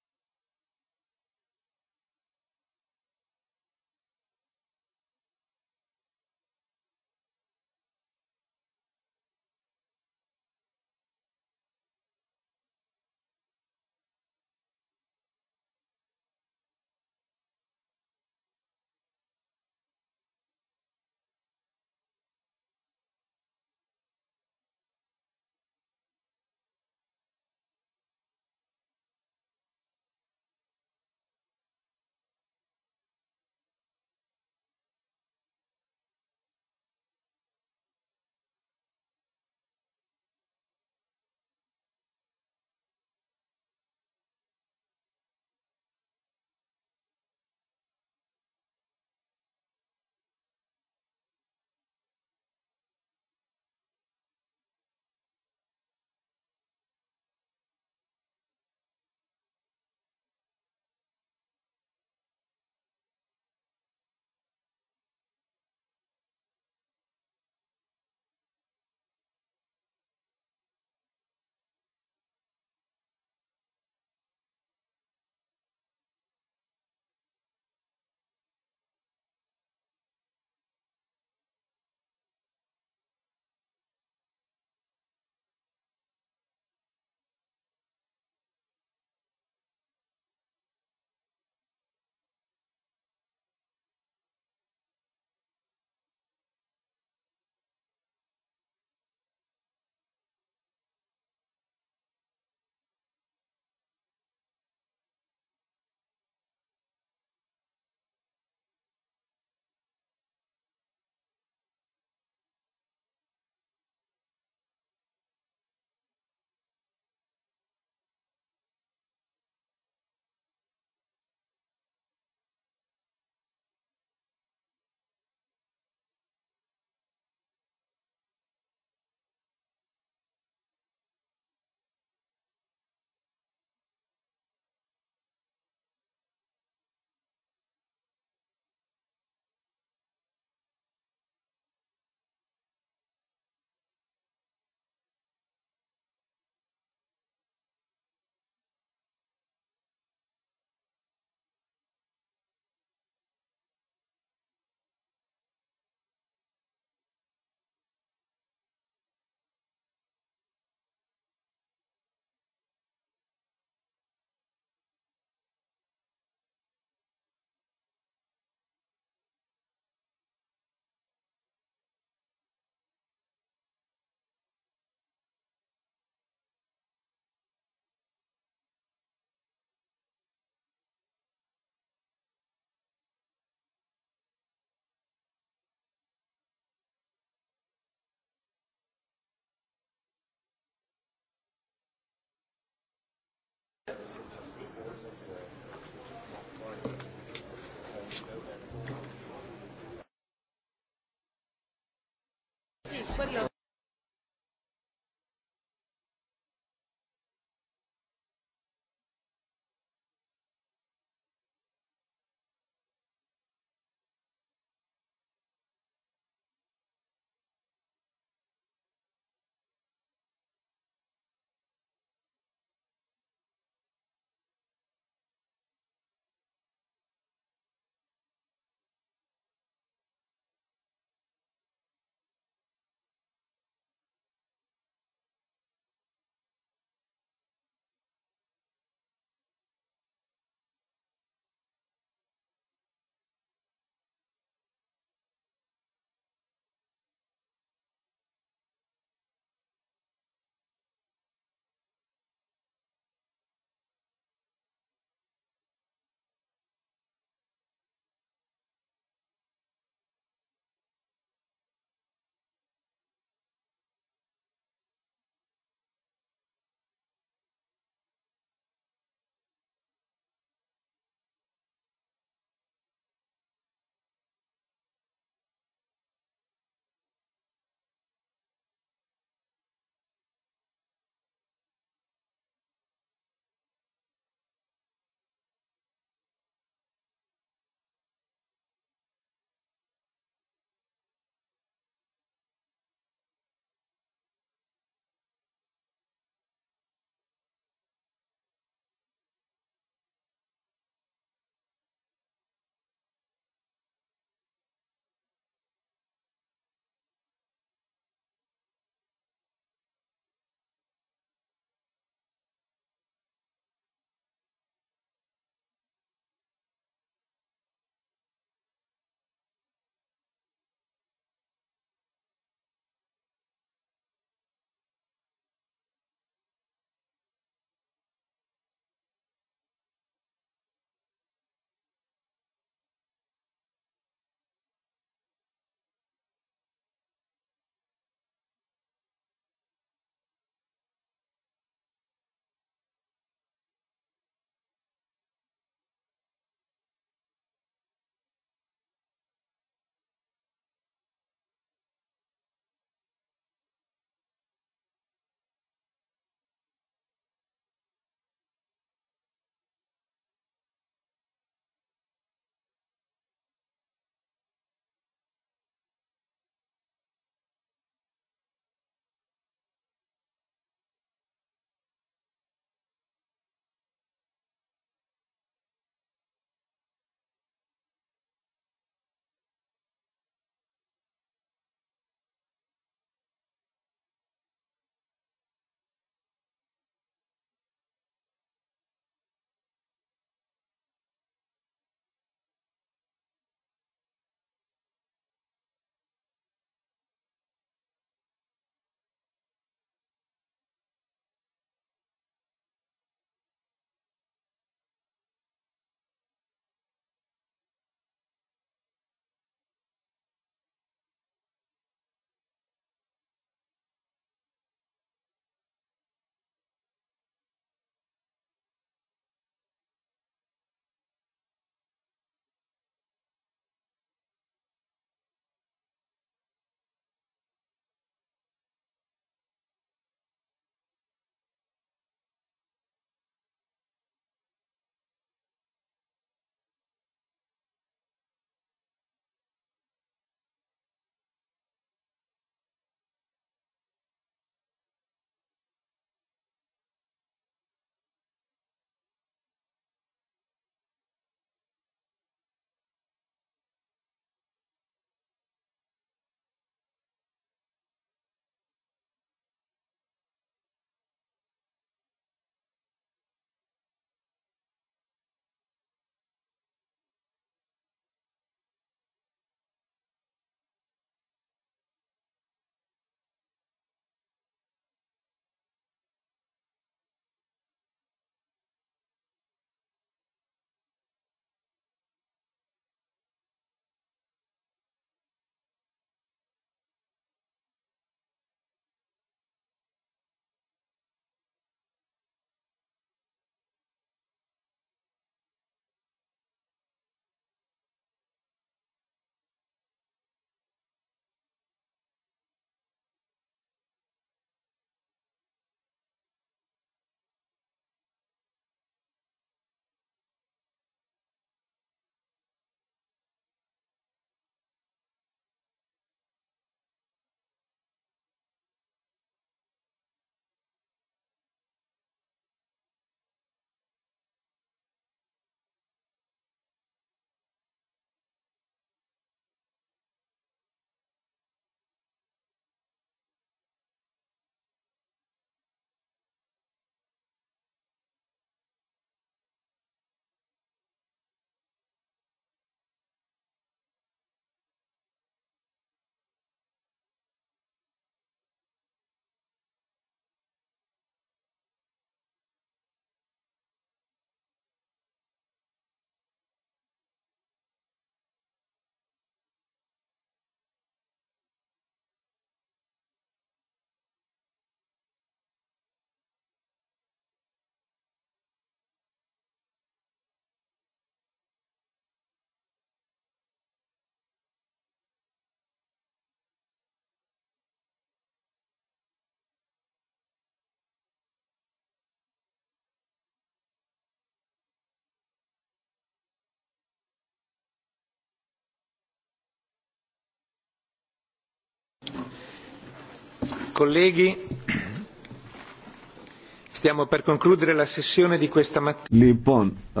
Λοιπόν, ε,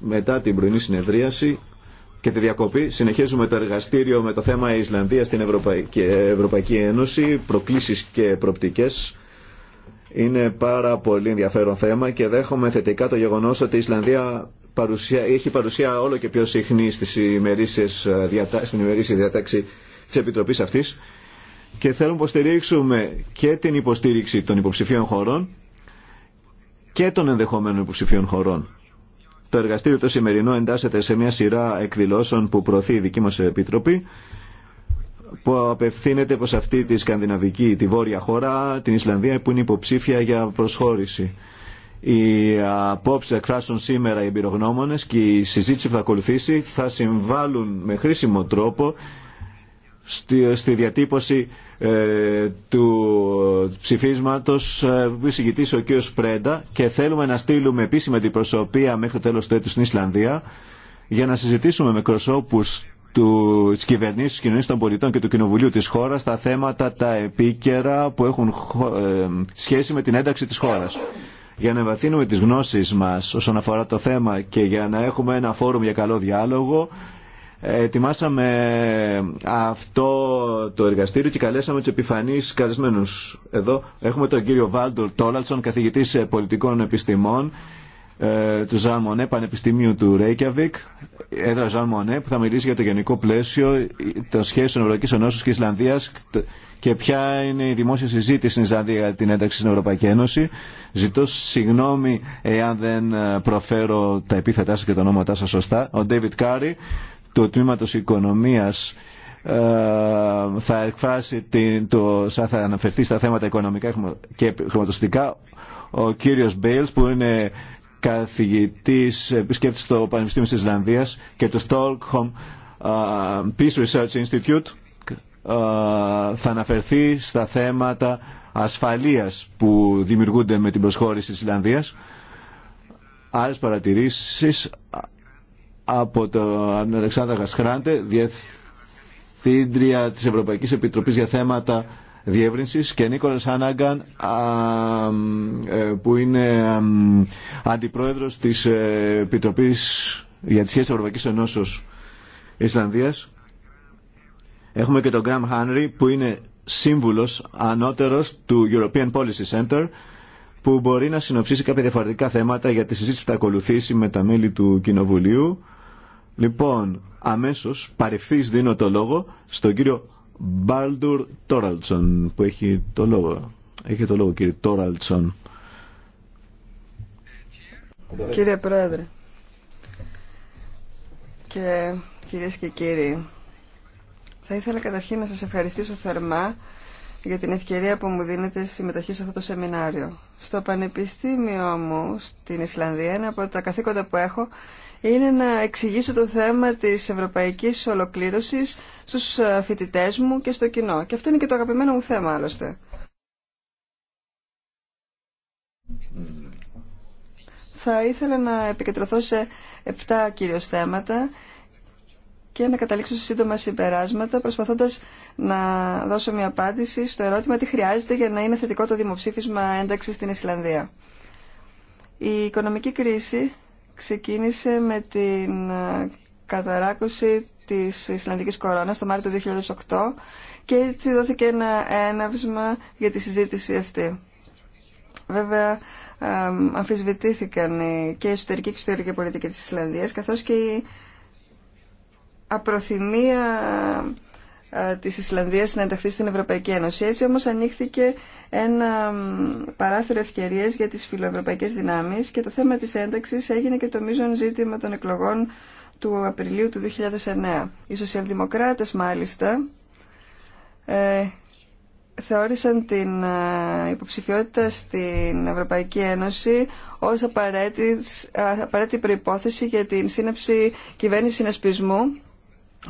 μετά την πρωινή συνεδρίαση και τη διακοπή, συνεχίζουμε το εργαστήριο με το θέμα Ισλανδία στην Ευρωπαϊκή, Ένωση, προκλήσεις και προπτικές. Είναι πάρα πολύ ενδιαφέρον θέμα και δέχομαι θετικά το γεγονός ότι η Ισλανδία έχει παρουσία όλο και πιο συχνή ε, στην ημερήσια διατάξη της Επιτροπής αυτής και θέλουμε να υποστηρίξουμε και την υποστήριξη των υποψηφίων χωρών και των ενδεχομένων υποψηφίων χωρών. Το εργαστήριο το σημερινό εντάσσεται σε μια σειρά εκδηλώσεων που προωθεί η δική μας Επιτροπή που απευθύνεται προς αυτή τη σκανδιναβική, τη βόρεια χώρα, την Ισλανδία που είναι υποψήφια για προσχώρηση. Οι απόψει εκφράσουν σήμερα οι εμπειρογνώμονε και η συζήτηση που θα ακολουθήσει θα συμβάλλουν με χρήσιμο τρόπο στη, στη διατύπωση ε, του ψηφίσματος που ε, εισηγητής ο κ. Πρέντα και θέλουμε να στείλουμε επίσημα την προσωπία μέχρι το τέλος του έτους στην Ισλανδία για να συζητήσουμε με κροσόπους του, της κυβερνήσεως, της κοινωνίας των πολιτών και του κοινοβουλίου της χώρας τα θέματα τα επίκαιρα που έχουν ε, σχέση με την ένταξη της χώρας. Για να εμβαθύνουμε τις γνώσεις μας όσον αφορά το θέμα και για να έχουμε ένα φόρουμ για καλό διάλογο Ετοιμάσαμε αυτό το εργαστήριο και καλέσαμε του επιφανεί καλεσμένου. Εδώ έχουμε τον κύριο Βάλντορ Τόλαλσον, καθηγητή ε, πολιτικών επιστημών ε, του Ζαν Μονέ, Πανεπιστημίου του Ρέικιαβικ, έδρα Ζαν Μονέ, που θα μιλήσει για το γενικό πλαίσιο των σχέσεων Ευρωπαϊκή Ενώσεω και Ισλανδία και ποια είναι η δημόσια συζήτηση στην Ισλανδία για την ένταξη στην Ευρωπαϊκή Ένωση. Ζητώ συγγνώμη εάν δεν ε, προφέρω τα επίθετά σα και τα ονόματά σα σωστά. Ο Ντέιβιτ Κάρι, του τμήματος οικονομίας ε, θα εκφράσει την, το, θα αναφερθεί στα θέματα οικονομικά και χρηματοστικά ο κύριος Μπέιλς που είναι καθηγητής επισκέπτης στο Πανεπιστήμιο της Ισλανδίας και το Stockholm ε, Peace Research Institute ε, θα αναφερθεί στα θέματα ασφαλείας που δημιουργούνται με την προσχώρηση της Ισλανδίας άλλες παρατηρήσεις από τον Αλεξάνδρα Γασχράντε, Διευθύντρια της Ευρωπαϊκής Επιτροπής για θέματα διεύρυνσης και Νίκολα Άναγκαν ε, που είναι αντιπρόεδρος της ε, Επιτροπής για τις σχέσεις Ευρωπαϊκής Ενώσεως Ισλανδίας. Έχουμε και τον Γκραμ Χάνρι που είναι σύμβουλος ανώτερος του European Policy Center που μπορεί να συνοψίσει κάποια διαφορετικά θέματα για τη συζήτηση που θα ακολουθήσει με τα μέλη του Κοινοβουλίου Λοιπόν, αμέσως παρευθύ δίνω το λόγο στον κύριο Μπάλντουρ Τόραλτσον που έχει το λόγο. Έχει το λόγο κύριε Τόραλτσον. Κύριε Πρόεδρε και κυρίες και κύριοι, θα ήθελα καταρχήν να σας ευχαριστήσω θερμά για την ευκαιρία που μου δίνετε στη συμμετοχή σε αυτό το σεμινάριο. Στο Πανεπιστήμιο μου στην Ισλανδία, ένα από τα καθήκοντα που έχω είναι να εξηγήσω το θέμα της ευρωπαϊκής ολοκλήρωσης στους ε, φοιτητές μου και στο κοινό. Και αυτό είναι και το αγαπημένο μου θέμα άλλωστε. Θα ήθελα να επικεντρωθώ σε επτά κυρίως θέματα και να καταλήξω σε σύντομα συμπεράσματα προσπαθώντας να δώσω μια απάντηση στο ερώτημα τι χρειάζεται για να είναι θετικό το δημοψήφισμα ένταξη στην Ισλανδία. Η οικονομική κρίση ξεκίνησε με την ε, καταράκωση της Ισλανδικής κορώνας το Μάρτιο 2008 και έτσι δόθηκε ένα έναυσμα για τη συζήτηση αυτή. Βέβαια, ε, αμφισβητήθηκαν και η εσωτερική και η εξωτερική πολιτική της Ισλανδίας καθώς και η απροθυμία ε, της Ισλανδίας να ενταχθεί στην Ευρωπαϊκή Ένωση. Έτσι όμως ανοίχθηκε ένα παράθυρο ευκαιρίες για τις φιλοευρωπαϊκές δυνάμεις και το θέμα της ένταξης έγινε και το μείζον ζήτημα των εκλογών του Απριλίου του 2009. Οι σοσιαλδημοκράτες μάλιστα ε, θεώρησαν την ε, υποψηφιότητα στην Ευρωπαϊκή Ένωση ως απαραίτητη, ε, απαραίτητη προϋπόθεση για την σύναψη κυβέρνηση συνασπισμού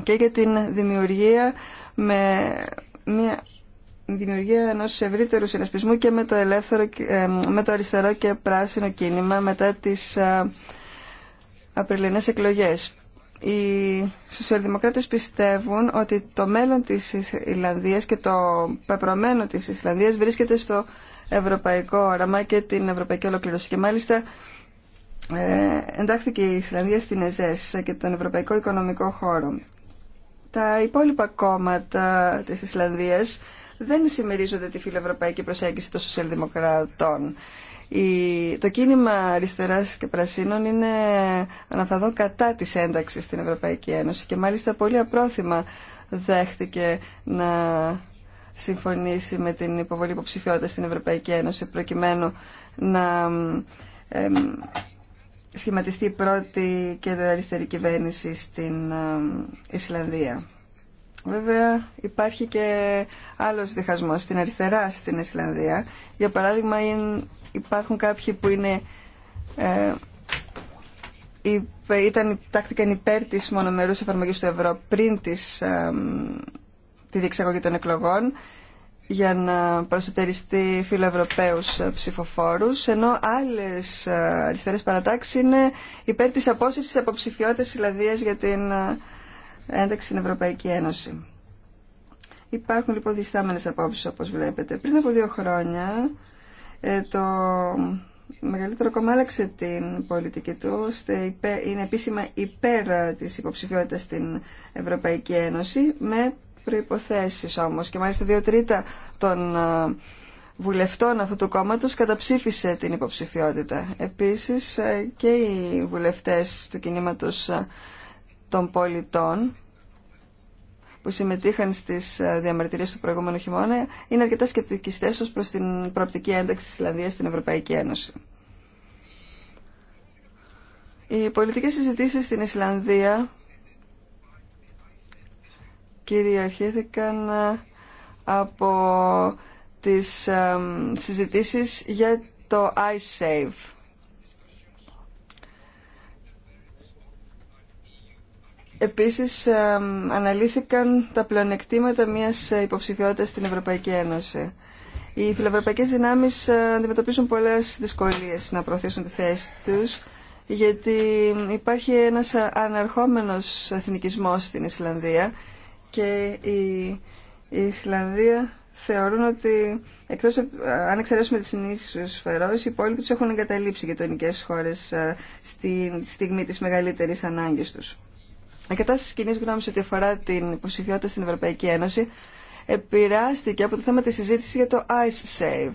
και για την δημιουργία με μια δημιουργία ενός ευρύτερου συνασπισμού και με το, ελεύθερο, ε, με το αριστερό και πράσινο κίνημα μετά τις ε, απριλινές εκλογές. Οι σοσιαλδημοκράτες πιστεύουν ότι το μέλλον της Ισλανδίας και το πεπρωμένο της Ισλανδίας βρίσκεται στο ευρωπαϊκό όραμα και την ευρωπαϊκή ολοκληρώση. Και μάλιστα ε, εντάχθηκε η Ισλανδία στην ΕΖΕΣ και τον Ευρωπαϊκό Οικονομικό Χώρο τα υπόλοιπα κόμματα της Ισλανδίας δεν συμμερίζονται τη φιλοευρωπαϊκή προσέγγιση των σοσιαλδημοκρατών. Το κίνημα αριστεράς και πρασίνων είναι αναφαδό κατά της ένταξης στην Ευρωπαϊκή Ένωση και μάλιστα πολύ απρόθυμα δέχτηκε να συμφωνήσει με την υποβολή υποψηφιότητα στην Ευρωπαϊκή Ένωση προκειμένου να σχηματιστεί η πρώτη κεντροαριστερή κυβέρνηση στην ε, Ισλανδία. Βέβαια υπάρχει και άλλος διχασμός στην αριστερά στην Ισλανδία. Για παράδειγμα υπάρχουν κάποιοι που είναι, ε, ήταν, τάχτηκαν υπέρ της μονομερούς εφαρμογής του ευρώ πριν της, ε, τη διεξαγωγή των εκλογών για να προσετεριστεί φιλοευρωπαίους ψηφοφόρους, ενώ άλλες ε, αριστερές παρατάξεις είναι υπέρ της απόσυρσης από ψηφιότητες για την ε, ένταξη στην Ευρωπαϊκή Ένωση. Υπάρχουν λοιπόν διστάμενες απόψεις όπως βλέπετε. Πριν από δύο χρόνια ε, το μεγαλύτερο κόμμα την πολιτική του, είναι επίσημα υπέρ της υποψηφιότητας στην Ευρωπαϊκή Ένωση με προϋποθέσεις όμως και μάλιστα δύο τρίτα των ε, βουλευτών αυτού του κόμματος καταψήφισε την υποψηφιότητα. Επίσης ε, και οι βουλευτές του κινήματος ε, των πολιτών που συμμετείχαν στις διαμαρτυρίες του προηγούμενου χειμώνα είναι αρκετά σκεπτικιστές ως προς την προοπτική ένταξη της Ισλανδίας στην Ευρωπαϊκή Ένωση. Οι πολιτικές συζητήσεις στην Ισλανδία κυριαρχήθηκαν ε, από τις ε, συζητήσεις για το iSave. Επίσης ε, αναλύθηκαν τα πλεονεκτήματα μιας υποψηφιότητας στην Ευρωπαϊκή Ένωση. Οι φιλοευρωπαϊκές δυνάμεις αντιμετωπίζουν πολλές δυσκολίες να προωθήσουν τη θέση τους γιατί υπάρχει ένας αναρχόμενος εθνικισμός στην Ισλανδία και η, η Ισλανδία θεωρούν ότι εκτός αν εξαιρέσουμε τις συνήθειες Φερόες, οι υπόλοιποι τους έχουν εγκαταλείψει γειτονικές χώρες στη στιγμή της μεγαλύτερης ανάγκης τους. Η κατάσταση κοινή γνώμη ότι αφορά την υποψηφιότητα στην Ευρωπαϊκή Ένωση επηρεάστηκε από το θέμα της συζήτησης για το Ice Save.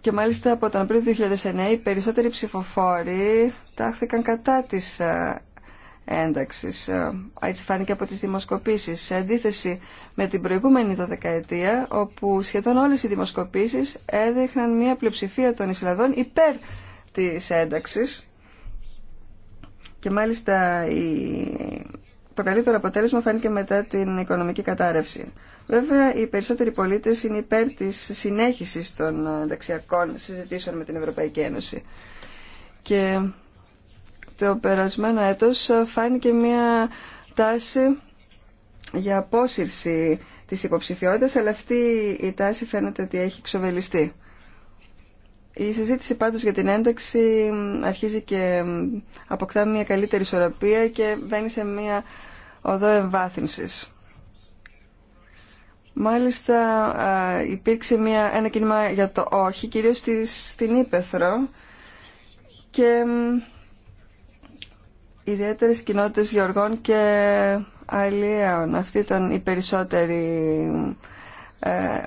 Και μάλιστα από τον Απρίλιο 2009 οι περισσότεροι ψηφοφόροι τάχθηκαν κατά της ένταξης. Ε, έτσι φάνηκε από τι δημοσκοπήσεις. Σε αντίθεση με την προηγούμενη δωδεκαετία, όπου σχεδόν όλες οι δημοσκοπήσεις έδειχναν μια πλειοψηφία των Ισλαδών υπέρ τη ένταξη. Και μάλιστα το καλύτερο αποτέλεσμα φάνηκε μετά την οικονομική κατάρρευση. Βέβαια, οι περισσότεροι πολίτες είναι υπέρ τη συνέχιση των ενταξιακών συζητήσεων με την Ευρωπαϊκή Ένωση. Και το περασμένο έτος φάνηκε μια τάση για απόσυρση της υποψηφιότητας, αλλά αυτή η τάση φαίνεται ότι έχει ξοβελιστεί. Η συζήτηση πάντως για την ένταξη αρχίζει και αποκτά μια καλύτερη ισορροπία και μπαίνει σε μια οδό εμβάθυνσης. Μάλιστα υπήρξε μια, ένα κίνημα για το όχι, κυρίως στην Ήπεθρο και ιδιαίτερες κοινότητες γεωργών και αλλιέων. Αυτή ήταν η περισσότερη ε,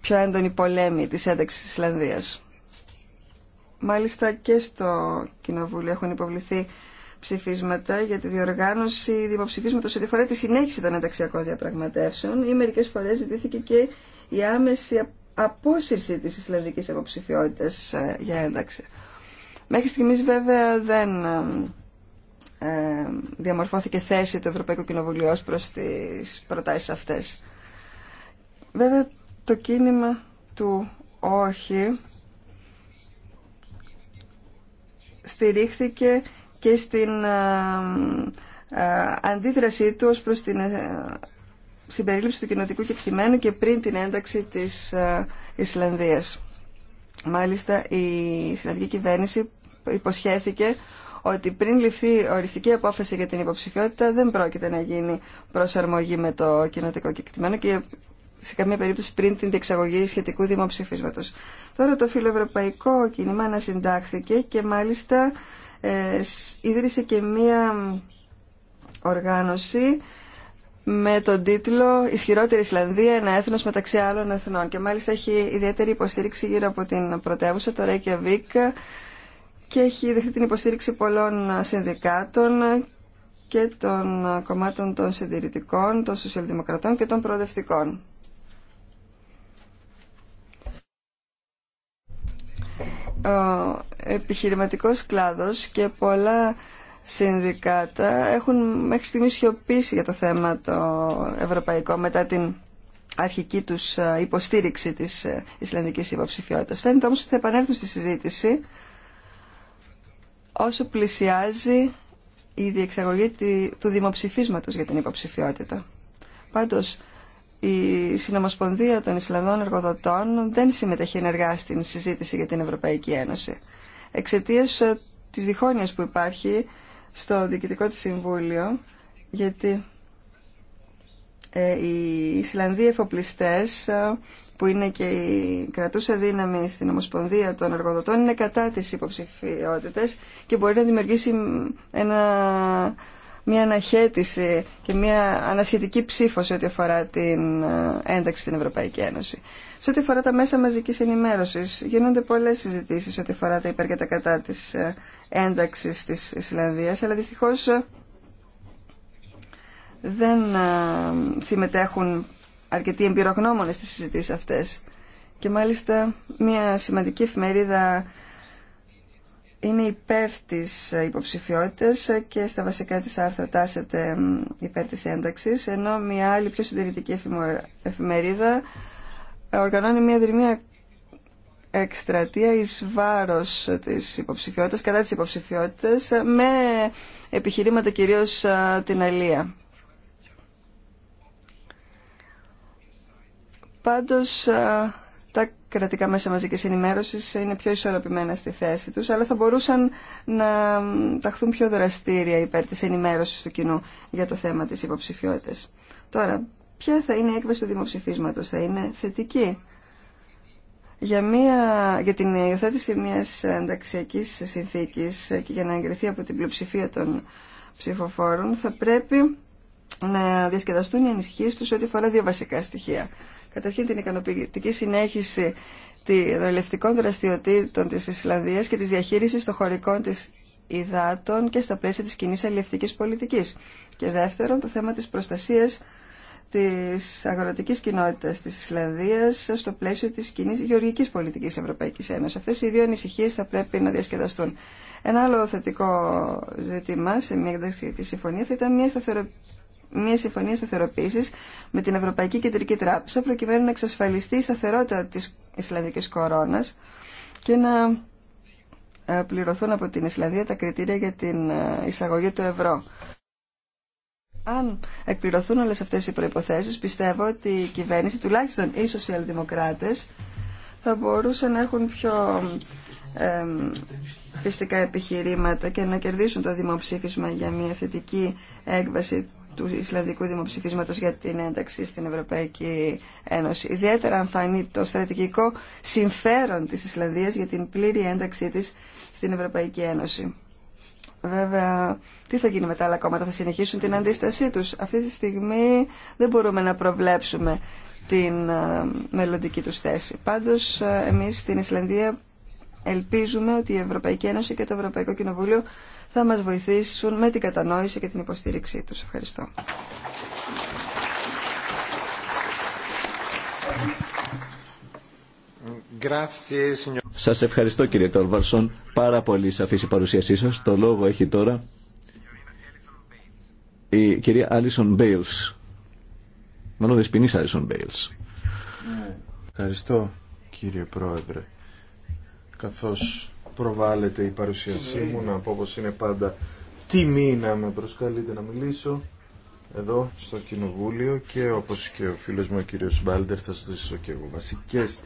πιο έντονη πολέμη της ένταξης της Ισλανδίας. Μάλιστα και στο Κοινοβούλιο έχουν υποβληθεί ψηφίσματα για τη διοργάνωση δημοψηφίσματος ό,τι αφορά τη συνέχιση των ενταξιακών διαπραγματεύσεων ή μερικές φορές ζητήθηκε και η άμεση απόσυρση της Ισλανδικής αποψηφιότητας ε, για ένταξη. Μέχρι στιγμής βέβαια δεν ε, ε, διαμορφώθηκε θέση του Ευρωπαϊκού Κοινοβουλίου ως προς τις προτάσεις αυτές. Βέβαια το κίνημα του όχι στηρίχθηκε και στην ε, ε, αντίδρασή του ως προς την συμπερίληψη του κοινοτικού κεκτημένου και πριν την ένταξη της Ισλανδίας. Μάλιστα η Ισλανδική κυβέρνηση υποσχέθηκε ότι πριν ληφθεί οριστική απόφαση για την υποψηφιότητα δεν πρόκειται να γίνει προσαρμογή με το κοινοτικό κεκτημένο και σε καμία περίπτωση πριν την διεξαγωγή σχετικού δημοψηφίσματος. Τώρα το φιλοευρωπαϊκό κίνημα ανασυντάχθηκε και μάλιστα ε, ίδρυσε και μία οργάνωση με τον τίτλο «Ισχυρότερη Ισλανδία, ένα έθνος μεταξύ άλλων εθνών». Και μάλιστα έχει ιδιαίτερη υποστήριξη γύρω από την πρωτεύουσα, το Reykjavik, και έχει δεχτεί την υποστήριξη πολλών συνδικάτων και των κομμάτων των συντηρητικών, των σοσιαλδημοκρατών και των προοδευτικών. Ο επιχειρηματικός κλάδος και πολλά συνδικάτα έχουν μέχρι στιγμής σιωπήσει για το θέμα το ευρωπαϊκό μετά την αρχική τους ε, υποστήριξη της ε, Ισλανδικής υποψηφιότητας. Φαίνεται όμως ότι θα επανέλθουν στη συζήτηση όσο πλησιάζει η διεξαγωγή του δημοψηφίσματος για την υποψηφιότητα. Πάντως, η Συνομοσπονδία των Ισλανδών Εργοδοτών δεν συμμετέχει ενεργά στην συζήτηση για την Ευρωπαϊκή Ένωση. Εξαιτία ε, της διχόνοιας που υπάρχει στο Διοικητικό της Συμβούλιο, γιατί ε, οι Ισλανδοί εφοπλιστές ε, που είναι και η κρατούσα δύναμη στην Ομοσπονδία των Εργοδοτών, είναι κατά τις υποψηφιότητες και μπορεί να δημιουργήσει ένα, μια αναχέτηση και μια ανασχετική ψήφο σε ό,τι αφορά την ε, ένταξη στην Ευρωπαϊκή Ένωση. Σε ό,τι αφορά τα μέσα μαζικής ενημέρωσης, γίνονται πολλές συζητήσεις σε ό,τι αφορά τα υπέρ και τα κατά της ε, ένταξης της Ισλανδίας, αλλά δυστυχώς ε, δεν συμμετέχουν αρκετοί εμπειρογνώμονε στι συζητήσει αυτές. Και μάλιστα μια σημαντική εφημερίδα είναι υπέρ τη υποψηφιότητα και στα βασικά της άρθρα τάσεται υπέρ τη ένταξη, ενώ μια άλλη πιο συντηρητική εφημερίδα οργανώνει μια δρυμία εκστρατεία ει βάρο της υποψηφιότητα, κατά της υποψηφιότητα, με επιχειρήματα κυρίω την αλία. Πάντως τα κρατικά μέσα μαζικής ενημέρωσης είναι πιο ισορροπημένα στη θέση τους, αλλά θα μπορούσαν να ταχθούν πιο δραστήρια υπέρ της ενημέρωσης του κοινού για το θέμα της υποψηφιότητας. Τώρα, ποια θα είναι η έκβαση του δημοψηφίσματος, θα είναι θετική. Για, μια, για την υιοθέτηση μιας ενταξιακή συνθήκης και για να εγκριθεί από την πλειοψηφία των ψηφοφόρων θα πρέπει να διασκεδαστούν οι ανησυχίες τους ό,τι αφορά δύο βασικά στοιχεία καταρχήν την ικανοποιητική συνέχιση των ελευτικών δραστηριοτήτων της Ισλανδίας και της διαχείρισης των χωρικών της υδάτων και στα πλαίσια της κοινή αλληλευτικής πολιτικής. Και δεύτερον, το θέμα της προστασίας της αγροτικής κοινότητας της Ισλανδίας στο πλαίσιο της κοινή γεωργικής πολιτικής Ευρωπαϊκής Ένωσης. Αυτές οι δύο ανησυχίες θα πρέπει να διασκεδαστούν. Ένα άλλο θετικό ζήτημα σε μια συμφωνία θα ήταν μια σταθεροποίηση μια συμφωνία σταθεροποίηση με την Ευρωπαϊκή Κεντρική Τράπεζα προκειμένου να εξασφαλιστεί η σταθερότητα τη Ισλανδική κορώνα και να ε, πληρωθούν από την Ισλανδία τα κριτήρια για την ε, εισαγωγή του ευρώ. Αν εκπληρωθούν όλες αυτές οι προϋποθέσεις, πιστεύω ότι η κυβέρνηση, τουλάχιστον οι σοσιαλδημοκράτες, θα μπορούσαν να έχουν πιο ε, πιστικά επιχειρήματα και να κερδίσουν το δημοψήφισμα για μια θετική έκβαση του Ισλανδικού Δημοψηφίσματος για την ένταξη στην Ευρωπαϊκή Ένωση. Ιδιαίτερα αν φανεί το στρατηγικό συμφέρον της Ισλανδίας για την πλήρη ένταξή τη στην Ευρωπαϊκή Ένωση. Βέβαια, τι θα γίνει με τα άλλα κόμματα, θα συνεχίσουν την αντίστασή τους. Αυτή τη στιγμή δεν μπορούμε να προβλέψουμε την ε, μελλοντική του θέση. Πάντω ε, εμεί στην Ισλανδία ελπίζουμε ότι η Ευρωπαϊκή Ένωση και το Ευρωπαϊκό Κοινοβούλιο θα μας βοηθήσουν με την κατανόηση και την υποστήριξή τους. Ευχαριστώ. Σας ευχαριστώ κύριε Τόλβαρσον. Πάρα πολύ σαφής η παρουσίασή σας. Το λόγο έχει τώρα η κυρία Άλισον Μπέιλς. Μάλλον δεσποινής Άλισον Μπέιλς. Ευχαριστώ κύριε Πρόεδρε καθώς προβάλλεται η παρουσίασή μου να πω πως είναι πάντα τιμή να με προσκαλείτε να μιλήσω εδώ στο Κοινοβούλιο και όπως και ο φίλος μου ο κύριος Μπάλτερ θα σας δώσω και εγώ βασικές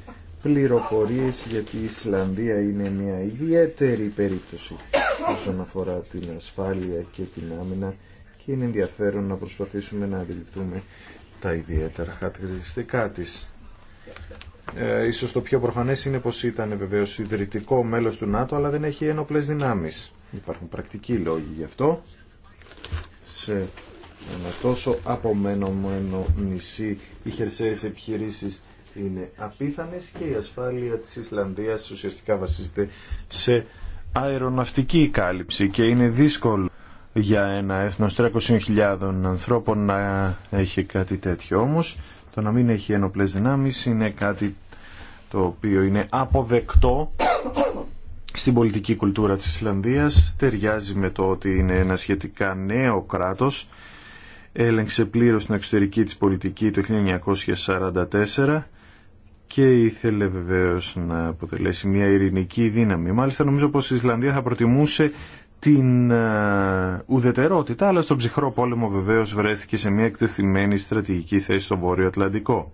πληροφορίες γιατί η Ισλανδία είναι μια ιδιαίτερη περίπτωση όσον αφορά την ασφάλεια και την άμυνα και είναι ενδιαφέρον να προσπαθήσουμε να αντιληφθούμε τα ιδιαίτερα χαρακτηριστικά της. Ε, ίσως το πιο προφανές είναι πως ήταν βεβαίως ιδρυτικό μέλος του ΝΑΤΟ, αλλά δεν έχει ένοπλες δυνάμεις. Υπάρχουν πρακτικοί λόγοι γι' αυτό. Σε ένα τόσο απομένομενο νησί οι χερσαίες επιχειρήσεις είναι απίθανες και η ασφάλεια της Ισλανδίας ουσιαστικά βασίζεται σε αεροναυτική κάλυψη και είναι δύσκολο για ένα έθνος 300.000 ανθρώπων να έχει κάτι τέτοιο όμως το να μην έχει ενοπλές δυνάμεις είναι κάτι το οποίο είναι αποδεκτό στην πολιτική κουλτούρα της Ισλανδίας. Ταιριάζει με το ότι είναι ένα σχετικά νέο κράτος. Έλεγξε πλήρως την εξωτερική της πολιτική το 1944 και ήθελε βεβαίως να αποτελέσει μια ειρηνική δύναμη. Μάλιστα νομίζω πως η Ισλανδία θα προτιμούσε την ε, ουδετερότητα, αλλά στον ψυχρό πόλεμο βεβαίω βρέθηκε σε μια εκτεθειμένη στρατηγική θέση στο Βόρειο Ατλαντικό.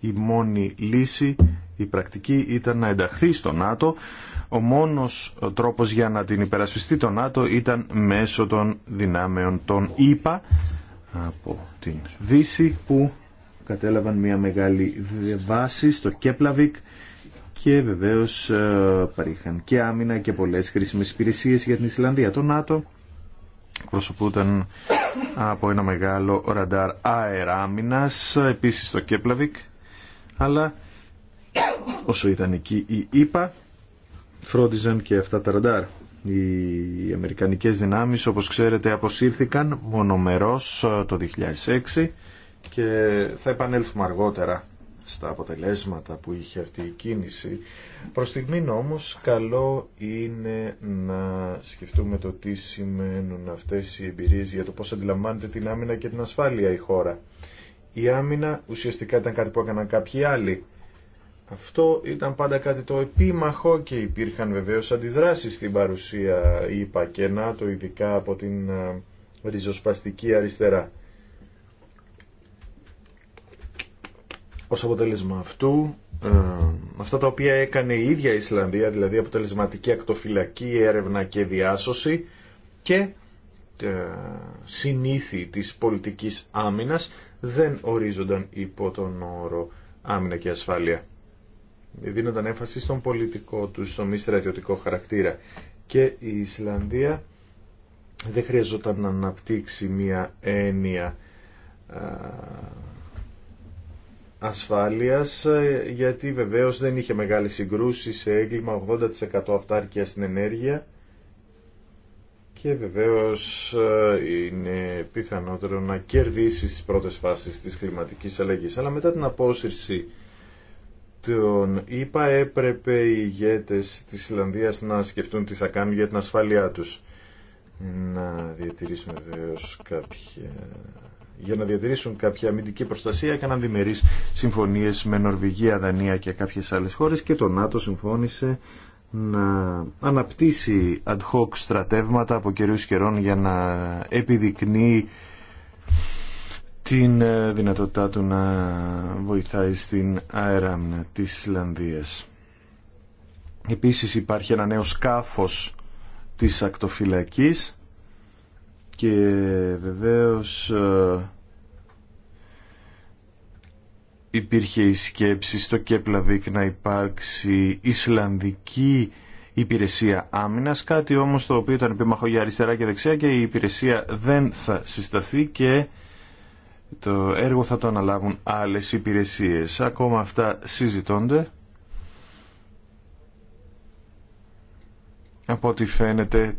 Η μόνη λύση, η πρακτική ήταν να ενταχθεί στο ΝΑΤΟ. Ο μόνος τρόπος για να την υπερασπιστεί το ΝΑΤΟ ήταν μέσω των δυνάμεων των ΙΠΑ από την Δύση που κατέλαβαν μια μεγάλη βάση στο Κέπλαβικ και βεβαίως ε, παρήχαν και άμυνα και πολλέ χρήσιμε υπηρεσίε για την Ισλανδία. Το ΝΑΤΟ προσωπούταν από ένα μεγάλο ραντάρ αεράμυνα, επίσης στο Κέπλαβικ, αλλά όσο ήταν εκεί η ήπα φρόντιζαν και αυτά τα ραντάρ. Οι Αμερικανικές δυνάμεις, όπως ξέρετε, αποσύρθηκαν μονομερός ε, το 2006 και θα επανέλθουμε αργότερα στα αποτελέσματα που είχε αυτή η κίνηση. Προς στιγμήν όμως καλό είναι να σκεφτούμε το τι σημαίνουν αυτές οι εμπειρίες για το πώς αντιλαμβάνεται την άμυνα και την ασφάλεια η χώρα. Η άμυνα ουσιαστικά ήταν κάτι που έκαναν κάποιοι άλλοι. Αυτό ήταν πάντα κάτι το επίμαχο και υπήρχαν βεβαίως αντιδράσεις στην παρουσία, είπα, και το ειδικά από την ε, ριζοσπαστική αριστερά. Ως αποτέλεσμα αυτού, ε, αυτά τα οποία έκανε η ίδια η Ισλανδία, δηλαδή αποτελεσματική ακτοφυλακή, έρευνα και διάσωση και ε, συνήθη της πολιτικής άμυνας δεν ορίζονταν υπό τον όρο άμυνα και ασφάλεια. Δίνονταν έμφαση στον πολιτικό του, στον μη στρατιωτικό χαρακτήρα. Και η Ισλανδία δεν χρειαζόταν να αναπτύξει μία έννοια ε, ασφάλειας ε, γιατί βεβαίως δεν είχε μεγάλη συγκρούση σε έγκλημα 80% αυτάρκεια στην ενέργεια και βεβαίως ε, είναι πιθανότερο να κερδίσει στις πρώτες φάσεις της κλιματικής αλλαγής. Αλλά μετά την απόσυρση των ήπα έπρεπε οι ηγέτες της Ισλανδίας να σκεφτούν τι θα κάνουν για την ασφάλειά τους. Να διατηρήσουμε βεβαίως κάποια για να διατηρήσουν κάποια αμυντική προστασία έκαναν διμερεί συμφωνίες με Νορβηγία, Δανία και κάποιες άλλες χώρες και το ΝΑΤΟ συμφώνησε να αναπτύσσει ad hoc στρατεύματα από καιρού καιρών για να επιδεικνύει την ε, δυνατότητά του να βοηθάει στην αέρα της Ισλανδίας. Επίσης υπάρχει ένα νέο σκάφος της ακτοφυλακής και βεβαίως ε, υπήρχε η σκέψη στο Κέπλαβικ να υπάρξει Ισλανδική υπηρεσία άμυνας, κάτι όμως το οποίο ήταν επίμαχο για αριστερά και δεξιά και η υπηρεσία δεν θα συσταθεί και το έργο θα το αναλάβουν άλλες υπηρεσίες. Ακόμα αυτά συζητώνται Από ό,τι φαίνεται,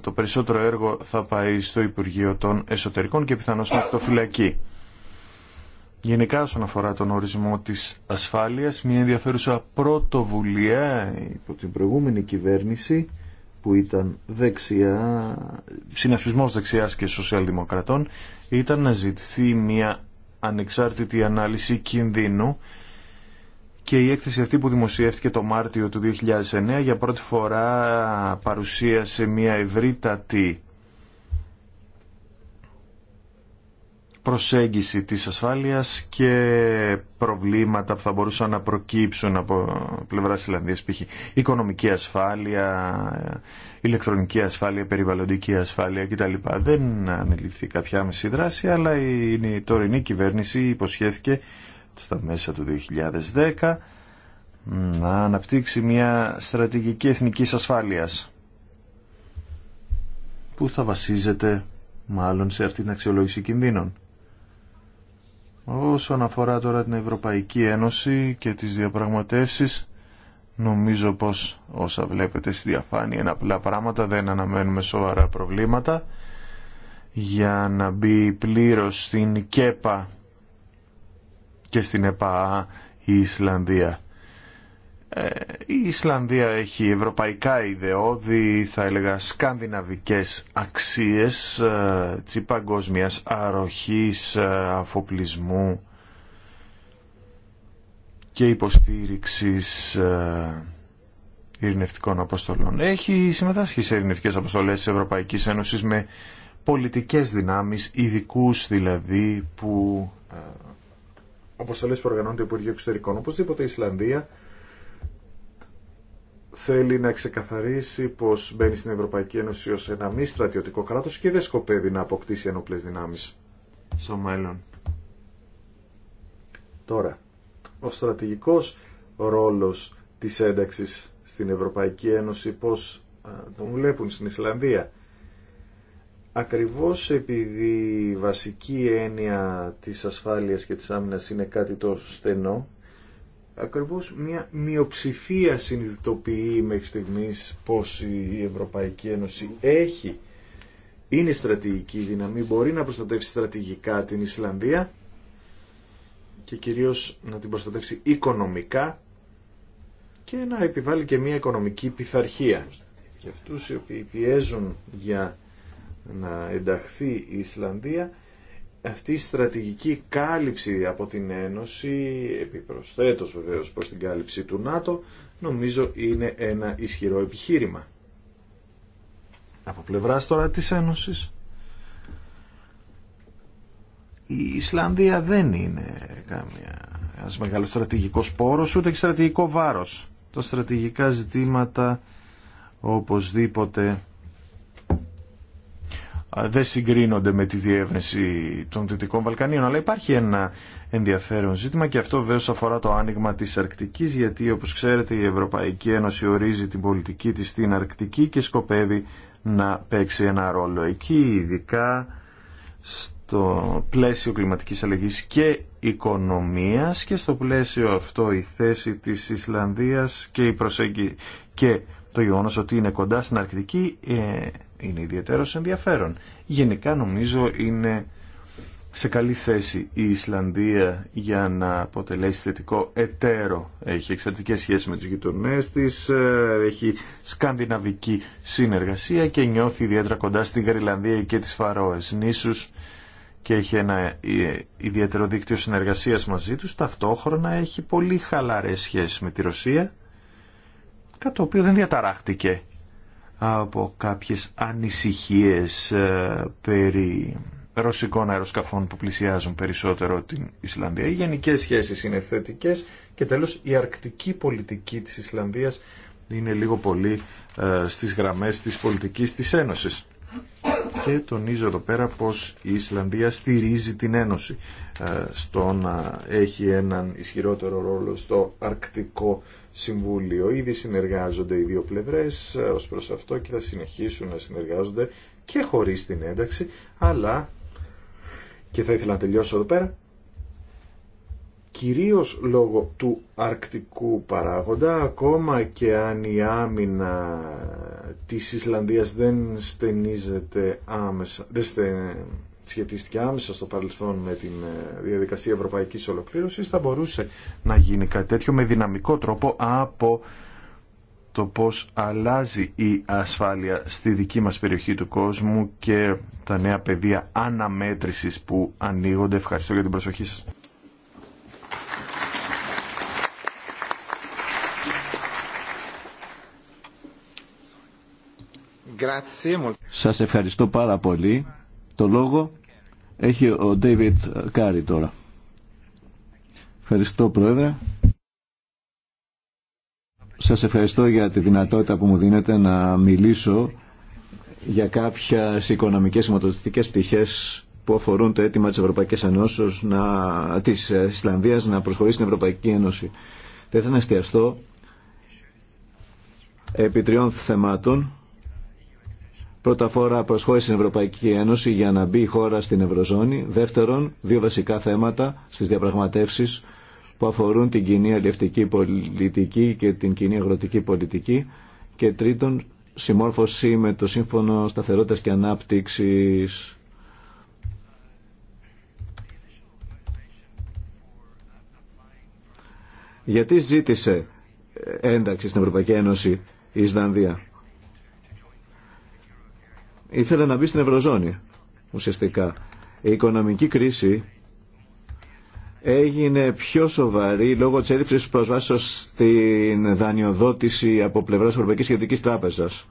το περισσότερο έργο θα πάει στο Υπουργείο των Εσωτερικών και πιθανώς το Φυλακή. Γενικά, όσον αφορά τον ορισμό της ασφάλειας, μια ενδιαφέρουσα πρωτοβουλία υπό την προηγούμενη κυβέρνηση που ήταν δεξιά, συνασπισμός δεξιάς και σοσιαλδημοκρατών, ήταν να ζητηθεί μια ανεξάρτητη ανάλυση κινδύνου και η έκθεση αυτή που δημοσιεύτηκε το Μάρτιο του 2009 για πρώτη φορά παρουσίασε μια ευρύτατη προσέγγιση της ασφάλειας και προβλήματα που θα μπορούσαν να προκύψουν από πλευράς Ισλανδίας, π.χ. οικονομική ασφάλεια, ηλεκτρονική ασφάλεια, περιβαλλοντική ασφάλεια κτλ. Δεν ανελήφθη κάποια άμεση δράση, αλλά η τωρινή κυβέρνηση υποσχέθηκε στα μέσα του 2010 να αναπτύξει μια στρατηγική εθνικής ασφάλειας που θα βασίζεται μάλλον σε αυτή την αξιολόγηση κινδύνων. Όσον αφορά τώρα την Ευρωπαϊκή Ένωση και τις διαπραγματεύσεις, νομίζω πως όσα βλέπετε στη διαφάνεια είναι απλά πράγματα, δεν αναμένουμε σοβαρά προβλήματα. Για να μπει πλήρως στην ΚΕΠΑ και στην ΕΠΑΑ η Ισλανδία. Ε, η Ισλανδία έχει ευρωπαϊκά ιδεώδη, θα έλεγα σκανδιναβικές αξίες ε, της παγκόσμιας αροχής, ε, αφοπλισμού και υποστήριξης ειρηνευτικών αποστολών. Έχει συμμετάσχει σε ειρηνευτικές αποστολές της Ευρωπαϊκής Ένωσης με πολιτικές δυνάμεις, ειδικού δηλαδή που αποστολές που οργανώνει το Υπουργείο Εξωτερικών. Οπωσδήποτε η Ισλανδία θέλει να ξεκαθαρίσει πως μπαίνει στην Ευρωπαϊκή Ένωση ω ένα μη στρατιωτικό κράτο και δεν σκοπεύει να αποκτήσει ενόπλες δυνάμεις στο μέλλον. Τώρα, ο στρατηγικός ρόλος της ένταξης στην Ευρωπαϊκή Ένωση, πώς ε, τον βλέπουν στην Ισλανδία. Ακριβώς επειδή η βασική έννοια της ασφάλειας και της άμυνας είναι κάτι τόσο στενό, ακριβώς μια μειοψηφία συνειδητοποιεί μέχρι στιγμής πως η Ευρωπαϊκή Ένωση έχει, είναι στρατηγική δύναμη, μπορεί να προστατεύσει στρατηγικά την Ισλανδία και κυρίως να την προστατεύσει οικονομικά και να επιβάλλει και μια οικονομική πειθαρχία. Και αυτούς οι οποίοι πιέζουν για να ενταχθεί η Ισλανδία, αυτή η στρατηγική κάλυψη από την Ένωση, επιπροσθέτως βεβαίως προς την κάλυψη του ΝΑΤΟ, νομίζω είναι ένα ισχυρό επιχείρημα. Από πλευράς τώρα της Ένωσης, η Ισλανδία δεν είναι καμία, ένας μεγάλος στρατηγικός πόρος, ούτε και στρατηγικό βάρος. Τα στρατηγικά ζητήματα οπωσδήποτε δεν συγκρίνονται με τη διεύρυνση των Δυτικών Βαλκανίων. Αλλά υπάρχει ένα ενδιαφέρον ζήτημα και αυτό βέβαια αφορά το άνοιγμα της Αρκτικής γιατί όπως ξέρετε η Ευρωπαϊκή Ένωση ορίζει την πολιτική της στην Αρκτική και σκοπεύει να παίξει ένα ρόλο εκεί ειδικά στο πλαίσιο κλιματικής αλλαγής και οικονομίας και στο πλαίσιο αυτό η θέση της Ισλανδίας και η και το γεγονό ότι είναι κοντά στην Αρκτική ε, είναι ιδιαίτερο ενδιαφέρον. Γενικά νομίζω είναι σε καλή θέση η Ισλανδία για να αποτελέσει θετικό εταίρο. Έχει εξαιρετικές σχέσεις με τους γειτονέ της, ε, έχει σκανδιναβική συνεργασία και νιώθει ιδιαίτερα κοντά στην Γαριλανδία και τις Φαρόες νήσους και έχει ένα ε, ιδιαίτερο δίκτυο συνεργασίας μαζί τους. Ταυτόχρονα έχει πολύ χαλαρές σχέσεις με τη Ρωσία, κάτι το οποίο δεν διαταράχτηκε από κάποιες ανησυχίες ε, περί ρωσικών αεροσκαφών που πλησιάζουν περισσότερο την Ισλανδία. Οι γενικές σχέσεις είναι θετικές και τέλος η αρκτική πολιτική της Ισλανδίας είναι λίγο πολύ ε, στις γραμμές της πολιτικής της Ένωσης και τονίζω εδώ πέρα πως η Ισλανδία στηρίζει την Ένωση ε, στο να έχει έναν ισχυρότερο ρόλο στο Αρκτικό Συμβούλιο. Ήδη συνεργάζονται οι δύο πλευρές ε, ως προς αυτό και θα συνεχίσουν να συνεργάζονται και χωρίς την ένταξη, αλλά και θα ήθελα να τελειώσω εδώ πέρα κυρίως λόγω του αρκτικού παράγοντα, ακόμα και αν η άμυνα της Ισλανδίας δεν στενίζεται άμεσα, δεν σχετίστηκε άμεσα στο παρελθόν με την ε, διαδικασία ευρωπαϊκής ολοκλήρωσης, θα μπορούσε να γίνει κάτι τέτοιο με δυναμικό τρόπο από το πώς αλλάζει η ασφάλεια στη δική μας περιοχή του κόσμου και τα νέα πεδία αναμέτρησης που ανοίγονται. Ευχαριστώ για την προσοχή σας. Σας ευχαριστώ πάρα πολύ. Το λόγο έχει ο David Κάρι τώρα. Ευχαριστώ Πρόεδρε. Σας ευχαριστώ για τη δυνατότητα που μου δίνετε να μιλήσω για κάποιες οικονομικές σηματοδοτικές πτυχές που αφορούν το αίτημα της Ευρωπαϊκής Ενώσης να, της Ισλανδίας να προσχωρήσει στην Ευρωπαϊκή Ένωση. Θα ήθελα να εστιαστώ επί τριών θεμάτων Πρώτα φορά προσχώρησε στην Ευρωπαϊκή Ένωση για να μπει η χώρα στην Ευρωζώνη. Δεύτερον, δύο βασικά θέματα στις διαπραγματεύσεις που αφορούν την κοινή αλληλευτική πολιτική και την κοινή αγροτική πολιτική. Και τρίτον, συμμόρφωση με το Σύμφωνο Σταθερότητας και Ανάπτυξης Γιατί ζήτησε ένταξη στην Ευρωπαϊκή Ένωση η Ισλανδία ήθελε να μπει στην Ευρωζώνη ουσιαστικά. Η οικονομική κρίση έγινε πιο σοβαρή λόγω της έλλειψης προσβάσεως στην δανειοδότηση από πλευράς Ευρωπαϊκής Σχετικής Τράπεζας.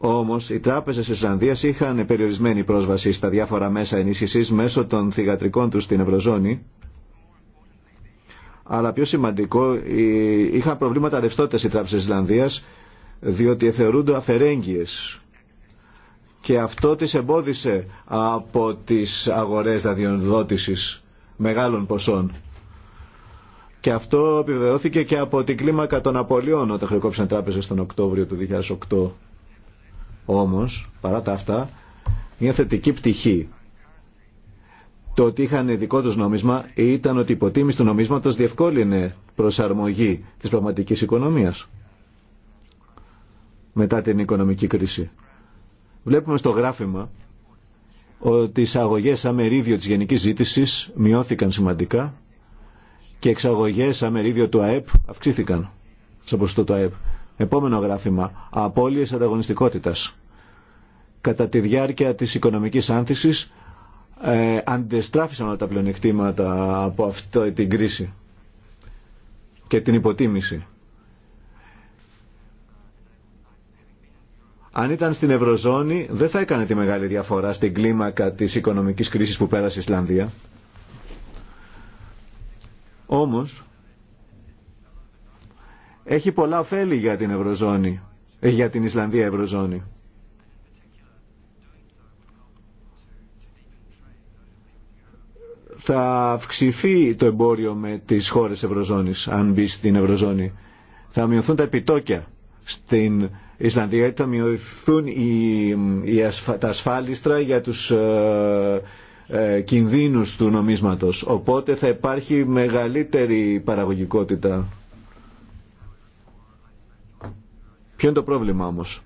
Όμως οι τράπεζες της Ισλανδίας είχαν περιορισμένη πρόσβαση στα διάφορα μέσα ενίσχυσης μέσω των θηγατρικών τους στην Ευρωζώνη. Αλλά πιο σημαντικό, είχαν προβλήματα ρευστότητας οι της Ισλανδίας διότι θεωρούνται αφαιρέγγιες και αυτό τις εμπόδισε από τις αγορές δαδιοδότησης μεγάλων ποσών. Και αυτό επιβεβαιώθηκε και από την κλίμακα των απολειών όταν χρεοκόπησαν τράπεζες τον Οκτώβριο του 2008. Όμως, παρά τα αυτά, μια θετική πτυχή το ότι είχαν δικό τους νόμισμα ήταν ότι η υποτίμηση του νομίσματος διευκόλυνε προσαρμογή της πραγματικής οικονομίας μετά την οικονομική κρίση. Βλέπουμε στο γράφημα ότι οι εισαγωγέ αμερίδιο μερίδιο της γενικής ζήτησης μειώθηκαν σημαντικά και εξαγωγέ σαν μερίδιο του ΑΕΠ αυξήθηκαν σε ποσοστό του ΑΕΠ. Επόμενο γράφημα, απώλειες ανταγωνιστικότητας. Κατά τη διάρκεια της οικονομικής άνθησης ε, αντεστράφησαν όλα τα πλεονεκτήματα από αυτή την κρίση και την υποτίμηση. αν ήταν στην Ευρωζώνη δεν θα έκανε τη μεγάλη διαφορά στην κλίμακα της οικονομικής κρίσης που πέρασε η Ισλανδία. Όμως, έχει πολλά ωφέλη για την Ευρωζώνη, ε, για την Ισλανδία Ευρωζώνη. Θα αυξηθεί το εμπόριο με τις χώρες Ευρωζώνης, αν μπει στην Ευρωζώνη. Θα μειωθούν τα επιτόκια στην Ισλανδία θα μειωθούν οι, τα ασφάλιστρα για τους ε, ε, κινδύνους του νομίσματος. Οπότε θα υπάρχει μεγαλύτερη παραγωγικότητα. Ποιο είναι το πρόβλημα όμως,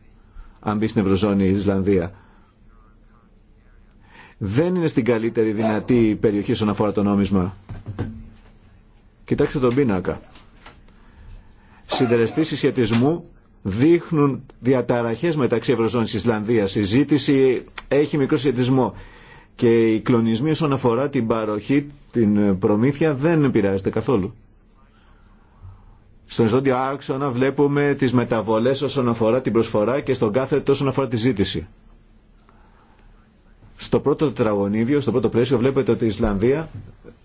αν μπει στην Ευρωζώνη η Ισλανδία. Δεν είναι στην καλύτερη δυνατή περιοχή στον αφορά το νόμισμα. Κοιτάξτε τον πίνακα. Συντελεστή συσχετισμού δείχνουν διαταραχές μεταξύ Ευρωζώνης και Ισλανδίας. Η ζήτηση έχει μικρό σχετισμό και οι κλονισμοί όσον αφορά την παροχή, την προμήθεια δεν επηρεάζεται καθόλου. Στον ζώντιο άξονα βλέπουμε τις μεταβολές όσον αφορά την προσφορά και στον κάθετο όσον αφορά τη ζήτηση. Στο πρώτο τετραγωνίδιο, στο πρώτο πλαίσιο βλέπετε ότι η Ισλανδία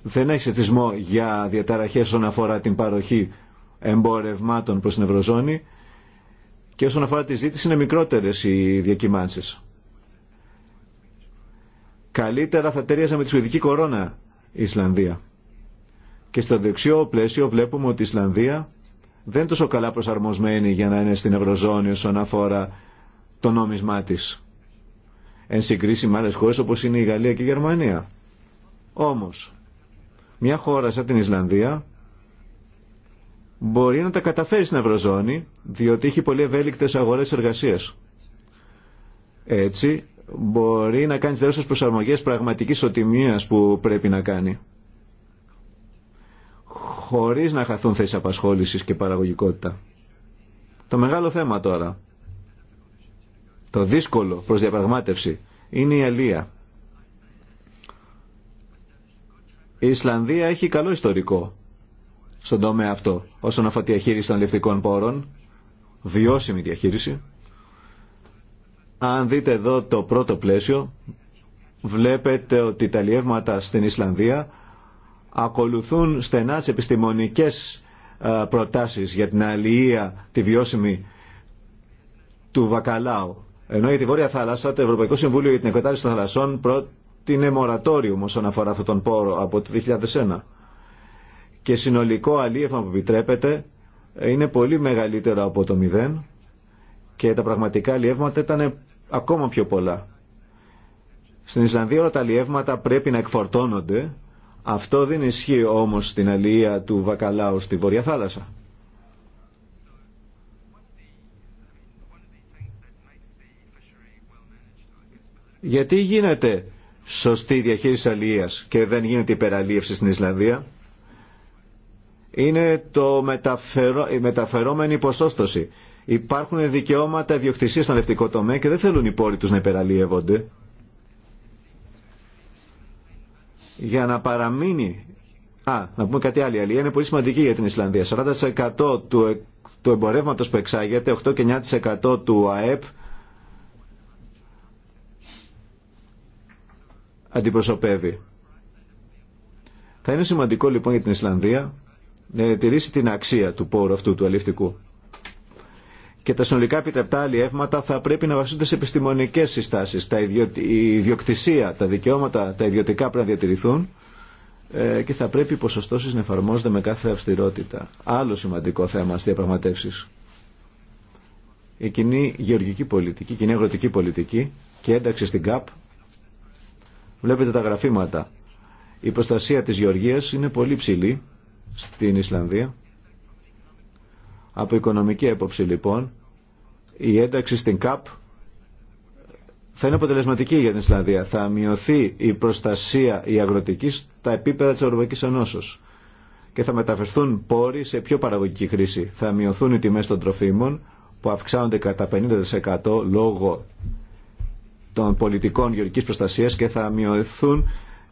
δεν έχει σχετισμό για διαταραχές όσον αφορά την παροχή εμπορευμάτων προς την Ευρωζώνη και όσον αφορά τη ζήτηση είναι μικρότερες οι διακυμάνσεις. Καλύτερα θα ταιριάζαμε τη Σουηδική κορώνα η Ισλανδία. Και στο δεξιό πλαίσιο βλέπουμε ότι η Ισλανδία δεν είναι τόσο καλά προσαρμοσμένη για να είναι στην Ευρωζώνη όσον αφορά το νόμισμά της. Εν συγκρίση με άλλες χώρες όπως είναι η Γαλλία και η Γερμανία. Όμως, μια χώρα σαν την Ισλανδία μπορεί να τα καταφέρει στην Ευρωζώνη, διότι έχει πολύ ευέλικτε αγορές εργασία. Έτσι, μπορεί να κάνει τέτοιε προσαρμογές πραγματικής οτιμία που πρέπει να κάνει. Χωρίς να χαθούν θέσει απασχόλησης και παραγωγικότητα. Το μεγάλο θέμα τώρα, το δύσκολο προς διαπραγμάτευση, είναι η αλία. Η Ισλανδία έχει καλό ιστορικό στον τομέα αυτό όσον αφορά τη διαχείριση των λευτικών πόρων, βιώσιμη διαχείριση. Αν δείτε εδώ το πρώτο πλαίσιο, βλέπετε ότι τα λιεύματα στην Ισλανδία ακολουθούν στενά τις επιστημονικές προτάσεις για την αλληλεία, τη βιώσιμη του Βακαλάου. Ενώ για τη Βόρεια Θάλασσα, το Ευρωπαϊκό Συμβούλιο για την Εκμετάλλευση των Θαλασσών πρότεινε μορατόριο όσον αφορά αυτόν τον πόρο από το 2001 και συνολικό αλίευμα που επιτρέπεται είναι πολύ μεγαλύτερο από το μηδέν και τα πραγματικά αλιεύματα ήταν ακόμα πιο πολλά. Στην Ισλανδία όλα τα αλιεύματα πρέπει να εκφορτώνονται. Αυτό δεν ισχύει όμως στην αλία του Βακαλάου στη Βορεια Θάλασσα. Γιατί γίνεται σωστή διαχείριση αλίειας και δεν γίνεται υπεραλίευση στην Ισλανδία είναι το μεταφερό, η μεταφερόμενη ποσόστοση. Υπάρχουν δικαιώματα διοκτησία στον λευτικό τομέα και δεν θέλουν οι πόροι τους να υπεραλίευονται. Για να παραμείνει... Α, να πούμε κάτι άλλο. Η είναι πολύ σημαντική για την Ισλανδία. 40% του, του εμπορεύματος που εξάγεται, 8 και 9% του ΑΕΠ, αντιπροσωπεύει. Θα είναι σημαντικό λοιπόν για την Ισλανδία να τηρήσει την αξία του πόρου αυτού του αληφτικού. Και τα συνολικά επιτρεπτά αλλιεύματα θα πρέπει να βασίζονται σε επιστημονικέ συστάσει. Η ιδιοκτησία, τα δικαιώματα, τα ιδιωτικά πρέπει να διατηρηθούν ε, και θα πρέπει οι ποσοστώσει να εφαρμόζονται με κάθε αυστηρότητα. Άλλο σημαντικό θέμα στι διαπραγματεύσει. Η κοινή γεωργική πολιτική, η κοινή αγροτική πολιτική και ένταξη στην ΚΑΠ. Βλέπετε τα γραφήματα. Η προστασία της γεωργίας είναι πολύ ψηλή στην Ισλανδία. Από οικονομική έποψη λοιπόν, η ένταξη στην ΚΑΠ θα είναι αποτελεσματική για την Ισλανδία. Θα μειωθεί η προστασία η αγροτική στα επίπεδα της Ευρωπαϊκή Ενώσεως και θα μεταφερθούν πόροι σε πιο παραγωγική χρήση. Θα μειωθούν οι τιμές των τροφίμων που αυξάνονται κατά 50% λόγω των πολιτικών γεωργικής προστασίας και θα μειωθούν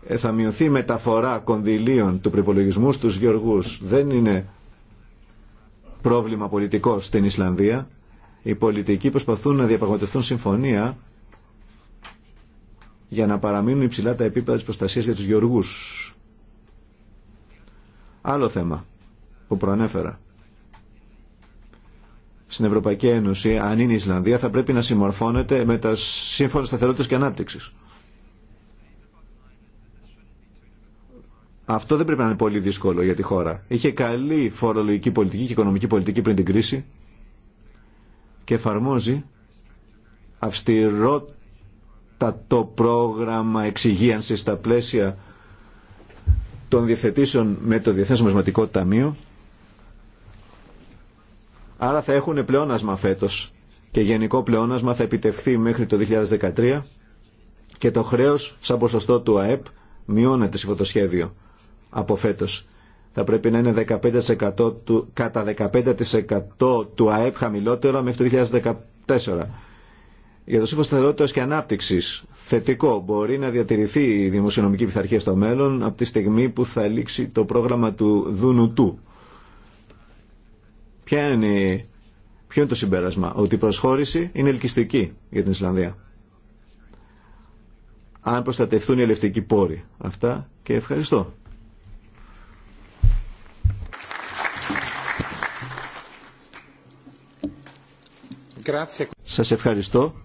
ε, θα μειωθεί μεταφορά κονδυλίων του προπολογισμού στους γεωργούς. Δεν είναι πρόβλημα πολιτικό στην Ισλανδία. Οι πολιτικοί προσπαθούν να διαπραγματευτούν συμφωνία για να παραμείνουν υψηλά τα επίπεδα της προστασίας για τους γεωργούς. Άλλο θέμα που προανέφερα. Στην Ευρωπαϊκή Ένωση, αν είναι η Ισλανδία, θα πρέπει να συμμορφώνεται με τα σύμφωνα σταθερότητα και ανάπτυξη. Αυτό δεν πρέπει να είναι πολύ δύσκολο για τη χώρα. Είχε καλή φορολογική πολιτική και οικονομική πολιτική πριν την κρίση και εφαρμόζει αυστηρότατο πρόγραμμα εξυγίανσης στα πλαίσια των διευθετήσεων με το Διεθνές Μεσματικό Ταμείο. Άρα θα έχουν πλεόνασμα φέτος και γενικό πλεόνασμα θα επιτευχθεί μέχρι το 2013 και το χρέος σαν ποσοστό του ΑΕΠ μειώνεται σε φωτοσχέδιο από φέτο. Θα πρέπει να είναι 15% του, κατά 15% του ΑΕΠ χαμηλότερο μέχρι το 2014. Για το Σύμφωνο σταθερότητα και ανάπτυξη θετικό, μπορεί να διατηρηθεί η δημοσιονομική πειθαρχία στο μέλλον από τη στιγμή που θα λήξει το πρόγραμμα του Δουνουτού. ποιο είναι το συμπέρασμα, ότι η προσχώρηση είναι ελκυστική για την Ισλανδία. Αν προστατευτούν οι ελευτικοί πόροι. Αυτά και ευχαριστώ. Σας ευχαριστώ.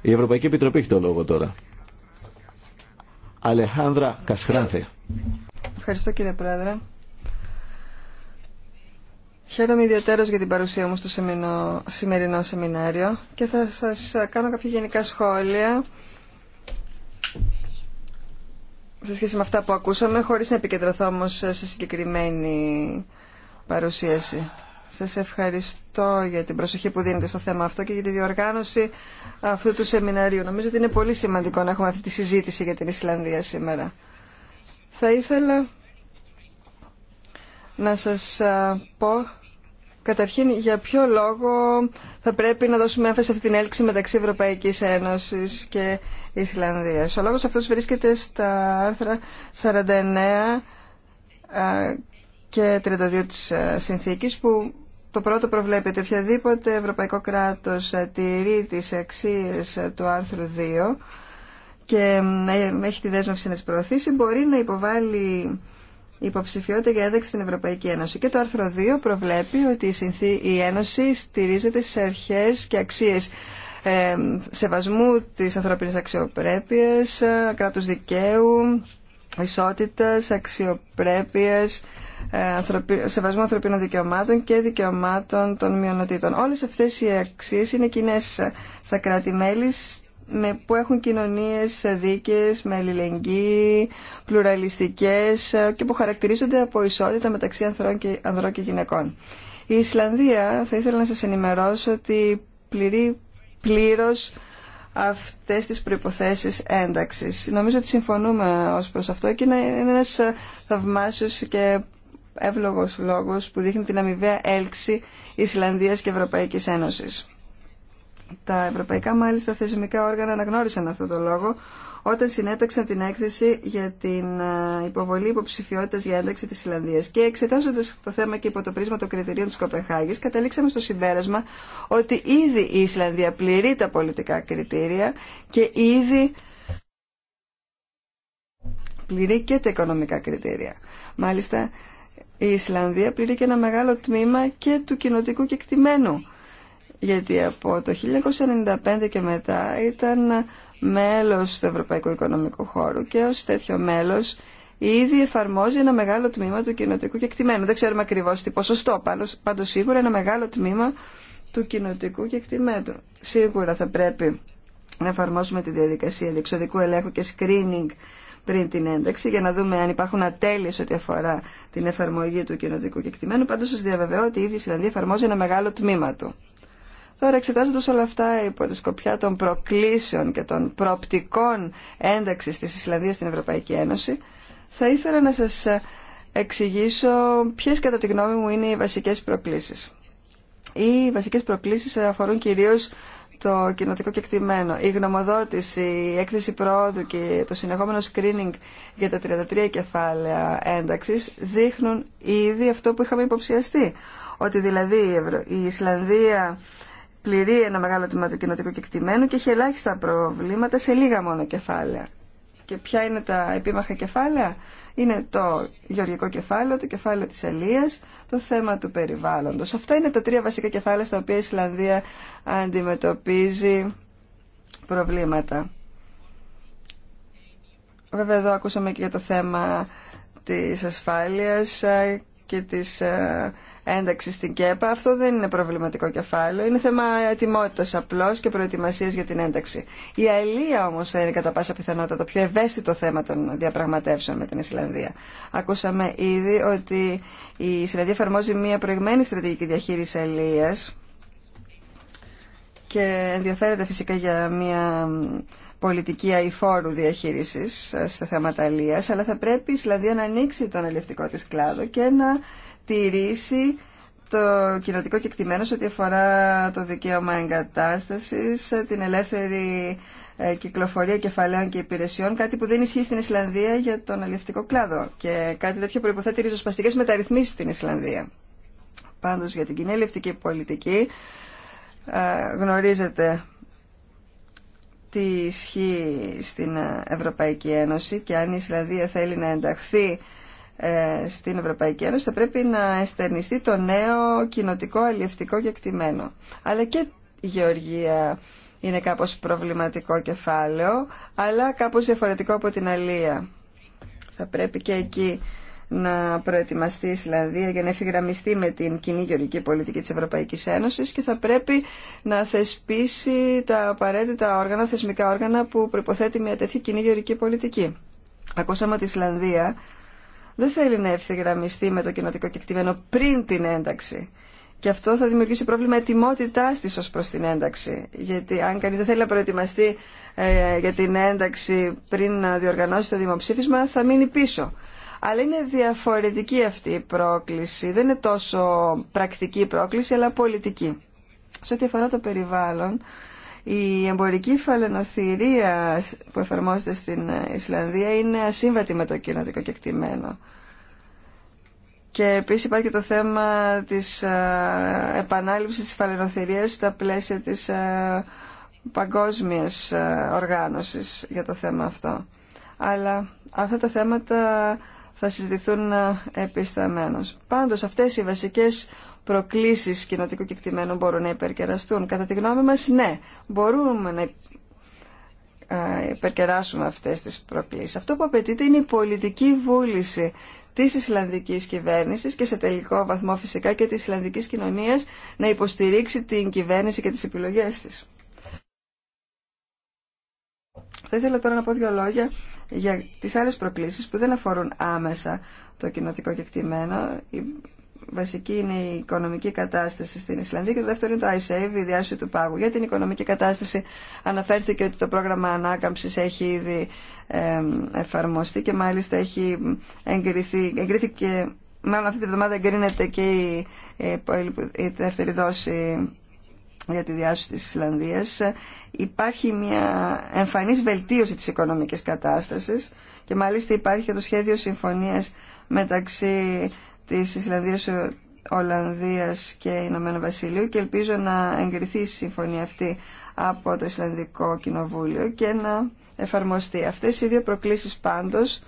Η Ευρωπαϊκή Επιτροπή έχει το λόγο τώρα. Αλεχάνδρα Κασχράνθε. Ευχαριστώ κύριε Πρόεδρε. Χαίρομαι ιδιαίτερα για την παρουσία μου στο σημερινό σεμινάριο και θα σας κάνω κάποια γενικά σχόλια σε σχέση με αυτά που ακούσαμε, χωρίς να επικεντρωθώ όμως σε συγκεκριμένη παρουσίαση. Σας ευχαριστώ για την προσοχή που δίνετε στο θέμα αυτό και για τη διοργάνωση αυτού του σεμιναρίου. Νομίζω ότι είναι πολύ σημαντικό να έχουμε αυτή τη συζήτηση για την Ισλανδία σήμερα. Θα ήθελα να σας πω καταρχήν για ποιο λόγο θα πρέπει να δώσουμε έμφαση αυτή την έλξη μεταξύ Ευρωπαϊκής Ένωσης και Ισλανδίας. Ο λόγος αυτός βρίσκεται στα άρθρα 49 και 32 της ε, συνθήκης που το πρώτο προβλέπει ότι οποιαδήποτε ευρωπαϊκό κράτος ε, τηρεί τις αξίες ε, του άρθρου 2 και έχει τη δέσμευση να τις προωθήσει μπορεί να υποβάλει υποψηφιότητα για ένταξη στην Ευρωπαϊκή Ένωση. Και το άρθρο 2 προβλέπει ότι η Ένωση στηρίζεται στις αρχές και αξίες σεβασμού της ανθρώπινης αξιοπρέπειας, κράτους δικαίου, ισότητας, αξιοπρέπειας, ε, σεβασμό ανθρωπίνων δικαιωμάτων και δικαιωμάτων των μειονοτήτων. Όλες αυτές οι αξίες είναι κοινέ στα κράτη-μέλη που έχουν κοινωνίες δίκαιες, με αλληλεγγύη, πλουραλιστικές και που χαρακτηρίζονται από ισότητα μεταξύ ανδρών και, ανδρών και γυναικών. Η Ισλανδία, θα ήθελα να σας ενημερώσω ότι πληρεί πλήρως αυτές τις προϋποθέσεις ένταξης. Νομίζω ότι συμφωνούμε ως προς αυτό και είναι ένας θαυμάσιος και εύλογο λόγο που δείχνει την αμοιβαία έλξη Ισλανδία και Ευρωπαϊκή Ένωση. Τα ευρωπαϊκά μάλιστα θεσμικά όργανα αναγνώρισαν αυτό το λόγο όταν συνέταξαν την έκθεση για την ε, υποβολή υποψηφιότητα για ένταξη τη Ισλανδίας και εξετάζοντα το θέμα και υπό το πρίσμα των κριτηρίων τη Κοπεχάγης καταλήξαμε στο συμπέρασμα ότι ήδη η Ισλανδία πληρεί τα πολιτικά κριτήρια και ήδη πληρεί και τα οικονομικά κριτήρια. Μάλιστα, η Ισλανδία πλήρει και ένα μεγάλο τμήμα και του κοινοτικού κεκτημένου. Γιατί από το 1995 και μετά ήταν μέλος του Ευρωπαϊκού Οικονομικού Χώρου και ως τέτοιο μέλος ήδη εφαρμόζει ένα μεγάλο τμήμα του κοινοτικού κεκτημένου. Δεν ξέρουμε ακριβώς τι ποσοστό, πάντως σίγουρα ένα μεγάλο τμήμα του κοινοτικού κεκτημένου. Σίγουρα θα πρέπει να εφαρμόσουμε τη διαδικασία διεξοδικού ελέγχου και screening πριν την ένταξη για να δούμε αν υπάρχουν ατέλειες ό,τι αφορά την εφαρμογή του κοινοτικού κεκτημένου. Πάντως σας διαβεβαιώ ότι ήδη η Ισλανδία εφαρμόζει ένα μεγάλο τμήμα του. Τώρα εξετάζοντας όλα αυτά υπό τη σκοπιά των προκλήσεων και των προοπτικών ένταξης τη Ισλανδία στην Ευρωπαϊκή Ένωση, θα ήθελα να σα εξηγήσω ποιε κατά τη γνώμη μου είναι οι βασικέ προκλήσει. Οι βασικέ προκλήσει αφορούν κυρίω το κοινοτικό κεκτημένο, η γνωμοδότηση, η έκθεση πρόοδου και το συνεχόμενο screening για τα 33 κεφάλαια ένταξης δείχνουν ήδη αυτό που είχαμε υποψιαστεί. Ότι δηλαδή η Ισλανδία πληρεί ένα μεγάλο τμήμα του κοινοτικού κεκτημένου και έχει ελάχιστα προβλήματα σε λίγα μόνο κεφάλαια. Και ποια είναι τα επίμαχα κεφάλαια? Είναι το γεωργικό κεφάλαιο, το κεφάλαιο της ελίας, το θέμα του περιβάλλοντος. Αυτά είναι τα τρία βασικά κεφάλαια στα οποία η Ισλανδία αντιμετωπίζει προβλήματα. Βέβαια εδώ ακούσαμε και για το θέμα της ασφάλειας και της ε, ένταξης στην ΚΕΠΑ. Αυτό δεν είναι προβληματικό κεφάλαιο. Είναι θέμα ετοιμότητας απλώς και προετοιμασία για την ένταξη. Η αελία όμως θα είναι κατά πάσα πιθανότητα το πιο ευαίσθητο θέμα των διαπραγματεύσεων με την Ισλανδία. Ακούσαμε ήδη ότι η Ισλανδία εφαρμόζει μια προηγμένη στρατηγική διαχείριση ΑΕΛΙΑ και ενδιαφέρεται φυσικά για μια πολιτική αηφόρου διαχείριση ε, στα θέματα αλίας, αλλά θα πρέπει η Ισλανδία να ανοίξει τον αλληλευτικό της κλάδο και να τηρήσει το κοινοτικό κεκτημένο σε ό,τι αφορά το δικαίωμα εγκατάστασης, ε, την ελεύθερη ε, κυκλοφορία κεφαλαίων και υπηρεσιών, κάτι που δεν ισχύει στην Ισλανδία για τον αλληλευτικό κλάδο και κάτι τέτοιο προποθέτει ριζοσπαστικές μεταρρυθμίσεις στην Ισλανδία. Πάντως για την κοινή αλληλευτική πολιτική ε, γνωρίζετε τι ισχύει στην Ευρωπαϊκή Ένωση και αν η Ισλανδία θέλει να ενταχθεί ε, στην Ευρωπαϊκή Ένωση θα πρέπει να εστερνιστεί το νέο κοινοτικό αλληλευτικό κεκτημένο. Αλλά και η Γεωργία είναι κάπως προβληματικό κεφάλαιο, αλλά κάπως διαφορετικό από την Αλία. Θα πρέπει και εκεί να προετοιμαστεί η Ισλανδία για να ευθυγραμμιστεί με την κοινή γεωργική πολιτική της Ευρωπαϊκής Ένωσης και θα πρέπει να θεσπίσει τα απαραίτητα όργανα, θεσμικά όργανα που προποθέτει μια τέτοια κοινή γεωργική πολιτική. Ακούσαμε ότι η Ισλανδία δεν θέλει να ευθυγραμμιστεί με το κοινοτικό κεκτημένο πριν την ένταξη. Και αυτό θα δημιουργήσει πρόβλημα ετοιμότητά τη ω προ την ένταξη. Γιατί αν κανεί δεν θέλει να προετοιμαστεί ε, για την ένταξη πριν να διοργανώσει το δημοψήφισμα, θα μείνει πίσω. Αλλά είναι διαφορετική αυτή η πρόκληση. Δεν είναι τόσο πρακτική πρόκληση, αλλά πολιτική. Σε ό,τι αφορά το περιβάλλον, η εμπορική φαλαινοθυρία που εφαρμόζεται στην Ισλανδία είναι ασύμβατη με το κοινωτικό κεκτημένο. Και επίσης υπάρχει και το θέμα της ε, επανάληψης της φαλαινοθυρίας στα πλαίσια της ε, παγκόσμιας ε, οργάνωσης για το θέμα αυτό. Αλλά αυτά τα θέματα θα συζητηθούν ε, επισταμένως. Πάντως αυτές οι βασικές προκλήσεις κοινοτικού κεκτημένου μπορούν να υπερκεραστούν. Κατά τη γνώμη μας, ναι, μπορούμε να ε, υπερκεράσουμε αυτές τις προκλήσεις. Αυτό που απαιτείται είναι η πολιτική βούληση της Ισλανδικής κυβέρνησης και σε τελικό βαθμό φυσικά και της Ισλανδικής κοινωνίας να υποστηρίξει την κυβέρνηση και τις επιλογές της. Θα ήθελα τώρα να πω δύο λόγια για τις άλλες προκλήσεις που δεν αφορούν άμεσα το κοινοτικό κεκτημένο. Η βασική είναι η οικονομική κατάσταση στην Ισλανδία και το δεύτερο είναι το ISAVE, η διάσωση του πάγου. Για την οικονομική κατάσταση αναφέρθηκε ότι το πρόγραμμα ανάκαμψης έχει ήδη εφαρμοστεί και μάλιστα έχει εγκριθεί, Μάλλον αυτή τη βδομάδα εγκρίνεται και η, η δεύτερη δόση για τη διάσωση της Ισλανδίας υπάρχει μια εμφανής βελτίωση της οικονομικής κατάστασης και μάλιστα υπάρχει και το σχέδιο συμφωνίας μεταξύ της Ισλανδίας, Ολλανδίας και Ηνωμένου Βασιλείου και ελπίζω να εγκριθεί η συμφωνία αυτή από το Ισλανδικό Κοινοβούλιο και να εφαρμοστεί. Αυτές οι δύο προκλήσεις πάντως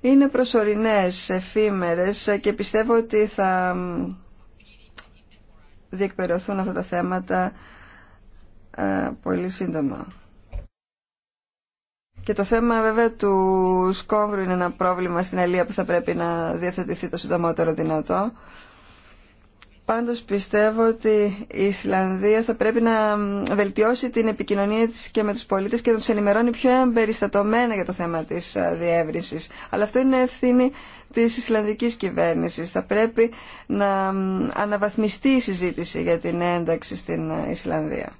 είναι προσωρινές, εφήμερες και πιστεύω ότι θα διεκπαιρεωθούν αυτά τα θέματα ε, πολύ σύντομα. Και το θέμα βέβαια του σκόβρου είναι ένα πρόβλημα στην Αλία που θα πρέπει να διαθετηθεί το συντομότερο δυνατό. Πάντως πιστεύω ότι η Ισλανδία θα πρέπει να βελτιώσει την επικοινωνία της και με τους πολίτες και να τους ενημερώνει πιο εμπεριστατωμένα για το θέμα της διεύρυνσης. Αλλά αυτό είναι ευθύνη της Ισλανδικής κυβέρνησης. Θα πρέπει να αναβαθμιστεί η συζήτηση για την ένταξη στην Ισλανδία.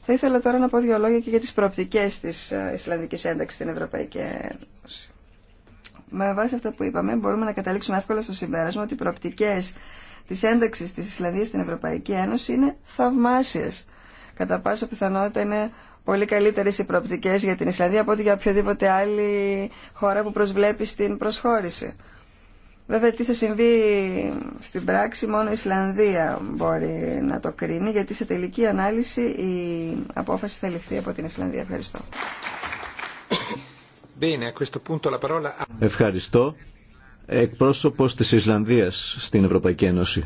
Θα ήθελα τώρα να πω δύο λόγια και για τις προοπτικές της Ισλανδικής ένταξης στην Ευρωπαϊκή Ένωση. Με βάση αυτά που είπαμε μπορούμε να καταλήξουμε εύκολα στο συμπέρασμα ότι οι προοπτικές της ένταξης της Ισλανδίας στην Ευρωπαϊκή Ένωση είναι θαυμάσιες. Κατά πάσα πιθανότητα είναι πολύ καλύτερες οι προοπτικές για την Ισλανδία από ό,τι για οποιοδήποτε άλλη χώρα που προσβλέπει στην προσχώρηση. Βέβαια, τι θα συμβεί στην πράξη, μόνο η Ισλανδία μπορεί να το κρίνει, γιατί σε τελική ανάλυση η απόφαση θα ληφθεί από την Ισλανδία. Ευχαριστώ εκπρόσωπος της Ισλανδίας στην Ευρωπαϊκή Ένωση.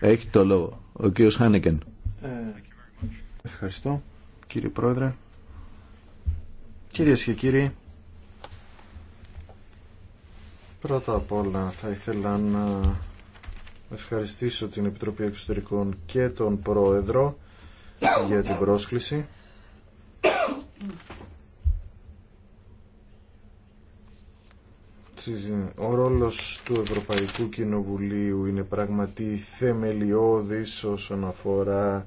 Έχει το λόγο ο κύριος Χάνεκεν. Ευχαριστώ κύριε Πρόεδρε. Κυρίες και κύριοι, πρώτα απ' όλα θα ήθελα να ευχαριστήσω την Επιτροπή Εξωτερικών και τον Πρόεδρο για την πρόσκληση ο ρόλος του Ευρωπαϊκού Κοινοβουλίου είναι πράγματι θεμελιώδης όσον αφορά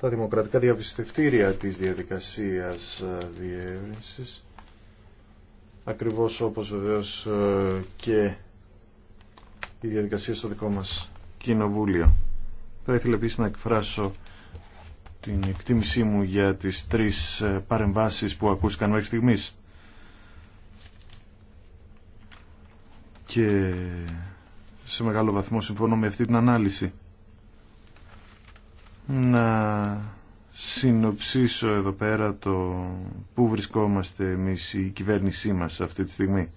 τα δημοκρατικά διαπιστευτήρια της διαδικασίας διεύρυνσης ακριβώς όπως βεβαίως ε, και η διαδικασία στο δικό μας κοινοβούλιο. Θα ήθελα επίσης να εκφράσω την εκτίμησή μου για τις τρεις ε, παρεμβάσεις που ακούστηκαν μέχρι στιγμής. και σε μεγάλο βαθμό συμφωνώ με αυτή την ανάλυση. Να συνοψίσω εδώ πέρα το πού βρισκόμαστε εμείς η κυβέρνησή μας αυτή τη στιγμή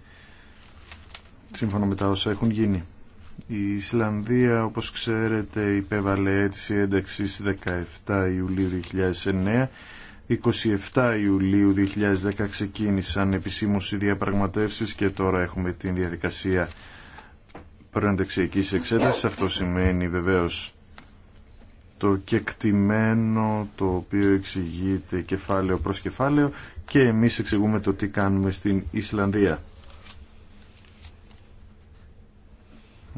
σύμφωνα με τα όσα έχουν γίνει. Η Ισλανδία όπως ξέρετε υπέβαλε αίτηση ένταξης 17 Ιουλίου 2009 27 Ιουλίου 2010 ξεκίνησαν επισήμως οι διαπραγματεύσεις και τώρα έχουμε την διαδικασία προενταξιακής εξέτασης. Αυτό σημαίνει βεβαίως το κεκτημένο το οποίο εξηγείται κεφάλαιο προς κεφάλαιο και εμείς εξηγούμε το τι κάνουμε στην Ισλανδία.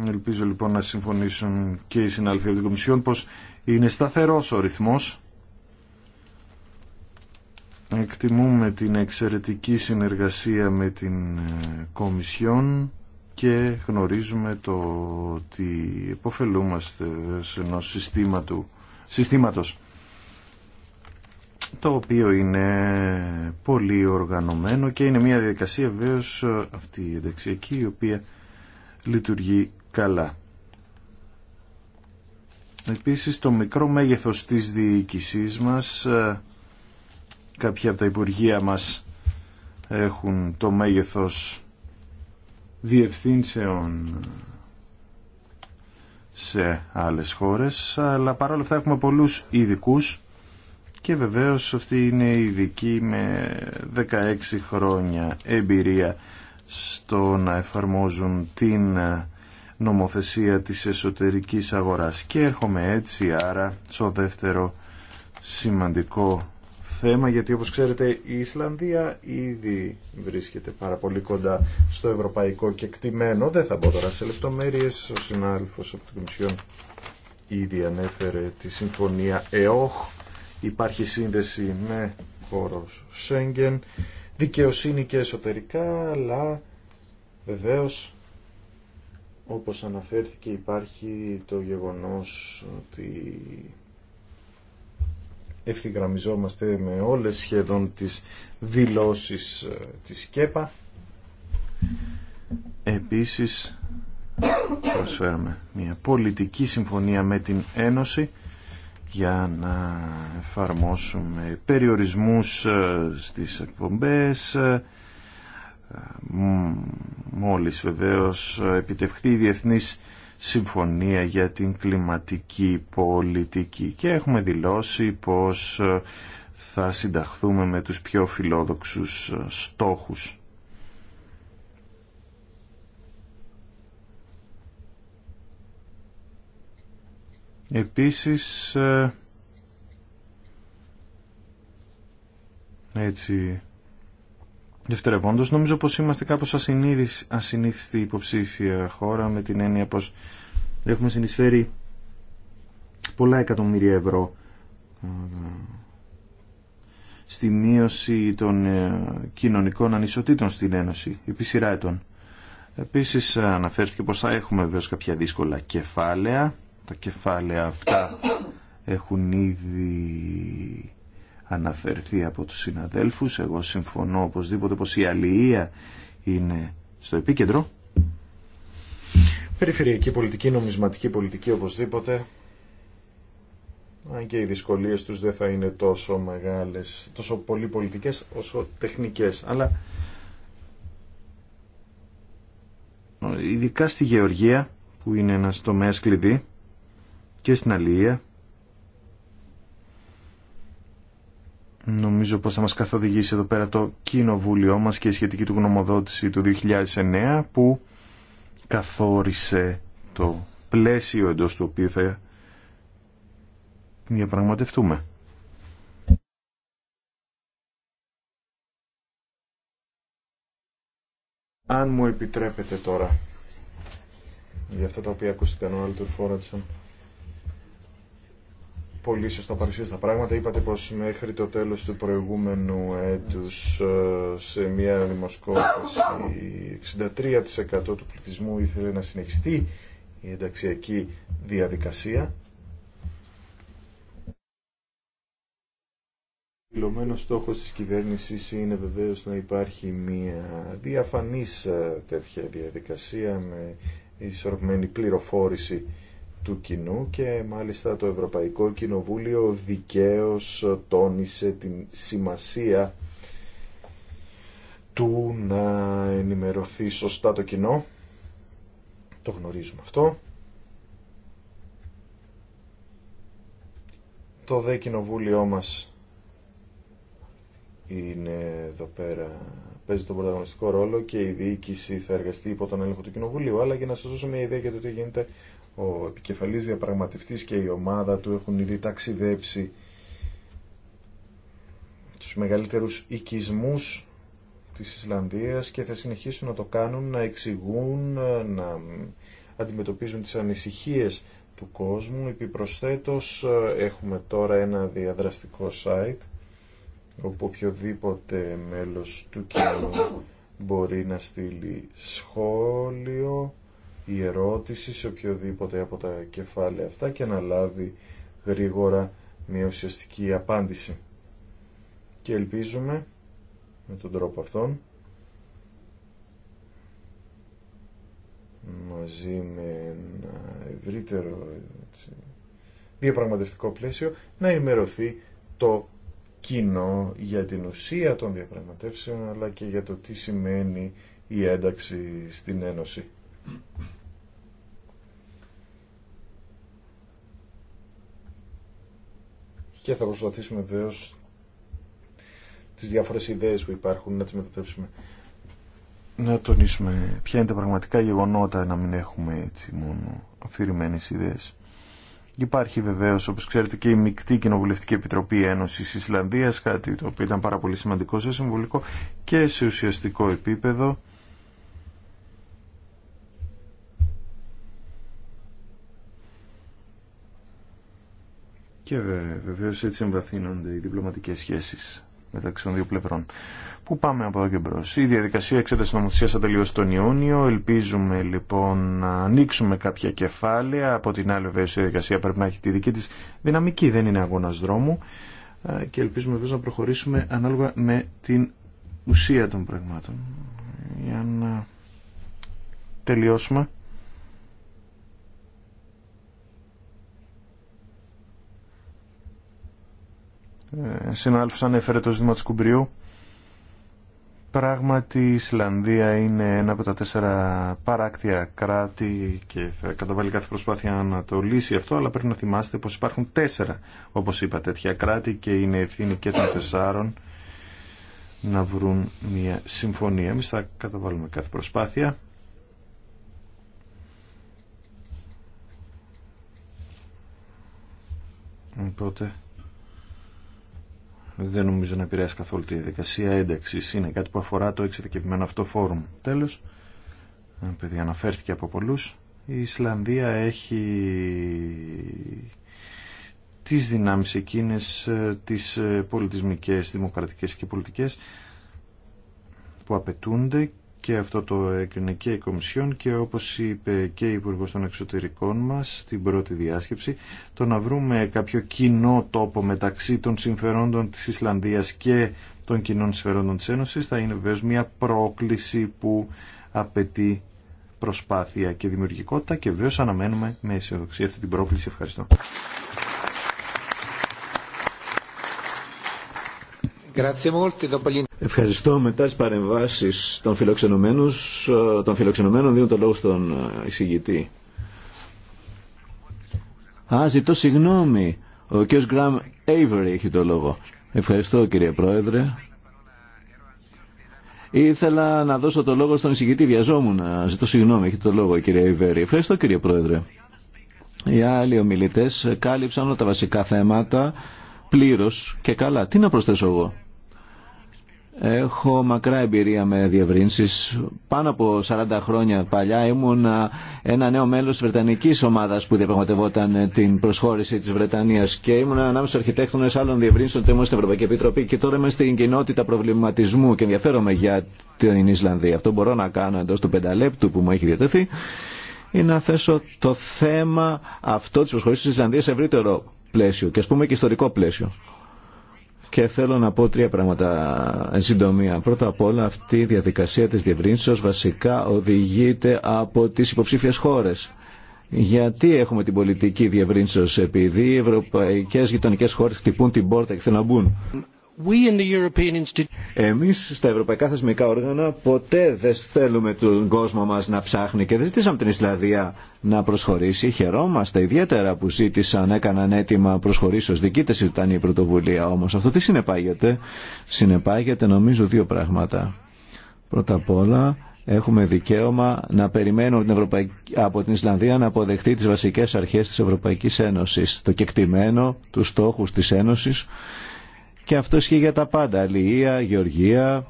Ελπίζω λοιπόν να συμφωνήσουν και οι συνάλφοι των την πως είναι σταθερός ο ρυθμός Εκτιμούμε την εξαιρετική συνεργασία με την ε, Κομισιόν και γνωρίζουμε το ότι υποφελούμαστε σε σύστημα συστήματο, συστήματος το οποίο είναι πολύ οργανωμένο και είναι μια διαδικασία βέβαιως ε, αυτή η ενταξιακή η οποία λειτουργεί καλά. Επίσης το μικρό μέγεθος της διοίκησής μας ε, κάποια από τα Υπουργεία μας έχουν το μέγεθος διευθύνσεων σε άλλες χώρες, αλλά παρόλα αυτά έχουμε πολλούς ειδικού και βεβαίως αυτή είναι η ειδική με 16 χρόνια εμπειρία στο να εφαρμόζουν την νομοθεσία της εσωτερικής αγοράς και έρχομαι έτσι άρα στο δεύτερο σημαντικό θέμα γιατί όπως ξέρετε η Ισλανδία ήδη βρίσκεται πάρα πολύ κοντά στο ευρωπαϊκό κεκτημένο. Δεν θα μπω τώρα σε λεπτομέρειες. Ο συνάδελφος από την Κομισιόν ήδη ανέφερε τη συμφωνία ΕΟΧ. Υπάρχει σύνδεση με χώρος Σέγγεν, δικαιοσύνη και εσωτερικά, αλλά βεβαίως όπως αναφέρθηκε υπάρχει το γεγονός ότι ευθυγραμμιζόμαστε με όλες σχεδόν τις δηλώσεις ε, της ΚΕΠΑ. Επίσης προσφέρουμε μια πολιτική συμφωνία με την Ένωση για να εφαρμόσουμε περιορισμούς ε, στις εκπομπές ε, μόλις βεβαίως επιτευχθεί η διεθνής συμφωνία για την κλιματική πολιτική και έχουμε δηλώσει πως ε, θα συνταχθούμε με τους πιο φιλόδοξους ε, στόχους. Επίσης, ε, έτσι Δευτερευόντω, νομίζω πω είμαστε κάπω ασυνήθιστη υποψήφια χώρα με την έννοια πω έχουμε συνεισφέρει πολλά εκατομμύρια ευρώ ε, στη μείωση των ε, κοινωνικών ανισοτήτων στην Ένωση, επί σειρά ετών. επίση αναφέρθηκε πω θα έχουμε βέβαια κάποια δύσκολα κεφάλαια. Τα κεφάλαια αυτά έχουν ήδη αναφερθεί από τους συναδέλφους. Εγώ συμφωνώ οπωσδήποτε πως η αλληλεία είναι στο επίκεντρο. Περιφερειακή πολιτική, νομισματική πολιτική οπωσδήποτε. Αν και οι δυσκολίες τους δεν θα είναι τόσο μεγάλες, τόσο πολύ πολιτικές όσο τεχνικές. Αλλά ειδικά στη Γεωργία που είναι ένας τομέας κλειδί και στην Αλληλεία Νομίζω πως θα μας καθοδηγήσει εδώ πέρα το κοινοβούλιο μας και η σχετική του γνωμοδότηση του 2009 που καθόρισε το πλαίσιο εντός του οποίου θα διαπραγματευτούμε. Αν μου επιτρέπετε τώρα για αυτά τα οποία ακούστηκαν ο Άλτουρ Φόρατσον πολύ σωστά παρουσίασε τα πράγματα. Είπατε πως μέχρι το τέλος του προηγούμενου έτου ε, σε μια δημοσκόπηση 63% του πληθυσμού ήθελε να συνεχιστεί η ενταξιακή διαδικασία. Δηλωμένος στόχος της κυβέρνησης είναι βεβαίως να υπάρχει μια διαφανής ε, τέτοια διαδικασία με ισορροπημένη πληροφόρηση του κοινού και μάλιστα το Ευρωπαϊκό Κοινοβούλιο δικαίως τόνισε την σημασία του να ενημερωθεί σωστά το κοινό. Το γνωρίζουμε αυτό. Το δε κοινοβούλιο μας είναι εδώ πέρα, παίζει τον πρωταγωνιστικό ρόλο και η διοίκηση θα εργαστεί υπό τον έλεγχο του κοινοβουλίου. Αλλά για να σας δώσω μια ιδέα για το τι γίνεται ο επικεφαλής διαπραγματευτής και η ομάδα του έχουν ήδη ταξιδέψει τους μεγαλύτερους οικισμούς της Ισλανδίας και θα συνεχίσουν να το κάνουν, να εξηγούν, να αντιμετωπίζουν τις ανησυχίες του κόσμου. Επιπροσθέτως έχουμε τώρα ένα διαδραστικό site όπου οποιοδήποτε μέλος του κοινού μπορεί να στείλει σχόλιο η ερώτηση σε οποιοδήποτε από τα κεφάλαια αυτά και να λάβει γρήγορα μια ουσιαστική απάντηση. Και ελπίζουμε με τον τρόπο αυτόν μαζί με ένα ευρύτερο διαπραγματευτικό πλαίσιο να ενημερωθεί το κοινό για την ουσία των διαπραγματεύσεων αλλά και για το τι σημαίνει η ένταξη στην Ένωση. και θα προσπαθήσουμε βεβαίω τις διάφορες ιδέες που υπάρχουν να τις μετατρέψουμε. Να τονίσουμε ποια είναι τα πραγματικά γεγονότα να μην έχουμε έτσι μόνο αφηρημένες ιδέες. Υπάρχει βεβαίω, όπω ξέρετε, και η μεικτή κοινοβουλευτική επιτροπή Ένωση Ισλανδία, κάτι το οποίο ήταν πάρα πολύ σημαντικό σε συμβολικό και σε ουσιαστικό επίπεδο. Και βεβαίω έτσι εμβαθύνονται οι διπλωματικέ σχέσει μεταξύ των δύο πλευρών. Πού πάμε από εδώ και μπρο. Η διαδικασία εξέταση νομοθεσία θα τελειώσει τον Ιούνιο. Ελπίζουμε λοιπόν να ανοίξουμε κάποια κεφάλαια. Από την άλλη, βέβαια, η διαδικασία πρέπει να έχει τη δική τη δυναμική, δεν είναι αγώνα δρόμου. Ε, και ελπίζουμε βέβαια να προχωρήσουμε ανάλογα με την ουσία των πραγμάτων. Για να τελειώσουμε. συνάδελφος ανέφερε το ζήτημα της Κουμπριού. Πράγματι η Ισλανδία είναι ένα από τα τέσσερα παράκτια κράτη και θα καταβάλει κάθε προσπάθεια να το λύσει αυτό, αλλά πρέπει να θυμάστε πως υπάρχουν τέσσερα, όπως είπα, τέτοια κράτη και είναι ευθύνη και των τεσσάρων να βρουν μια συμφωνία. Εμείς θα καταβάλουμε κάθε προσπάθεια. Οπότε δεν νομίζω να επηρεάσει καθόλου τη διαδικασία ένταξη. Είναι κάτι που αφορά το εξειδικευμένο αυτό φόρουμ. Τέλο, ε, επειδή αναφέρθηκε από πολλού, η Ισλανδία έχει τις δυνάμει εκείνες, ε, τι ε, πολιτισμικές, δημοκρατικές και πολιτικές που απαιτούνται και αυτό το έκρινε και η Κομισιόν και όπως είπε και η Υπουργός των Εξωτερικών μας στην πρώτη διάσκεψη το να βρούμε κάποιο κοινό τόπο μεταξύ των συμφερόντων της Ισλανδίας και των κοινών συμφερόντων της Ένωσης θα είναι βεβαίως μια πρόκληση που απαιτεί προσπάθεια και δημιουργικότητα και βεβαίως αναμένουμε με αισιοδοξία αυτή την πρόκληση. Ευχαριστώ. Ευχαριστώ. Μετά τι παρεμβάσει των, ε, των φιλοξενωμένων δίνω το λόγο στον ε, εισηγητή. Α, ζητώ συγγνώμη. Ο κ. Γκραμ Avery έχει το λόγο. Ευχαριστώ κύριε Πρόεδρε. Ήθελα να δώσω το λόγο στον εισηγητή. Βιαζόμουν. Ζητώ συγγνώμη. Έχει το λόγο κύριε Avery. Ευχαριστώ κύριε Πρόεδρε. Οι άλλοι ομιλητέ κάλυψαν όλα τα βασικά θέματα πλήρω και καλά. Τι να προσθέσω εγώ. Έχω μακρά εμπειρία με διευρύνσει. Πάνω από 40 χρόνια παλιά ήμουν ένα νέο μέλο τη βρετανική ομάδα που διαπραγματευόταν ε, την προσχώρηση τη Βρετανία και ήμουν ανάμεσα στου αρχιτέκτονε άλλων διευρύνσεων που ήμουν στην Ευρωπαϊκή Επιτροπή και τώρα είμαι στην κοινότητα προβληματισμού και ενδιαφέρομαι για την Ισλανδία. Αυτό μπορώ να κάνω εντό του πενταλέπτου που μου έχει διατεθεί είναι να θέσω το θέμα αυτό τη προσχώρησης της Ισλανδία σε ευρύτερο πλαίσιο και α πούμε και ιστορικό πλαίσιο και θέλω να πω τρία πράγματα εν συντομία. Πρώτα απ' όλα αυτή η διαδικασία της διευρύνσεως βασικά οδηγείται από τις υποψήφιες χώρες. Γιατί έχουμε την πολιτική διευρύνσεως επειδή οι ευρωπαϊκές γειτονικές χώρες χτυπούν την πόρτα και θέλουν να μπουν. We Εμείς στα ευρωπαϊκά θεσμικά όργανα ποτέ δεν θέλουμε τον κόσμο μας να ψάχνει και δεν ζητήσαμε την Ισλανδία να προσχωρήσει. Χαιρόμαστε ιδιαίτερα που ζήτησαν, έκαναν έτοιμα ως Δική της ήταν η πρωτοβουλία όμως. Αυτό τι συνεπάγεται. Συνεπάγεται νομίζω δύο πράγματα. Πρώτα απ' όλα έχουμε δικαίωμα να περιμένουμε την Ευρωπαϊκή, από την Ισλανδία να αποδεχτεί τις βασικές αρχές της Ευρωπαϊκής Ένωσης. Το κεκτημένο, τους στόχους της Ένωσης και αυτό ισχύει για τα πάντα. Αλληλεία, γεωργία,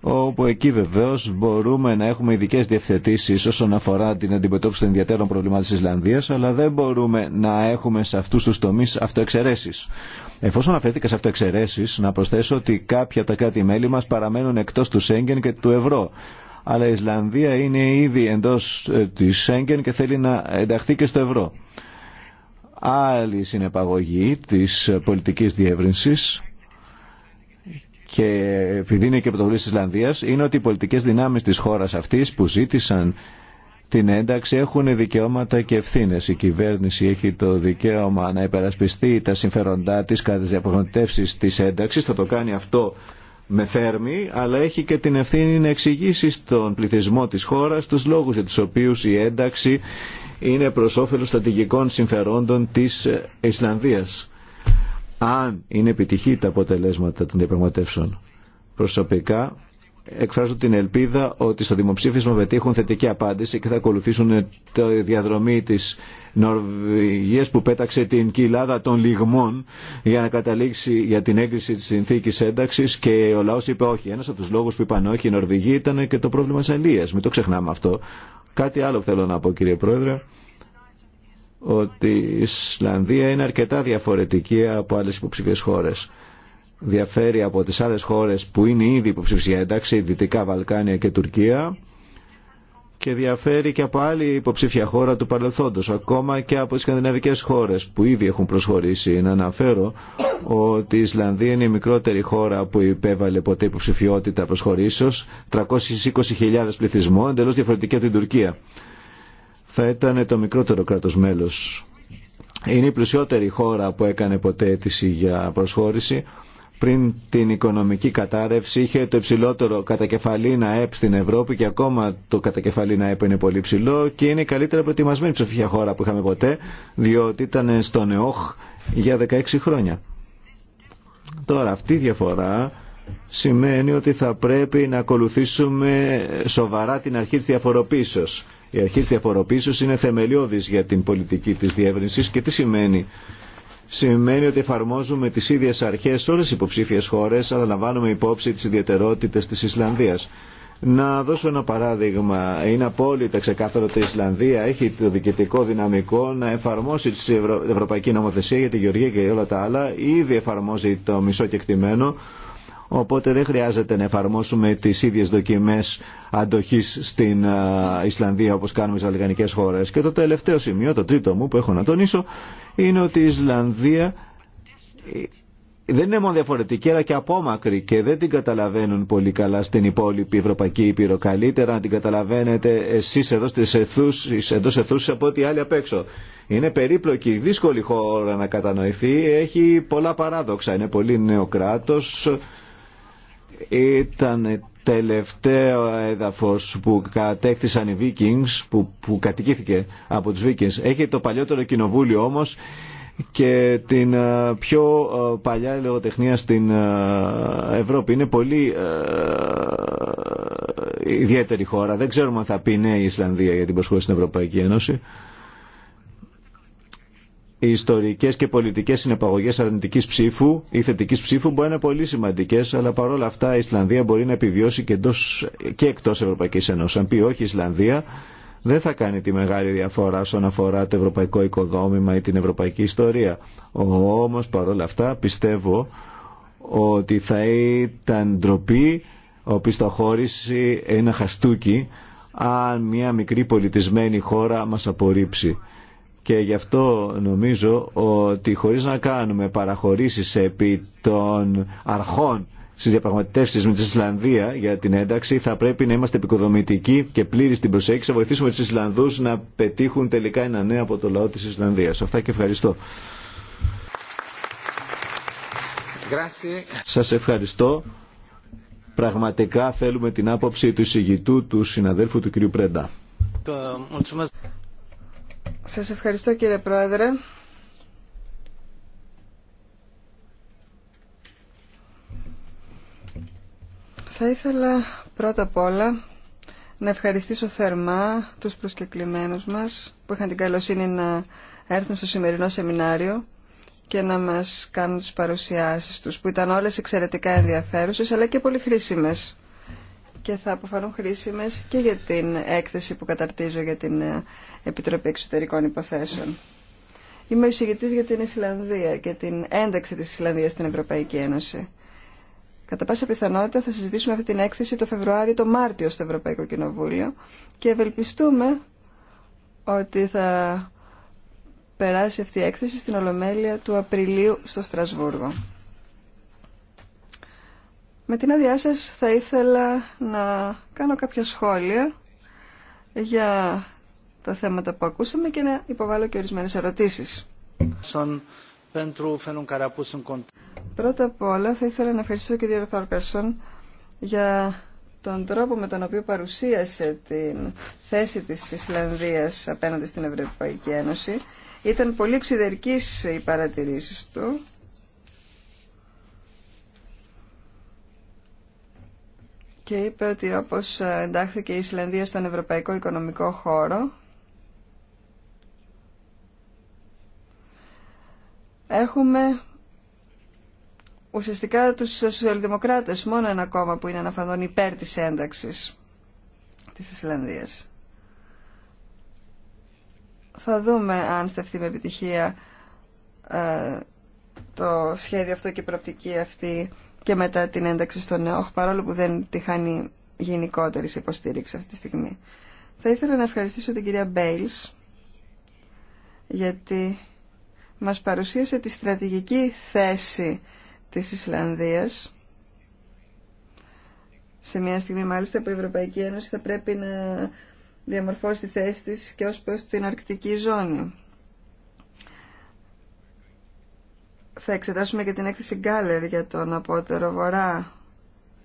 όπου εκεί βεβαίω μπορούμε να έχουμε ειδικέ διευθετήσει όσον αφορά την αντιμετώπιση των ιδιαίτερων προβλημάτων τη Ισλανδία, αλλά δεν μπορούμε να έχουμε σε αυτού του τομεί αυτοεξαιρέσει. Εφόσον αναφέρθηκα σε αυτοεξαιρέσει, να προσθέσω ότι κάποια από τα κράτη-μέλη μα παραμένουν εκτό του Σέγγεν και του ευρώ. Αλλά η Ισλανδία είναι ήδη εντό ε, τη Σέγγεν και θέλει να ενταχθεί και στο ευρώ άλλη συνεπαγωγή της πολιτικής διεύρυνσης και επειδή είναι και πρωτοβουλία της Ισλανδίας είναι ότι οι πολιτικές δυνάμεις της χώρας αυτής που ζήτησαν την ένταξη έχουν δικαιώματα και ευθύνε. Η κυβέρνηση έχει το δικαίωμα να υπερασπιστεί τα συμφέροντά της κατά τις διαπραγματεύσεις της ένταξης. Θα το κάνει αυτό με θέρμη, αλλά έχει και την ευθύνη να εξηγήσει στον πληθυσμό της χώρας τους λόγους για τους οποίους η ένταξη είναι προς όφελος στρατηγικών συμφερόντων της ε, Ισλανδίας. Αν είναι επιτυχή τα αποτελέσματα των διαπραγματεύσεων προσωπικά, εκφράζω την ελπίδα ότι στο δημοψήφισμα πετύχουν θετική απάντηση και θα ακολουθήσουν ε, τη διαδρομή της Νορβηγίας που πέταξε την κοιλάδα των λιγμών για να καταλήξει για την έγκριση της συνθήκης ένταξης και ο λαός είπε όχι. Ένας από τους λόγους που είπαν όχι οι Νορβηγοί ήταν και το πρόβλημα της αλίας. Μην το ξεχνάμε αυτό. Κάτι άλλο θέλω να πω κύριε Πρόεδρε ότι η Ισλανδία είναι αρκετά διαφορετική από άλλες υποψηφίες χώρες. Διαφέρει από τις άλλες χώρες που είναι ήδη υποψηφία εντάξει, Δυτικά Βαλκάνια και Τουρκία και διαφέρει και από άλλη υποψήφια χώρα του παρελθόντος, ακόμα και από τις σκανδιναβικές χώρες που ήδη έχουν προσχωρήσει. Να αναφέρω ότι η Ισλανδία είναι η μικρότερη χώρα που υπέβαλε ποτέ υποψηφιότητα προσχωρήσεως, 320.000 πληθυσμό, εντελώ διαφορετική από την Τουρκία. Θα ήταν το μικρότερο κράτος μέλος. Είναι η πλουσιότερη χώρα που έκανε ποτέ αίτηση για προσχώρηση, πριν την οικονομική κατάρρευση είχε το υψηλότερο κατακεφαλήνα ΕΠ στην Ευρώπη και ακόμα το κατακεφαλήνα ΕΠ είναι πολύ ψηλό και είναι η καλύτερα προετοιμασμένη ψηφιακή χώρα που είχαμε ποτέ διότι ήταν στον ΕΟΧ για 16 χρόνια. Τώρα αυτή η διαφορά σημαίνει ότι θα πρέπει να ακολουθήσουμε σοβαρά την αρχή της διαφοροποίησης. Η αρχή της διαφοροποίησης είναι θεμελιώδης για την πολιτική της διεύρυνσης και τι σημαίνει σημαίνει ότι εφαρμόζουμε τις ίδιες αρχές σε όλες τις υποψήφιες χώρες, αλλά λαμβάνουμε υπόψη τις ιδιαιτερότητε της Ισλανδίας. Να δώσω ένα παράδειγμα. Είναι απόλυτα ξεκάθαρο ότι η Ισλανδία έχει το διοικητικό δυναμικό να εφαρμόσει την Ευρωπαϊκή Νομοθεσία για τη Γεωργία και όλα τα άλλα. Ήδη εφαρμόζει το μισό κεκτημένο. Οπότε δεν χρειάζεται να εφαρμόσουμε τις ίδιες δοκιμές αντοχής στην Ισλανδία όπως κάνουμε στις αλγανικές χώρες. Και το τελευταίο σημείο, το τρίτο μου που έχω να τονίσω, είναι ότι η Ισλανδία δεν είναι μόνο διαφορετική αλλά και απόμακρη και δεν την καταλαβαίνουν πολύ καλά στην υπόλοιπη Ευρωπαϊκή Ήπειρο. Καλύτερα να την καταλαβαίνετε εσείς εδώ στις αιθούσεις, εντός αιθούσεις από ό,τι άλλοι απ' έξω. Είναι περίπλοκη, δύσκολη χώρα να κατανοηθεί, έχει πολλά παράδοξα, είναι πολύ νεοκράτος, ήταν τελευταίο έδαφος που κατέκτησαν οι Βίκινγκς, που, που κατοικήθηκε από τους Βίκινγκς. Έχει το παλιότερο κοινοβούλιο όμως και την ε, πιο ε, παλιά λογοτεχνία στην ε, Ευρώπη. Είναι πολύ ιδιαίτερη χώρα. Δεν ξέρουμε αν θα πει ναι η Ισλανδία για την προσχώρηση στην Ευρωπαϊκή Ένωση οι ιστορικέ και πολιτικέ συνεπαγωγέ αρνητική ψήφου ή θετική ψήφου μπορεί να είναι πολύ σημαντικέ, αλλά παρόλα αυτά η Ισλανδία μπορεί να επιβιώσει και, και εκτό Ευρωπαϊκή Ένωση. Αν πει όχι η Ισλανδία, δεν θα κάνει τη μεγάλη διαφορά όσον αφορά το ευρωπαϊκό οικοδόμημα ή την ευρωπαϊκή ιστορία. Όμω παρόλα αυτά πιστεύω ότι θα ήταν ντροπή οπισθοχώρηση ένα χαστούκι αν μια μικρή πολιτισμένη χώρα μας απορρίψει και γι' αυτό νομίζω ότι χωρίς να κάνουμε παραχωρήσεις επί των αρχών στις διαπραγματεύσεις με τη Ισλανδία για την ένταξη θα πρέπει να είμαστε επικοδομητικοί και πλήρη στην προσέγγιση να βοηθήσουμε τους Ισλανδούς να πετύχουν τελικά ένα νέο ναι από το λαό της Ισλανδίας. Αυτά και ευχαριστώ. Σας ευχαριστώ. Πραγματικά θέλουμε την άποψη του εισηγητού του συναδέλφου του κ. Πρέντα. Σας ευχαριστώ κύριε Πρόεδρε. Θα ήθελα πρώτα απ' όλα να ευχαριστήσω θερμά τους προσκεκλημένους μας που είχαν την καλοσύνη να έρθουν στο σημερινό σεμινάριο και να μας κάνουν τις παρουσιάσεις τους που ήταν όλες εξαιρετικά ενδιαφέρουσες αλλά και πολύ χρήσιμες και θα αποφανούν χρήσιμε και για την έκθεση που καταρτίζω για την ε, Επιτροπή Εξωτερικών Υποθέσεων. Είμαι ο για την Ισλανδία και την ένταξη της Ισλανδία στην Ευρωπαϊκή Ένωση. Κατά πάσα πιθανότητα θα συζητήσουμε αυτή την έκθεση το Φεβρουάριο το Μάρτιο στο Ευρωπαϊκό Κοινοβούλιο και ευελπιστούμε ότι θα περάσει αυτή η έκθεση στην Ολομέλεια του Απριλίου στο Στρασβούργο. Με την άδειά σας θα ήθελα να κάνω κάποια σχόλια για τα θέματα που ακούσαμε και να υποβάλω και ορισμένες ερωτήσεις. Πρώτα απ' όλα θα ήθελα να ευχαριστήσω και τον Θόρκαρσον για τον τρόπο με τον οποίο παρουσίασε την θέση της Ισλανδίας απέναντι στην Ευρωπαϊκή Ένωση. Ήταν πολύ εξειδερκής οι παρατηρήσεις του και είπε ότι όπως εντάχθηκε η Ισλανδία στον Ευρωπαϊκό Οικονομικό Χώρο έχουμε ουσιαστικά τους σοσιαλδημοκράτες μόνο ένα κόμμα που είναι αναφανόν υπέρ της ένταξης της Ισλανδίας. Θα δούμε αν στεφθεί με επιτυχία ε, το σχέδιο αυτό και η προοπτική αυτή και μετά την ένταξη στον ΕΟΧ, παρόλο που δεν τη χάνει γενικότερη υποστήριξη αυτή τη στιγμή. Θα ήθελα να ευχαριστήσω την κυρία Μπέιλς, γιατί μας παρουσίασε τη στρατηγική θέση της Ισλανδίας, σε μια στιγμή μάλιστα που η Ευρωπαϊκή Ένωση θα πρέπει να διαμορφώσει τη θέση της και ως προς την αρκτική ζώνη. θα εξετάσουμε και την έκθεση Γκάλερ για τον απότερο βορρά.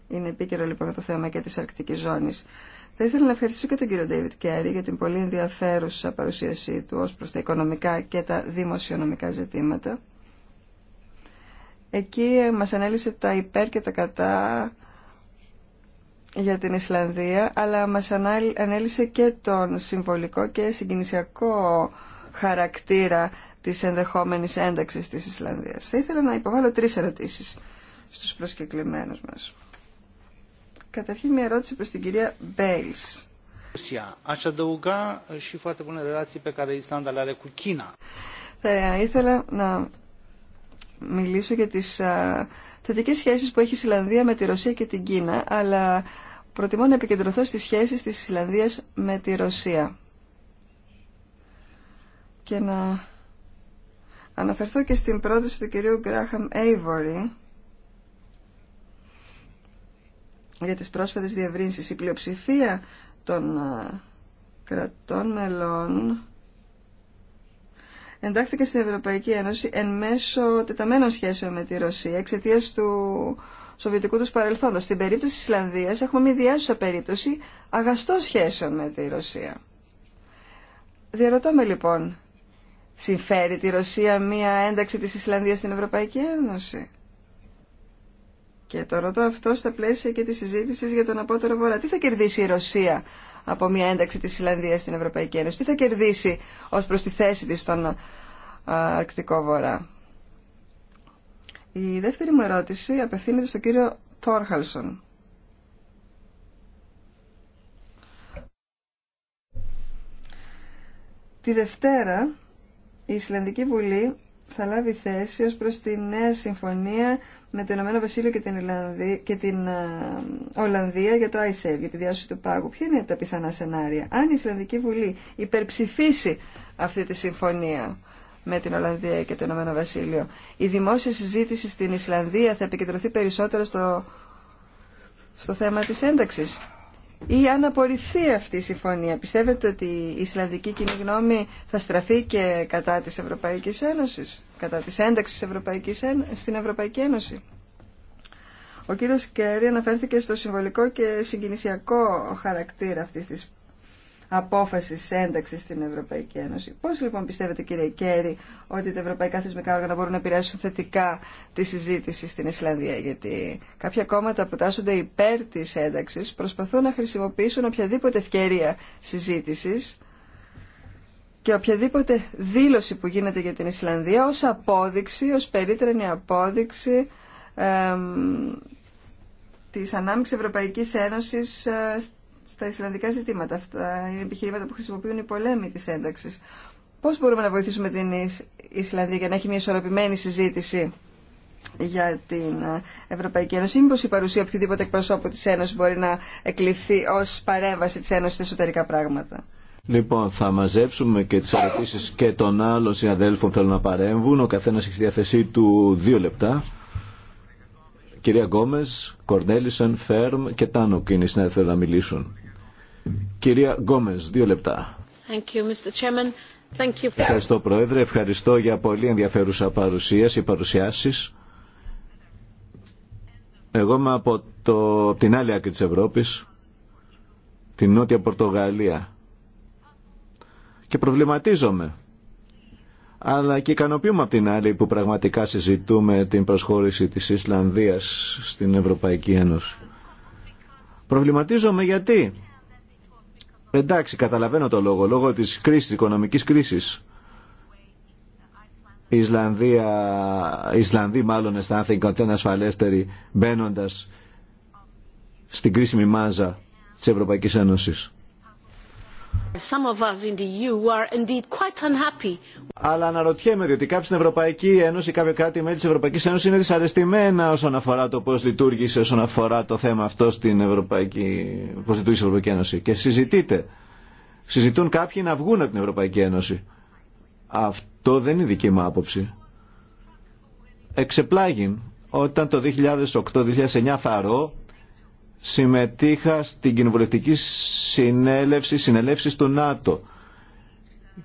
Είναι επίκαιρο λοιπόν το θέμα και της αρκτικής ζώνης. Θα ήθελα να ευχαριστήσω και τον κύριο Ντέιβιτ Κέρι για την πολύ ενδιαφέρουσα παρουσίασή του ως προς τα οικονομικά και τα δημοσιονομικά ζητήματα. Εκεί ε, μας ανέλησε τα υπέρ και τα κατά για την Ισλανδία, αλλά μας ανέλησε και τον συμβολικό και συγκινησιακό χαρακτήρα της ενδεχόμενης ένταξης της Ισλανδίας. Θα ήθελα να υποβάλω τρεις ερωτήσεις στους προσκεκλημένους μας. Καταρχήν μια ερώτηση προς την κυρία Μπέιλς. Θα ήθελα να μιλήσω για τις θετικές σχέσεις που έχει η Ισλανδία με τη Ρωσία και την Κίνα, αλλά προτιμώ να επικεντρωθώ στις σχέσεις της Ισλανδίας με τη Ρωσία και να Αναφερθώ και στην πρόταση του κυρίου Γκράχαμ Έιβορη για τις πρόσφατες διευρύνσεις. Η πλειοψηφία των ε, κρατών μελών εντάχθηκε στην Ευρωπαϊκή Ένωση εν μέσω τεταμένων σχέσεων με τη Ρωσία εξαιτία του σοβιετικού του παρελθόντος. Στην περίπτωση της Ισλανδίας έχουμε μια διάσουσα περίπτωση αγαστών σχέσεων με τη Ρωσία. Διαρωτώ με λοιπόν, συμφέρει τη Ρωσία μία ένταξη της Ισλανδίας στην Ευρωπαϊκή Ένωση. Και το ρωτώ αυτό στα πλαίσια και τη συζήτηση για τον απότερο βορρά. Τι θα κερδίσει η Ρωσία από μια ένταξη της Ισλανδίας στην Ευρωπαϊκή Ένωση. Τι θα κερδίσει ως προς τη θέση της στον Αρκτικό Βορρά. Η δεύτερη μου ερώτηση απευθύνεται στον κύριο Τόρχαλσον. Τη Δευτέρα η Ισλανδική Βουλή θα λάβει θέση ως προς τη νέα συμφωνία με το Ηνωμένο Βασίλειο και την, Ολλανδία, και την ε, Ολλανδία για το ΆΙΣΕΒ, για τη διάσωση του πάγου. Ποια είναι τα πιθανά σενάρια. Αν η Ισλανδική Βουλή υπερψηφίσει αυτή τη συμφωνία με την Ολλανδία και το Ηνωμένο Βασίλειο, η δημόσια συζήτηση στην Ισλανδία θα επικεντρωθεί περισσότερο στο, στο θέμα της ένταξης ή αν απορριφθεί αυτή η συμφωνία. Πιστεύετε ότι η Ισλανδική κοινή γνώμη θα στραφεί και κατά της Ευρωπαϊκής Ένωσης, κατά της ένταξης Ευρωπαϊκής στην Ευρωπαϊκή Ένωση. Ο κύριος Κέρι αναφέρθηκε στο συμβολικό και συγκινησιακό χαρακτήρα αυτής της Απόφαση ένταξη στην Ευρωπαϊκή Ένωση. Πώς λοιπόν πιστεύετε κύριε Κέρι ότι τα ευρωπαϊκά θεσμικά όργανα μπορούν να επηρεάσουν θετικά τη συζήτηση στην Ισλανδία γιατί κάποια κόμματα που τάσσονται υπέρ της ένταξης προσπαθούν να χρησιμοποιήσουν οποιαδήποτε ευκαιρία συζήτηση και οποιαδήποτε δήλωση που γίνεται για την Ισλανδία ως απόδειξη, ως περίτρανη απόδειξη της ανάμειξης Ευρωπαϊκής Ένωσης ε, στα Ισλανδικά ζητήματα. Αυτά είναι επιχειρήματα που χρησιμοποιούν οι πολέμοι της ένταξης. Πώς μπορούμε να βοηθήσουμε την Ισλανδία για να έχει μια ισορροπημένη συζήτηση για την ε, Ευρωπαϊκή Ένωση. η Μήπω η παρουσία οποιοδήποτε εκπροσώπου τη Ένωση μπορεί να εκλειφθεί ω παρέμβαση τη Ένωση στα εσωτερικά πράγματα. Λοιπόν, θα μαζέψουμε και τι ερωτήσει και των άλλων συναδέλφων θέλουν να παρέμβουν. Ο καθένα έχει στη διάθεσή του δύο λεπτά. Κυρία Γκόμες, Κορνέλισεν, Φέρμ και Τάνοκ είναι οι συνάδελφοι να μιλήσουν. Κυρία Γκόμες, δύο λεπτά. Ευχαριστώ Πρόεδρε, ευχαριστώ για πολύ ενδιαφέρουσα παρουσίαση, παρουσιάσεις. Εγώ είμαι από, την άλλη άκρη της Ευρώπης, την Νότια Πορτογαλία. Και προβληματίζομαι αλλά και ικανοποιούμε από την άλλη που πραγματικά συζητούμε την προσχώρηση της Ισλανδίας στην Ευρωπαϊκή Ένωση. Προβληματίζομαι γιατί. Εντάξει, καταλαβαίνω το λόγο, λόγω της κρίσης, οικονομικής κρίσης. Η Ισλανδία, η Ισλανδοί μάλλον αισθάνθηκαν ότι είναι ασφαλέστεροι μπαίνοντας στην κρίσιμη μάζα της Ευρωπαϊκής Ένωσης. E Αλλά αναρωτιέμαι διότι κάποιοι στην Ευρωπαϊκή Ένωση, κάποια κράτη μέλη τη Ευρωπαϊκή Ένωση είναι δυσαρεστημένα όσον αφορά το πώ λειτουργήσε, όσον αφορά το θέμα αυτό στην Ευρωπαϊκή, πώς η Ευρωπαϊκή Ένωση. Και συζητείτε. Συζητούν κάποιοι να βγουν από την Ευρωπαϊκή Ένωση. Αυτό δεν είναι δική μου άποψη. Εξεπλάγει όταν το 2008-2009 θαρώ συμμετείχα στην κοινοβουλευτική συνέλευση συνελεύσεις του ΝΑΤΟ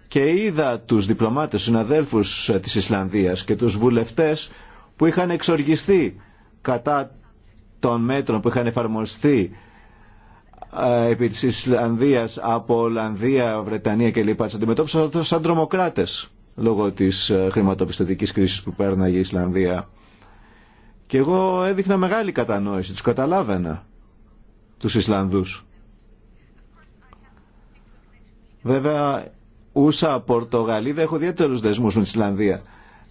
και είδα τους διπλωμάτες, τους συναδέλφους ε, της Ισλανδίας και τους βουλευτές που είχαν εξοργιστεί κατά των μέτρων που είχαν εφαρμοστεί ε, επί της Ισλανδίας από Ολλανδία, Βρετανία λοιπά Τους αντιμετώπισαν σαν τρομοκράτες λόγω της ε, χρηματοπιστωτικής κρίσης που πέρναγε η Ισλανδία. Και εγώ έδειχνα μεγάλη κατανόηση, τους καταλάβαινα τους Ισλανδούς. Βέβαια, ούσα Πορτογαλίδα έχω ιδιαίτερου δεσμού με την Ισλανδία.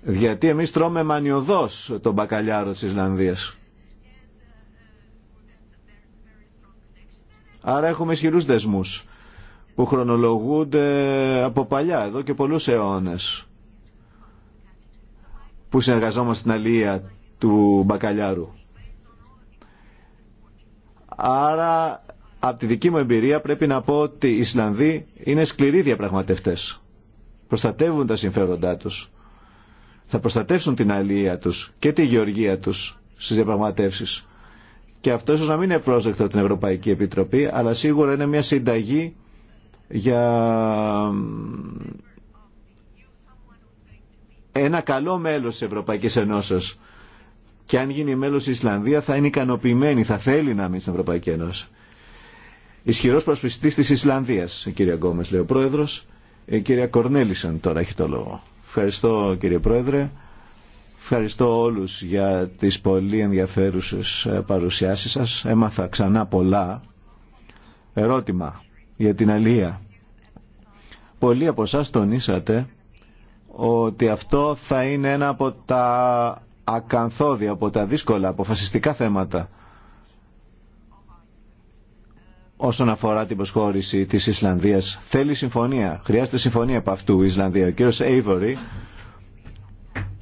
Γιατί εμεί τρώμε μανιωδώ τον μπακαλιάρο τη Ισλανδία. Άρα έχουμε ισχυρού δεσμού που χρονολογούνται από παλιά, εδώ και πολλούς αιώνες που συνεργαζόμαστε στην αλία του μπακαλιάρου. Άρα, από τη δική μου εμπειρία πρέπει να πω ότι οι Ισλανδοί είναι σκληροί διαπραγματευτές. Προστατεύουν τα συμφέροντά τους. Θα προστατεύσουν την αλληλεία τους και τη γεωργία τους στις διαπραγματεύσει. Και αυτό ίσω να μην είναι πρόσδεκτο την Ευρωπαϊκή Επιτροπή, αλλά σίγουρα είναι μια συνταγή για ένα καλό μέλος της Ευρωπαϊκής Ενώσεως και αν γίνει μέλος η Ισλανδία θα είναι ικανοποιημένη, θα θέλει να μείνει στην Ευρωπαϊκή Ένωση. Ισχυρό προσπιστή τη Ισλανδία, κύριε κυρία Γκόμε, λέει ο πρόεδρο. Η κυρία Κορνέλησαν τώρα έχει το λόγο. Ευχαριστώ κύριε πρόεδρε. Ευχαριστώ όλους για τις πολύ ενδιαφέρουσε ε, παρουσιάσεις σας. Έμαθα ξανά πολλά. Ερώτημα για την αλία. Πολλοί από εσά τονίσατε ότι αυτό θα είναι ένα από τα ακανθόδη από τα δύσκολα αποφασιστικά θέματα όσον αφορά την προσχώρηση της Ισλανδίας. Θέλει συμφωνία, χρειάζεται συμφωνία από αυτού η Ισλανδία. Ο κύριος Avery,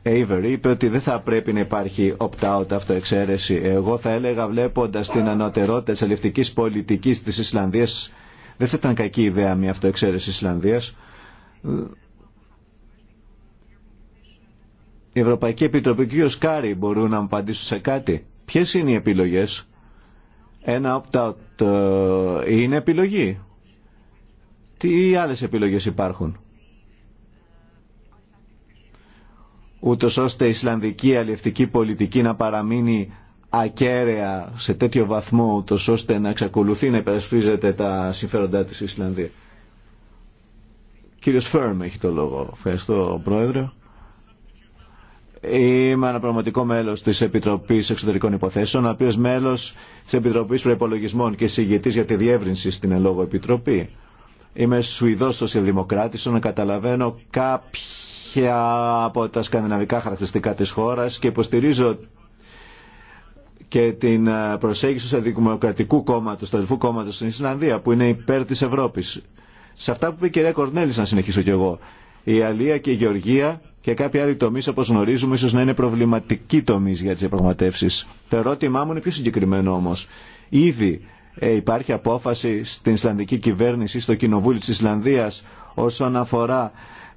Avery είπε ότι δεν θα πρέπει να υπάρχει opt-out αυτοεξαίρεση. Εγώ θα έλεγα βλέποντας την ανωτερότητα της αλληλευτικής πολιτικής της Ισλανδίας δεν θα ήταν κακή ιδέα μια αυτοεξαίρεση Ισλανδίας η Ευρωπαϊκή Επιτροπή και ο Σκάρη μπορούν να μου απαντήσουν σε κάτι. Ποιε είναι οι επιλογές. Ένα opt-out ε, είναι επιλογή. Τι άλλες επιλογές υπάρχουν. ούτω ώστε η Ισλανδική αλληλευτική πολιτική να παραμείνει ακέραια σε τέτοιο βαθμό, ούτω ώστε να εξακολουθεί να υπερασπίζεται τα συμφέροντά της Ισλανδία. Κύριος Φέρμ έχει το λόγο. Ευχαριστώ, Πρόεδρε. Είμαι πραγματικό μέλο τη Επιτροπή Εξωτερικών Υποθέσεων, ο οποίο μέλο τη Επιτροπή Προπολογισμών και συγγετή για τη διεύρυνση στην Ελόγω Επιτροπή. Είμαι Σουηδό Σοσιαλδημοκράτη, να καταλαβαίνω κάποια από τα σκανδιναβικά χαρακτηριστικά τη χώρα και υποστηρίζω και την ε, προσέγγιση του Δημοκρατικού Κόμματο, του Αδελφού Κόμματο στην Ισλανδία, που είναι υπέρ τη Ευρώπη. Σε αυτά που είπε η κυρία Κορνέλη, να συνεχίσω κι εγώ. Η Αλία και η Γεωργία και κάποιοι άλλοι τομεί, όπω γνωρίζουμε, ίσω να είναι προβληματικοί τομεί για τι διαπραγματεύσει. Το ερώτημά μου είναι πιο συγκεκριμένο όμω. Ήδη ε, υπάρχει απόφαση στην Ισλανδική κυβέρνηση, στο Κοινοβούλιο τη Ισλανδία, όσον αφορά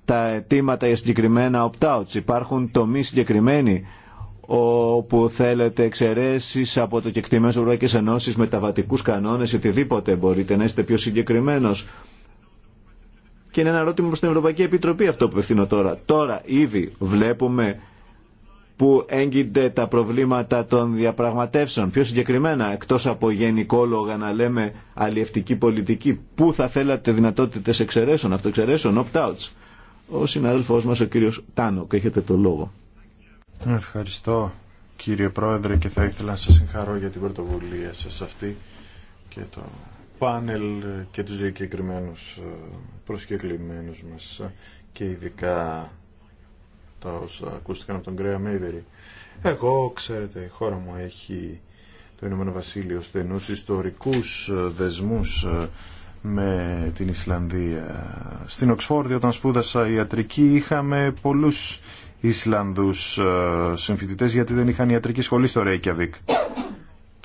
τα αιτήματα για συγκεκριμένα opt-outs. Υπάρχουν τομεί συγκεκριμένοι όπου θέλετε εξαιρέσει από το κεκτημένο Ευρωπαϊκή Ενώση, μεταβατικού κανόνε, οτιδήποτε μπορείτε να είστε πιο συγκεκριμένο και είναι ένα ερώτημα προ την Ευρωπαϊκή Επιτροπή αυτό που ευθύνω τώρα. Τώρα ήδη βλέπουμε που έγκυνται τα προβλήματα των διαπραγματεύσεων. Πιο συγκεκριμένα, εκτό από γενικόλογα να λέμε αλλιευτική πολιτική, πού θα θέλατε δυνατότητες εξαιρέσεων, αυτοεξαιρέσεων, opt-outs. Ο συνάδελφό μα, ο κύριος Τάνοκ, έχετε το λόγο. Ευχαριστώ κύριε Πρόεδρε και θα ήθελα να σας συγχαρώ για την πρωτοβουλία σας αυτή και το πάνελ και τους διακεκριμένους ε, προσκεκλημένους μας και ειδικά τα όσα ακούστηκαν από τον Κρέα Μέιβερη. Εγώ, ξέρετε, η χώρα μου έχει το Ηνωμένο Βασίλειο στενούς ιστορικούς ε, δεσμούς ε, με την Ισλανδία. Στην Οξφόρδη όταν σπούδασα ιατρική είχαμε πολλούς Ισλανδούς συμφοιτητές γιατί δεν είχαν ιατρική σχολή στο Ρέικιαβικ.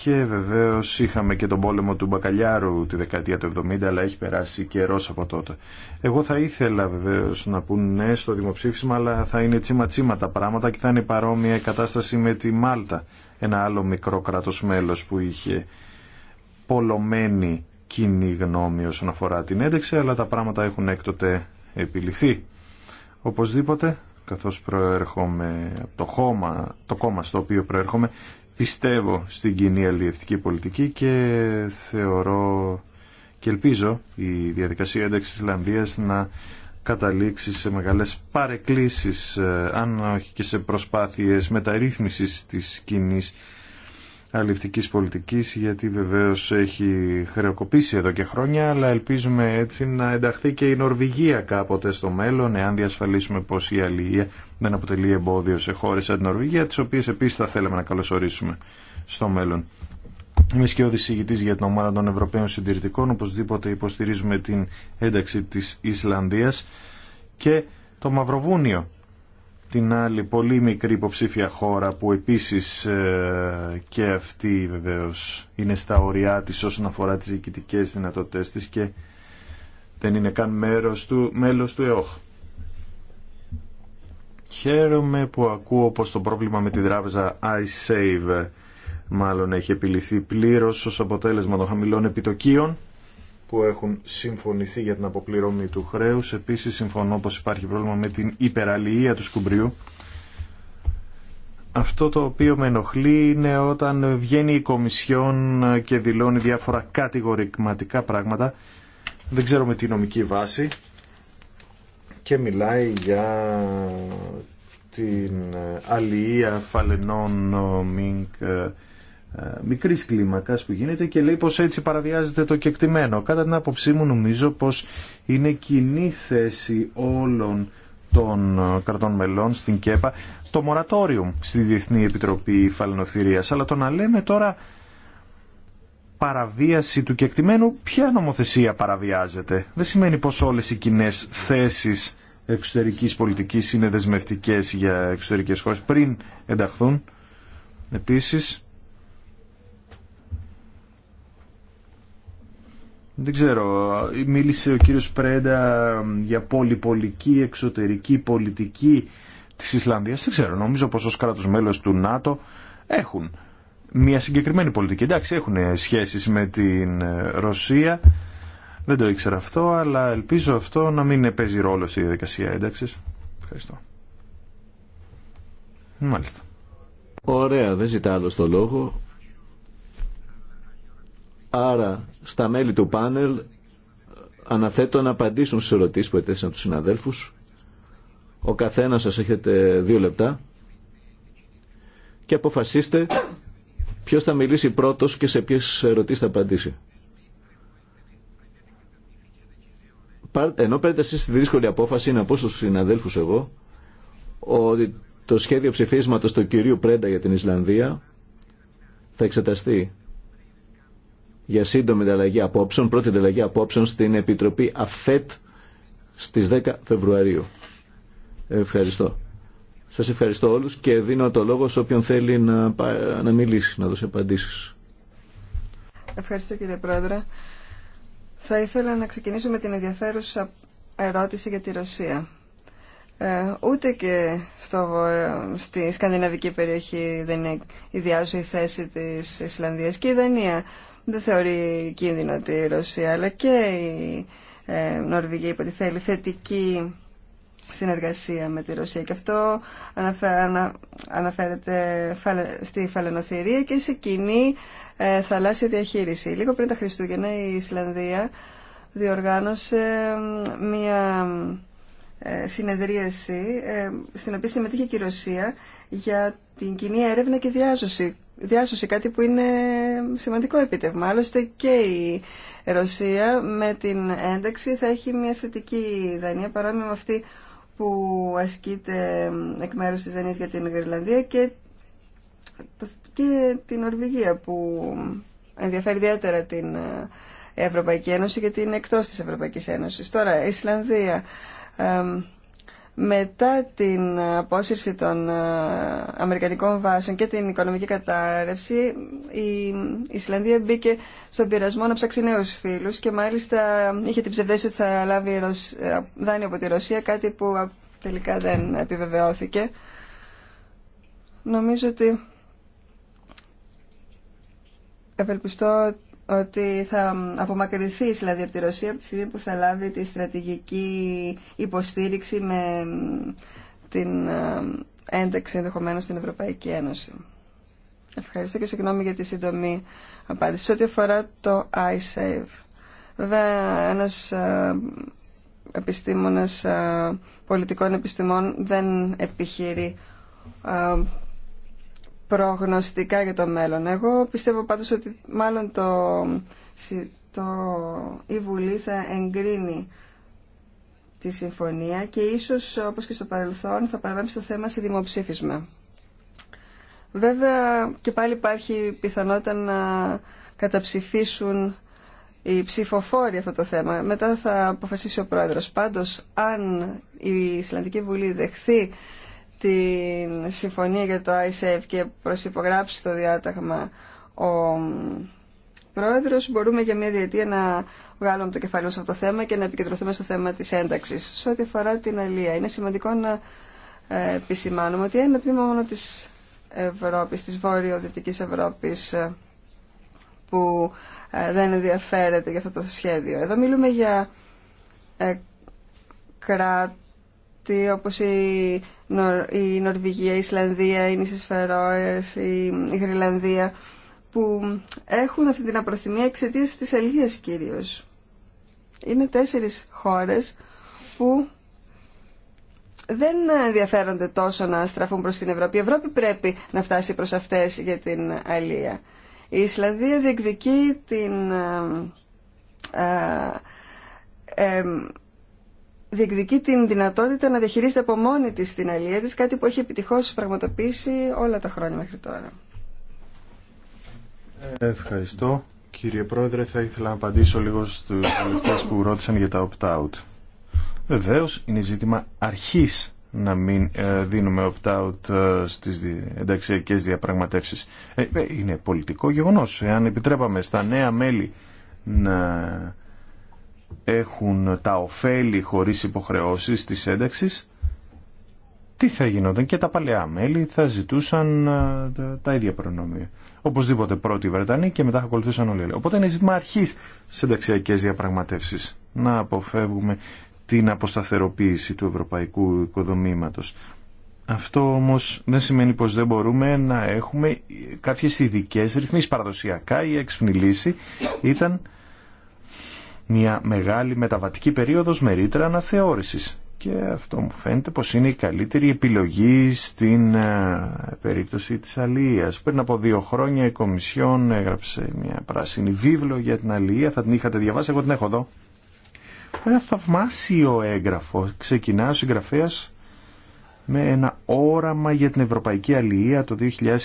Και βεβαίως είχαμε και τον πόλεμο του Μπακαλιάρου τη δεκαετία του 70, αλλά έχει περάσει καιρός από τότε. Εγώ θα ήθελα βεβαίως να πούν ναι στο δημοψήφισμα, αλλά θα είναι τσίμα τσίμα τα πράγματα και θα είναι παρόμοια η κατάσταση με τη Μάλτα, ένα άλλο μικρό κράτος μέλος που είχε πολλωμένη κοινή γνώμη όσον αφορά την ένταξη, αλλά τα πράγματα έχουν έκτοτε επιληθεί. Οπωσδήποτε, καθώς προέρχομαι από το, το κόμμα στο οποίο προέρχομαι, πιστεύω στην κοινή αλληλευτική πολιτική και θεωρώ και ελπίζω η διαδικασία ένταξης της Ισλανδίας να καταλήξει σε μεγάλες παρεκκλήσεις ε, αν όχι και σε προσπάθειες μεταρρύθμισης της κοινής αληφτικής πολιτικής γιατί βεβαίως έχει χρεοκοπήσει εδώ και χρόνια αλλά ελπίζουμε έτσι να ενταχθεί και η Νορβηγία κάποτε στο μέλλον εάν διασφαλίσουμε πως η αλληλεία δεν αποτελεί εμπόδιο σε χώρες σαν την Νορβηγία τις οποίες επίσης θα θέλαμε να καλωσορίσουμε στο μέλλον. Είμαι και ο για την ομάδα των Ευρωπαίων Συντηρητικών. Οπωσδήποτε υποστηρίζουμε την ένταξη της Ισλανδίας και το Μαυροβούνιο την άλλη πολύ μικρή υποψήφια χώρα που επίσης ε, και αυτή βεβαίως είναι στα ωριά της όσον αφορά τις διοικητικέ δυνατότητες της και δεν είναι καν μέρος του, μέλος του ΕΟΧ. Χαίρομαι που ακούω πως το πρόβλημα με τη τράπεζα iSave μάλλον έχει επιληθεί πλήρως ως αποτέλεσμα των χαμηλών επιτοκίων που έχουν συμφωνηθεί για την αποπληρωμή του χρέους. Επίσης συμφωνώ πως υπάρχει πρόβλημα με την υπεραλληλία του σκουμπριού. Αυτό το οποίο με ενοχλεί είναι όταν βγαίνει η Κομισιόν και δηλώνει διάφορα κατηγορηματικά πράγματα. Δεν ξέρω με τι νομική βάση και μιλάει για την αλληλεία φαλενών μink ε, μικρής κλίμακας που γίνεται και λέει πώ έτσι παραβιάζεται το κεκτημένο. Κατά την άποψή μου νομίζω πως είναι κοινή θέση όλων των ε, κρατών μελών στην ΚΕΠΑ το μορατόριο στη Διεθνή Επιτροπή φαλαινοθύρια. Αλλά το να λέμε τώρα παραβίαση του κεκτημένου, ποια νομοθεσία παραβιάζεται. Δεν σημαίνει πως όλες οι κοινέ θέσει εξωτερική πολιτική είναι δεσμευτικέ για εξωτερικέ χώρε. πριν ενταχθούν. Επίσης, Δεν ξέρω, μίλησε ο κύριος Πρέντα για πολυπολική εξωτερική πολιτική της Ισλανδίας. Δεν ξέρω, νομίζω πως ως κράτος μέλος του ΝΑΤΟ έχουν μια συγκεκριμένη πολιτική. Εντάξει, έχουν σχέσεις με την ε, Ρωσία, δεν το ήξερα αυτό, αλλά ελπίζω αυτό να μην παίζει ρόλο στη διαδικασία ένταξης. Ευχαριστώ. Μάλιστα. Ωραία, δεν ζητά άλλο το λόγο. Άρα, στα μέλη του πάνελ αναθέτω να απαντήσουν στις ερωτήσεις που ετέθησαν τους συναδέλφους. Ο καθένας σας έχετε δύο λεπτά και αποφασίστε ποιος θα μιλήσει πρώτος και σε ποιες ερωτήσεις θα απαντήσει. Ενώ παίρνετε εσείς τη δύσκολη απόφαση να πω στους συναδέλφους εγώ ότι το σχέδιο ψηφίσματος του κυρίου Πρέντα για την Ισλανδία θα εξεταστεί για σύντομη ανταλλαγή απόψεων, πρώτη ανταλλαγή απόψεων στην Επιτροπή ΑΦΕΤ στις 10 Φεβρουαρίου. Ευχαριστώ. Σας ευχαριστώ όλους και δίνω το λόγο σε όποιον θέλει να, να μιλήσει, να δώσει απαντήσεις. Ευχαριστώ κύριε Πρόεδρε. Θα ήθελα να ξεκινήσω με την ενδιαφέρουσα ερώτηση για τη Ρωσία. Ε, ούτε και στο, στη σκανδιναβική περιοχή δεν είναι ιδιάζουσα η θέση της Ισλανδίας και η Δανία δεν θεωρεί κίνδυνο τη Ρωσία, αλλά και η ε, Νορβηγία υποτιθέλει θετική συνεργασία με τη Ρωσία και αυτό αναφέρεται στη φαλαινοθυρία και σε κοινή ε, θαλάσσια διαχείριση. Λίγο πριν τα Χριστούγεννα η Ισλανδία διοργάνωσε μία ε, συνεδρίαση στην οποία συμμετείχε και η Ρωσία για την κοινή έρευνα και διάσωση διάσωση, κάτι που είναι σημαντικό επίτευγμα. Άλλωστε και η Ρωσία με την ένταξη θα έχει μια θετική δανεία παρόμοια με αυτή που ασκείται εκ μέρους της δανείας για την Γρυλανδία και, και την Ορβηγία που ενδιαφέρει ιδιαίτερα την ε, Ευρωπαϊκή Ένωση γιατί είναι εκτός της Ευρωπαϊκής Ένωσης. Τώρα, η Ισλανδία, μετά την απόσυρση των ε, Αμερικανικών βάσεων και την οικονομική κατάρρευση η Ισλανδία μπήκε στον πειρασμό να ψάξει νέου φίλους και μάλιστα είχε την ψευδέση ότι θα λάβει ε, δάνειο από τη Ρωσία κάτι που τελικά δεν επιβεβαιώθηκε. Νομίζω ότι ευελπιστώ ότι θα απομακρυνθεί δηλαδή, από τη Ρωσία από τη στιγμή που θα λάβει τη στρατηγική υποστήριξη με την ε, ένταξη ενδεχομένω στην Ευρωπαϊκή Ένωση. Ευχαριστώ και συγγνώμη για τη σύντομη απάντηση. Ό,τι αφορά το iSave. Βέβαια, ένας ε, επιστήμονας ε, πολιτικών επιστημών δεν επιχειρεί προγνωστικά για το μέλλον. Εγώ πιστεύω πάντως ότι μάλλον το, το, η Βουλή θα εγκρίνει τη συμφωνία και ίσως όπως και στο παρελθόν θα παραμένει στο θέμα σε δημοψήφισμα. Βέβαια και πάλι υπάρχει πιθανότητα να καταψηφίσουν οι ψηφοφόροι αυτό το θέμα. Μετά θα αποφασίσει ο πρόεδρος. Πάντως, αν η Ισλανδική Βουλή δεχθεί την συμφωνία για το ISF και προσυπογράψει το διάταγμα ο πρόεδρος, μπορούμε για μια διετία να βγάλουμε το κεφάλι μας σε αυτό το θέμα και να επικεντρωθούμε στο θέμα της ένταξης. Σε ό,τι αφορά την αλία, είναι σημαντικό να ε, επισημάνουμε ότι ένα τμήμα μόνο της Ευρώπης, της βόρειο-δυτικής Ευρώπης ε, που ε, δεν ενδιαφέρεται για αυτό το σχέδιο. Εδώ μιλούμε για κράτη. Τη όπως η, Νορβηγία, η Ισλανδία, οι νησίες Φερόες, η, η Γρυλανδία που έχουν αυτή την απροθυμία εξαιτία της αλήθειας κυρίως. Είναι τέσσερις χώρες που δεν ενδιαφέρονται τόσο να στραφούν προς την Ευρώπη. Η Ευρώπη πρέπει να φτάσει προς αυτές για την Αλία. Η Ισλανδία διεκδικεί την ε, ε, διεκδικεί την δυνατότητα να διαχειρίζεται από μόνη της την αλληλεία της, κάτι που έχει επιτυχώς πραγματοποιήσει όλα τα χρόνια μέχρι τώρα. Ευχαριστώ. Κύριε Πρόεδρε, θα ήθελα να απαντήσω λίγο στους τελευταίους που ρώτησαν για τα opt-out. Βεβαίως, είναι ζήτημα αρχής να μην ε, δίνουμε opt-out ε, στις ενταξιακές διαπραγματεύσεις. Ε, είναι πολιτικό γεγονός. Εάν επιτρέπαμε στα νέα μέλη να έχουν τα ωφέλη χωρίς υποχρεώσεις της ένταξης, τι θα γινόταν και τα παλαιά μέλη θα ζητούσαν τα, ίδια προνόμια. Οπωσδήποτε πρώτοι οι Βρετανοί και μετά θα ακολουθούσαν όλοι οι Οπότε είναι ζήτημα αρχή στι ενταξιακέ διαπραγματεύσει. Να αποφεύγουμε την αποσταθεροποίηση του ευρωπαϊκού οικοδομήματος. Αυτό όμως δεν σημαίνει πως δεν μπορούμε να έχουμε κάποιες ειδικέ ρυθμίσεις. Παραδοσιακά η έξυπνη λύση ήταν μια μεγάλη μεταβατική περίοδος με ρήτρα αναθεώρησης. Και αυτό μου φαίνεται πως είναι η καλύτερη επιλογή στην ε, περίπτωση της αλληλείας. Πριν από δύο χρόνια η Κομισιόν έγραψε μια πράσινη βίβλο για την αλληλεία. Θα την είχατε διαβάσει, εγώ την έχω εδώ. Ένα ε, θαυμάσιο έγγραφο. Ξεκινά ο συγγραφέας με ένα όραμα για την Ευρωπαϊκή Αλληλεία το 2020.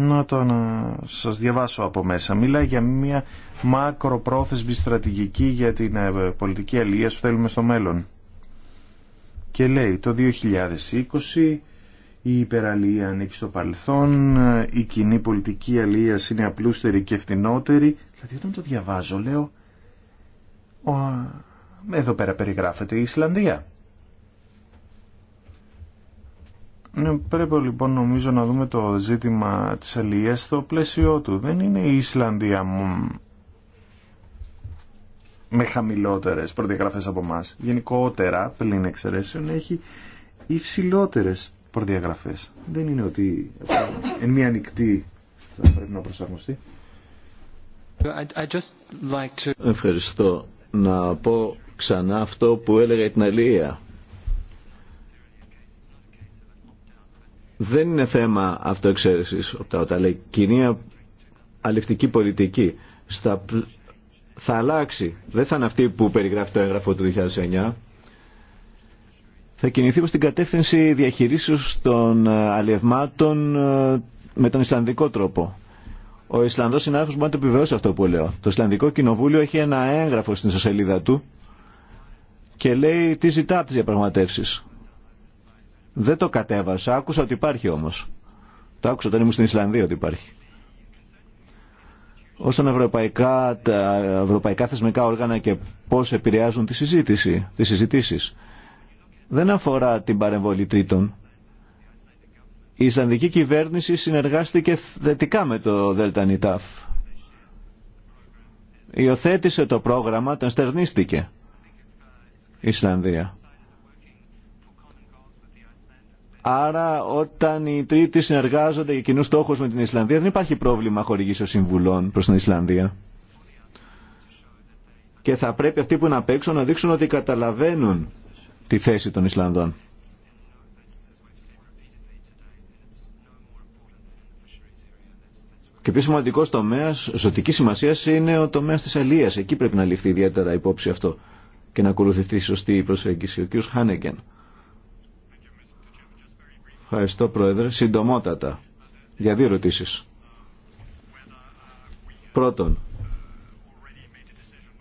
Να το να σας διαβάσω από μέσα. Μιλάει για μια μακροπρόθεσμη στρατηγική για την ε, πολιτική αλληλεία που θέλουμε στο μέλλον. Και λέει το 2020 η υπεραλία ανήκει στο παρελθόν, η κοινή πολιτική αλληλεία είναι απλούστερη και φτηνότερη. Δηλαδή όταν το διαβάζω λέω, ο, εδώ πέρα περιγράφεται η Ισλανδία. Ναι, πρέπει λοιπόν νομίζω να δούμε το ζήτημα της αλληλείας στο πλαίσιο του. Δεν είναι η Ισλανδία με χαμηλότερες προδιαγραφές από εμά. Γενικότερα, πλην εξαιρέσεων, έχει υψηλότερες προδιαγραφές. Δεν είναι ότι εν μία νυχτή θα πρέπει να προσαρμοστεί. Ευχαριστώ. Να πω ξανά αυτό που έλεγα την αλληλεία δεν είναι θέμα αυτοεξαίρεσης όταν λέει κοινή αληφτική πολιτική στα, θα αλλάξει. Δεν θα είναι αυτή που περιγράφει το έγγραφο του 2009. Θα κινηθεί προς την κατεύθυνση διαχειρίσεως των ε, αλλιευμάτων ε, με τον Ισλανδικό τρόπο. Ο Ισλανδός συνάδελφος μπορεί να το επιβεβαιώσει αυτό που λέω. Το Ισλανδικό Κοινοβούλιο έχει ένα έγγραφο στην σελίδα του και λέει τι ζητά από τι διαπραγματεύσει. Δεν το κατέβασα, άκουσα ότι υπάρχει όμως. Το άκουσα όταν ήμουν στην Ισλανδία ότι υπάρχει. Όσον ευρωπαϊκά, τα ευρωπαϊκά θεσμικά όργανα και πώς επηρεάζουν τη συζήτηση, τις συζητήσεις. Δεν αφορά την παρεμβολή τρίτων. Η Ισλανδική κυβέρνηση συνεργάστηκε θετικά με το ΔΕΛΤΑΝΙΤΑΦ. Υιοθέτησε το πρόγραμμα, το στερνίστηκε Ισλανδία. Άρα όταν οι τρίτοι συνεργάζονται για κοινού στόχου με την Ισλανδία δεν υπάρχει πρόβλημα χορηγήσεων συμβουλών προς την Ισλανδία. Και θα πρέπει αυτοί που να έξω να δείξουν ότι καταλαβαίνουν τη θέση των Ισλανδών. Και πιο σημαντικό τομέα ζωτική σημασία είναι ο τομέα τη Αλία. Εκεί πρέπει να ληφθεί ιδιαίτερα υπόψη αυτό και να ακολουθηθεί σωστή προσέγγιση. Ο κ. Χάνεγκεν. Ευχαριστώ, Πρόεδρε. Συντομότατα, για δύο ερωτήσει. Πρώτον,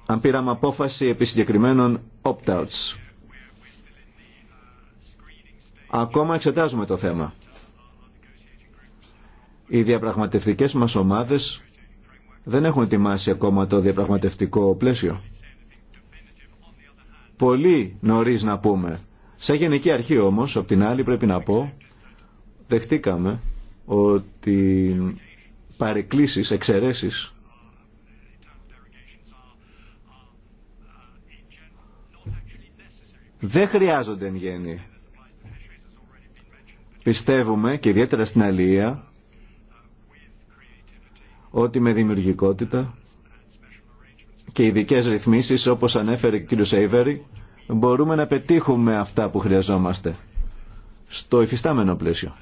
αν πήραμε απόφαση επί συγκεκριμένων opt-outs. Ακόμα εξετάζουμε το θέμα. Οι διαπραγματευτικές μας ομάδες δεν έχουν ετοιμάσει ακόμα το διαπραγματευτικό πλαίσιο. Πολύ νωρίς να πούμε. Σε γενική αρχή όμως, από την άλλη πρέπει να πω δεχτήκαμε ότι παρεκκλήσεις, εξαιρέσεις δεν χρειάζονται εν γέννη. Πιστεύουμε και ιδιαίτερα στην αλληλεία ότι με δημιουργικότητα και ειδικέ ρυθμίσεις όπως ανέφερε ο κ. Σέιβερη μπορούμε να πετύχουμε αυτά που χρειαζόμαστε στο υφιστάμενο πλαίσιο.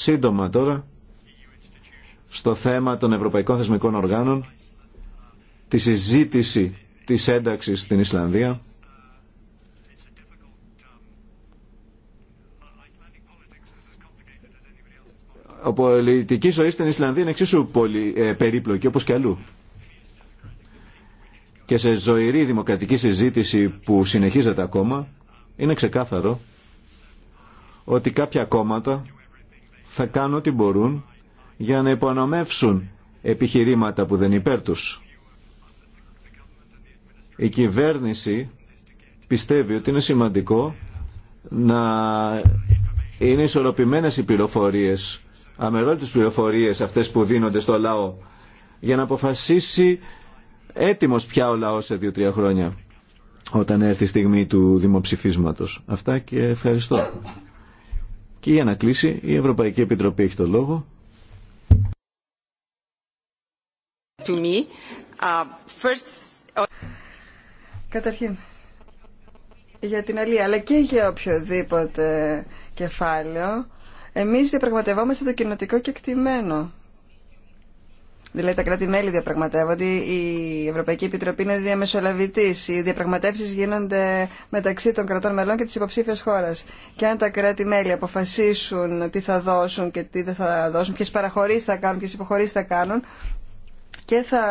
Σύντομα τώρα, στο θέμα των Ευρωπαϊκών Θεσμικών Οργάνων, τη συζήτηση της ένταξης στην Ισλανδία. Ο πολιτική ζωή στην Ισλανδία είναι εξίσου πολύ, ε, περίπλοκη όπως και αλλού. Και σε ζωηρή δημοκρατική συζήτηση που συνεχίζεται ακόμα, είναι ξεκάθαρο ότι κάποια κόμματα θα κάνουν ό,τι μπορούν για να υπονομεύσουν επιχειρήματα που δεν υπέρ τους. Η κυβέρνηση πιστεύει ότι είναι σημαντικό να είναι ισορροπημένες οι πληροφορίες, αμερόληπτες πληροφορίες αυτές που δίνονται στο λαό, για να αποφασίσει έτοιμος πια ο λαός σε δύο-τρία χρόνια, όταν έρθει η στιγμή του δημοψηφίσματος. Αυτά και ευχαριστώ. Και για να κλείσει η Ευρωπαϊκή Επιτροπή έχει το λόγο. To me. Uh, first... Uh, Καταρχήν, για την Αλία, αλλά και για οποιοδήποτε κεφάλαιο, εμείς διαπραγματευόμαστε το κοινοτικό κεκτημένο. Δηλαδή τα κράτη-μέλη διαπραγματεύονται, η Ευρωπαϊκή Επιτροπή είναι διαμεσολαβητή. Οι διαπραγματεύσει γίνονται μεταξύ των κρατών μελών και τη υποψήφια χώρα. Και αν τα κράτη-μέλη αποφασίσουν τι θα δώσουν και τι δεν θα δώσουν, ποιε παραχωρήσει θα κάνουν, ποιε υποχωρήσει θα κάνουν και θα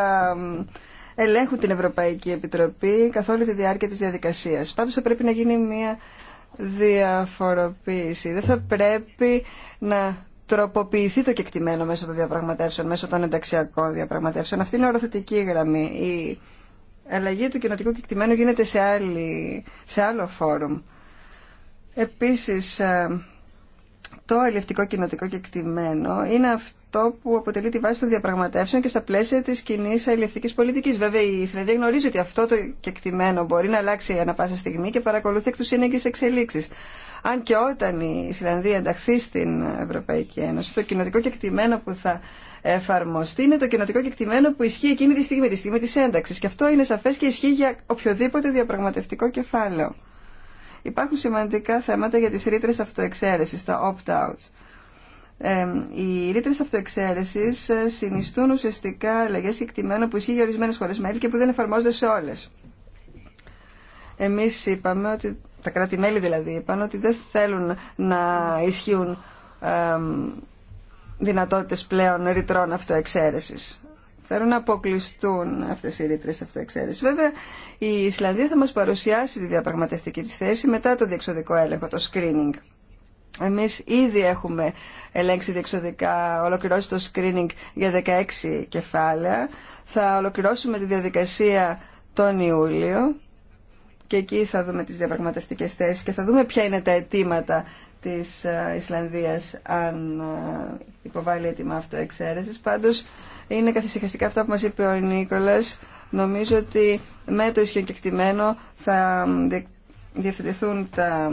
ελέγχουν την Ευρωπαϊκή Επιτροπή καθ' όλη τη διάρκεια τη διαδικασία. Πάντω θα πρέπει να γίνει μια διαφοροποίηση. Δεν θα πρέπει να τροποποιηθεί το κεκτημένο μέσω των διαπραγματεύσεων, μέσω των ενταξιακών διαπραγματεύσεων. Αυτή είναι η οροθετική γραμμή. Η αλλαγή του κοινοτικού κεκτημένου γίνεται σε, σε άλλο φόρουμ. Επίσης, ε, το ελευτικό κοινοτικό κεκτημένο είναι αυτό που αποτελεί τη βάση των διαπραγματεύσεων και στα πλαίσια τη κοινή αλληλευτική πολιτική. Βέβαια, η Ισλανδία γνωρίζει ότι αυτό το κεκτημένο μπορεί να αλλάξει ανα πάσα στιγμή και παρακολουθεί εκ του σύνεγγυ εξελίξει. Αν και όταν η Ισλανδία ενταχθεί στην Ευρωπαϊκή Ένωση, το κοινοτικό κεκτημένο που θα εφαρμοστεί είναι το κοινοτικό κεκτημένο που ισχύει εκείνη τη στιγμή, τη στιγμή τη ένταξη. Και αυτό είναι σαφέ και ισχύει για οποιοδήποτε διαπραγματευτικό κεφάλαιο υπάρχουν σημαντικά θέματα για τις ρήτρες αυτοεξαίρεσης, τα opt-outs. Ε, οι ρήτρε αυτοεξαίρεση ε, συνιστούν ουσιαστικά αλλαγέ εκτιμένων που ισχύει για ορισμένε χώρε μέλη και που δεν εφαρμόζονται σε όλε. Εμεί είπαμε ότι, τα κράτη-μέλη δηλαδή, είπαν ότι δεν θέλουν να ισχύουν ε, δυνατότητες πλέον ρητρών αυτοεξαίρεση. Θέλουν να αποκλειστούν αυτέ οι ρήτρε αυτοεξαίρεση. Βέβαια, η Ισλανδία θα μα παρουσιάσει τη διαπραγματευτική τη θέση μετά το διεξοδικό έλεγχο, το screening. Εμείς ήδη έχουμε ελέγξει διεξοδικά, ολοκληρώσει το screening για 16 κεφάλαια. Θα ολοκληρώσουμε τη διαδικασία τον Ιούλιο και εκεί θα δούμε τις διαπραγματευτικές θέσεις και θα δούμε ποια είναι τα αιτήματα της ε, Ισλανδίας αν ε, υποβάλλει αίτημα αυτοεξαίρεση. Πάντως είναι καθησυχαστικά αυτά που μας είπε ο Νίκολας. Νομίζω ότι με το ισχυοκεκτημένο θα διευθετηθούν τα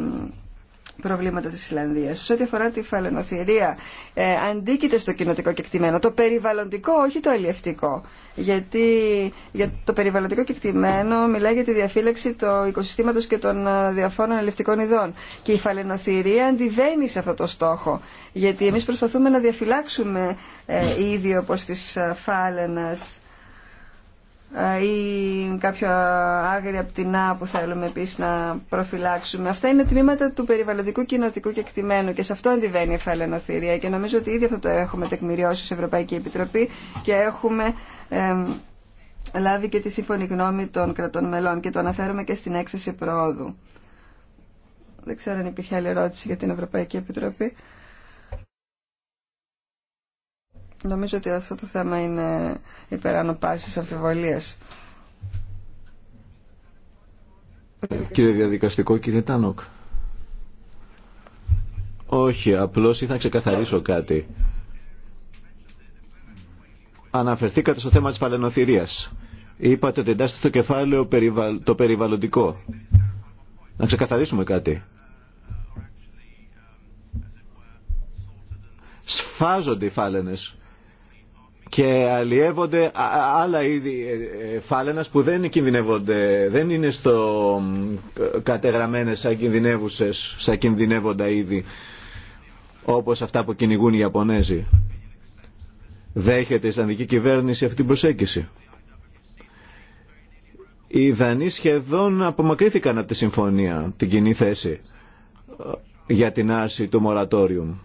προβλήματα της Ισλανδίας. Σε ό,τι αφορά τη φαλαινοθυρία, ε, αντίκειται στο κοινοτικό κεκτημένο, το περιβαλλοντικό, όχι το αλλιευτικό. Γιατί για το περιβαλλοντικό κεκτημένο μιλάει για τη διαφύλαξη του οικοσυστήματος και των ε, διαφόρων αλλιευτικών ειδών. Και η φαλαινοθυρία αντιβαίνει σε αυτό το στόχο. Γιατί εμείς προσπαθούμε να διαφυλάξουμε ήδη ε, όπως της φάλαινας ε, ή κάποια άγρια πτηνά που θέλουμε επίσης να προφυλάξουμε. Αυτά είναι τμήματα του περιβαλλοντικού κοινοτικού κεκτημένου και σε αυτό αντιβαίνει η φαλαινοθυρία και νομίζω ότι ήδη αυτό το έχουμε τεκμηριώσει ως Ευρωπαϊκή Επιτροπή και έχουμε λάβει και τη σύμφωνη γνώμη των κρατών μελών και το αναφέρουμε και στην έκθεση προόδου. Δεν ξέρω αν υπήρχε άλλη ερώτηση για την Ευρωπαϊκή Επιτροπή. Νομίζω ότι αυτό το θέμα είναι υπεράνω πάσης αμφιβολίας. Κύριε Διαδικαστικό, κύριε Τάνοκ. Όχι, απλώς ήθελα να ξεκαθαρίσω κάτι. Αναφερθήκατε στο θέμα της παλαινοθυρίας. Είπατε ότι εντάσσεται το κεφάλαιο το περιβαλλοντικό. Να ξεκαθαρίσουμε κάτι. Σφάζονται οι φάλαινες και αλλιεύονται άλλα είδη ε, ε, φάλαινας που δεν κινδυνεύονται, δεν είναι στο κατεγραμμένες σαν κινδυνεύουσες, σαν κινδυνεύοντα είδη, όπως αυτά που κυνηγούν οι Ιαπωνέζοι. Δέχεται η Ισλανδική κυβέρνηση αυτή την προσέγγιση. Οι Δανείοι σχεδόν απομακρύθηκαν από τη συμφωνία, την κοινή θέση, ε, για την άρση του μορατόριου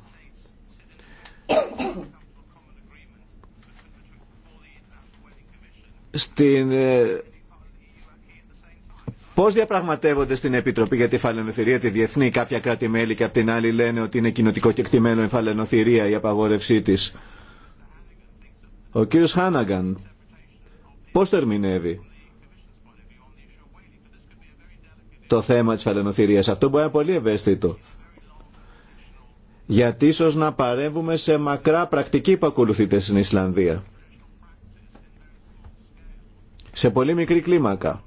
στην, ε, Πώ διαπραγματεύονται στην Επιτροπή για τη φαλαινοθυρία τη διεθνή, κάποια κράτη-μέλη και απ' την άλλη λένε ότι είναι κοινοτικό κεκτημένο η φαλαινοθυρία, η απαγόρευσή τη. Ο κύριο Χάναγκαν, πώ το ερμηνεύει το θέμα τη φαλαινοθυρία. Αυτό μπορεί να είναι πολύ ευαίσθητο. Γιατί ίσω να παρεύουμε σε μακρά πρακτική που ακολουθείται στην Ισλανδία σε πολύ μικρή κλίμακα.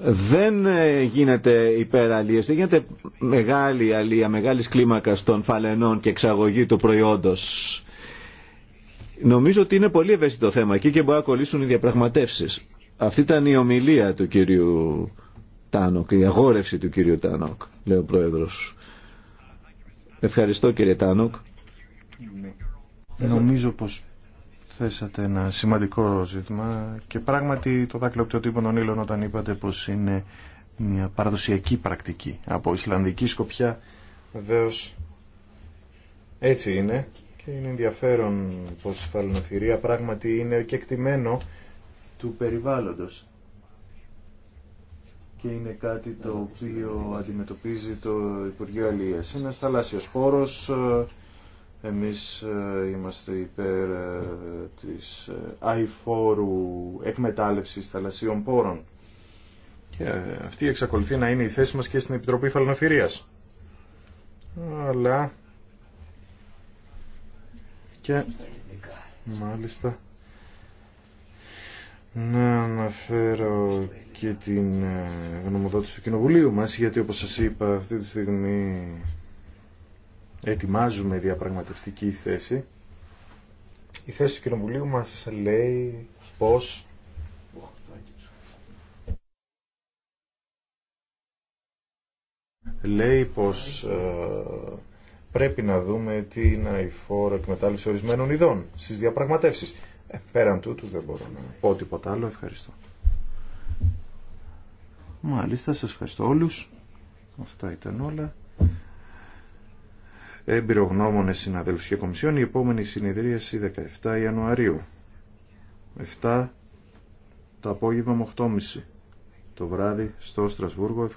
Δεν ε, γίνεται υπεραλίες, δεν γίνεται μεγάλη αλία, μεγάλης κλίμακας των φαλενών και εξαγωγή του προϊόντος. Νομίζω ότι είναι πολύ ευαίσθητο θέμα εκεί και μπορεί να κολλήσουν οι διαπραγματεύσεις. Αυτή ήταν η ομιλία του κύριου Τάνοκ, η αγόρευση του κύριου Τάνοκ, λέει ο Πρόεδρος. Ευχαριστώ κύριε Τάνοκ. Νομίζω πως θέσατε ένα σημαντικό ζήτημα και πράγματι το δάκλειο από των ήλων όταν είπατε πως είναι μια παραδοσιακή πρακτική από Ισλανδική σκοπιά βεβαίω έτσι είναι και είναι ενδιαφέρον πως η πράγματι είναι και εκτιμένο του περιβάλλοντος και είναι κάτι το οποίο αντιμετωπίζει το Υπουργείο Αλίας. Είναι ένας θαλάσσιος χώρος ε, εμείς ε, είμαστε υπέρ ε, της ε, αηφόρου εκμετάλλευσης θαλασσίων πόρων. Και αυτή εξακολουθεί να είναι η θέση μας και στην Επιτροπή Φαλονοφυρίας. Αλλά... Και... Μάλιστα. Να αναφέρω και την γνωμοδότηση του Κοινοβουλίου μας, γιατί όπως σας είπα αυτή τη στιγμή ετοιμάζουμε διαπραγματευτική θέση, η θέση του Κοινοβουλίου μας λέει πως λέει πως ε, πρέπει να δούμε τι είναι η φόρο εκμετάλλευση ορισμένων ειδών στις διαπραγματεύσεις. Ε, πέραν τούτου δεν μπορώ να πω τίποτα άλλο. Ευχαριστώ. Μάλιστα, σας ευχαριστώ όλους. Αυτά ήταν όλα εμπειρογνώμονε συναδέλφου και κομισιόν. Η επόμενη συνεδρίαση 17 Ιανουαρίου. 7 το απόγευμα με 8.30 το βράδυ στο Στρασβούργο. Ευχαριστώ.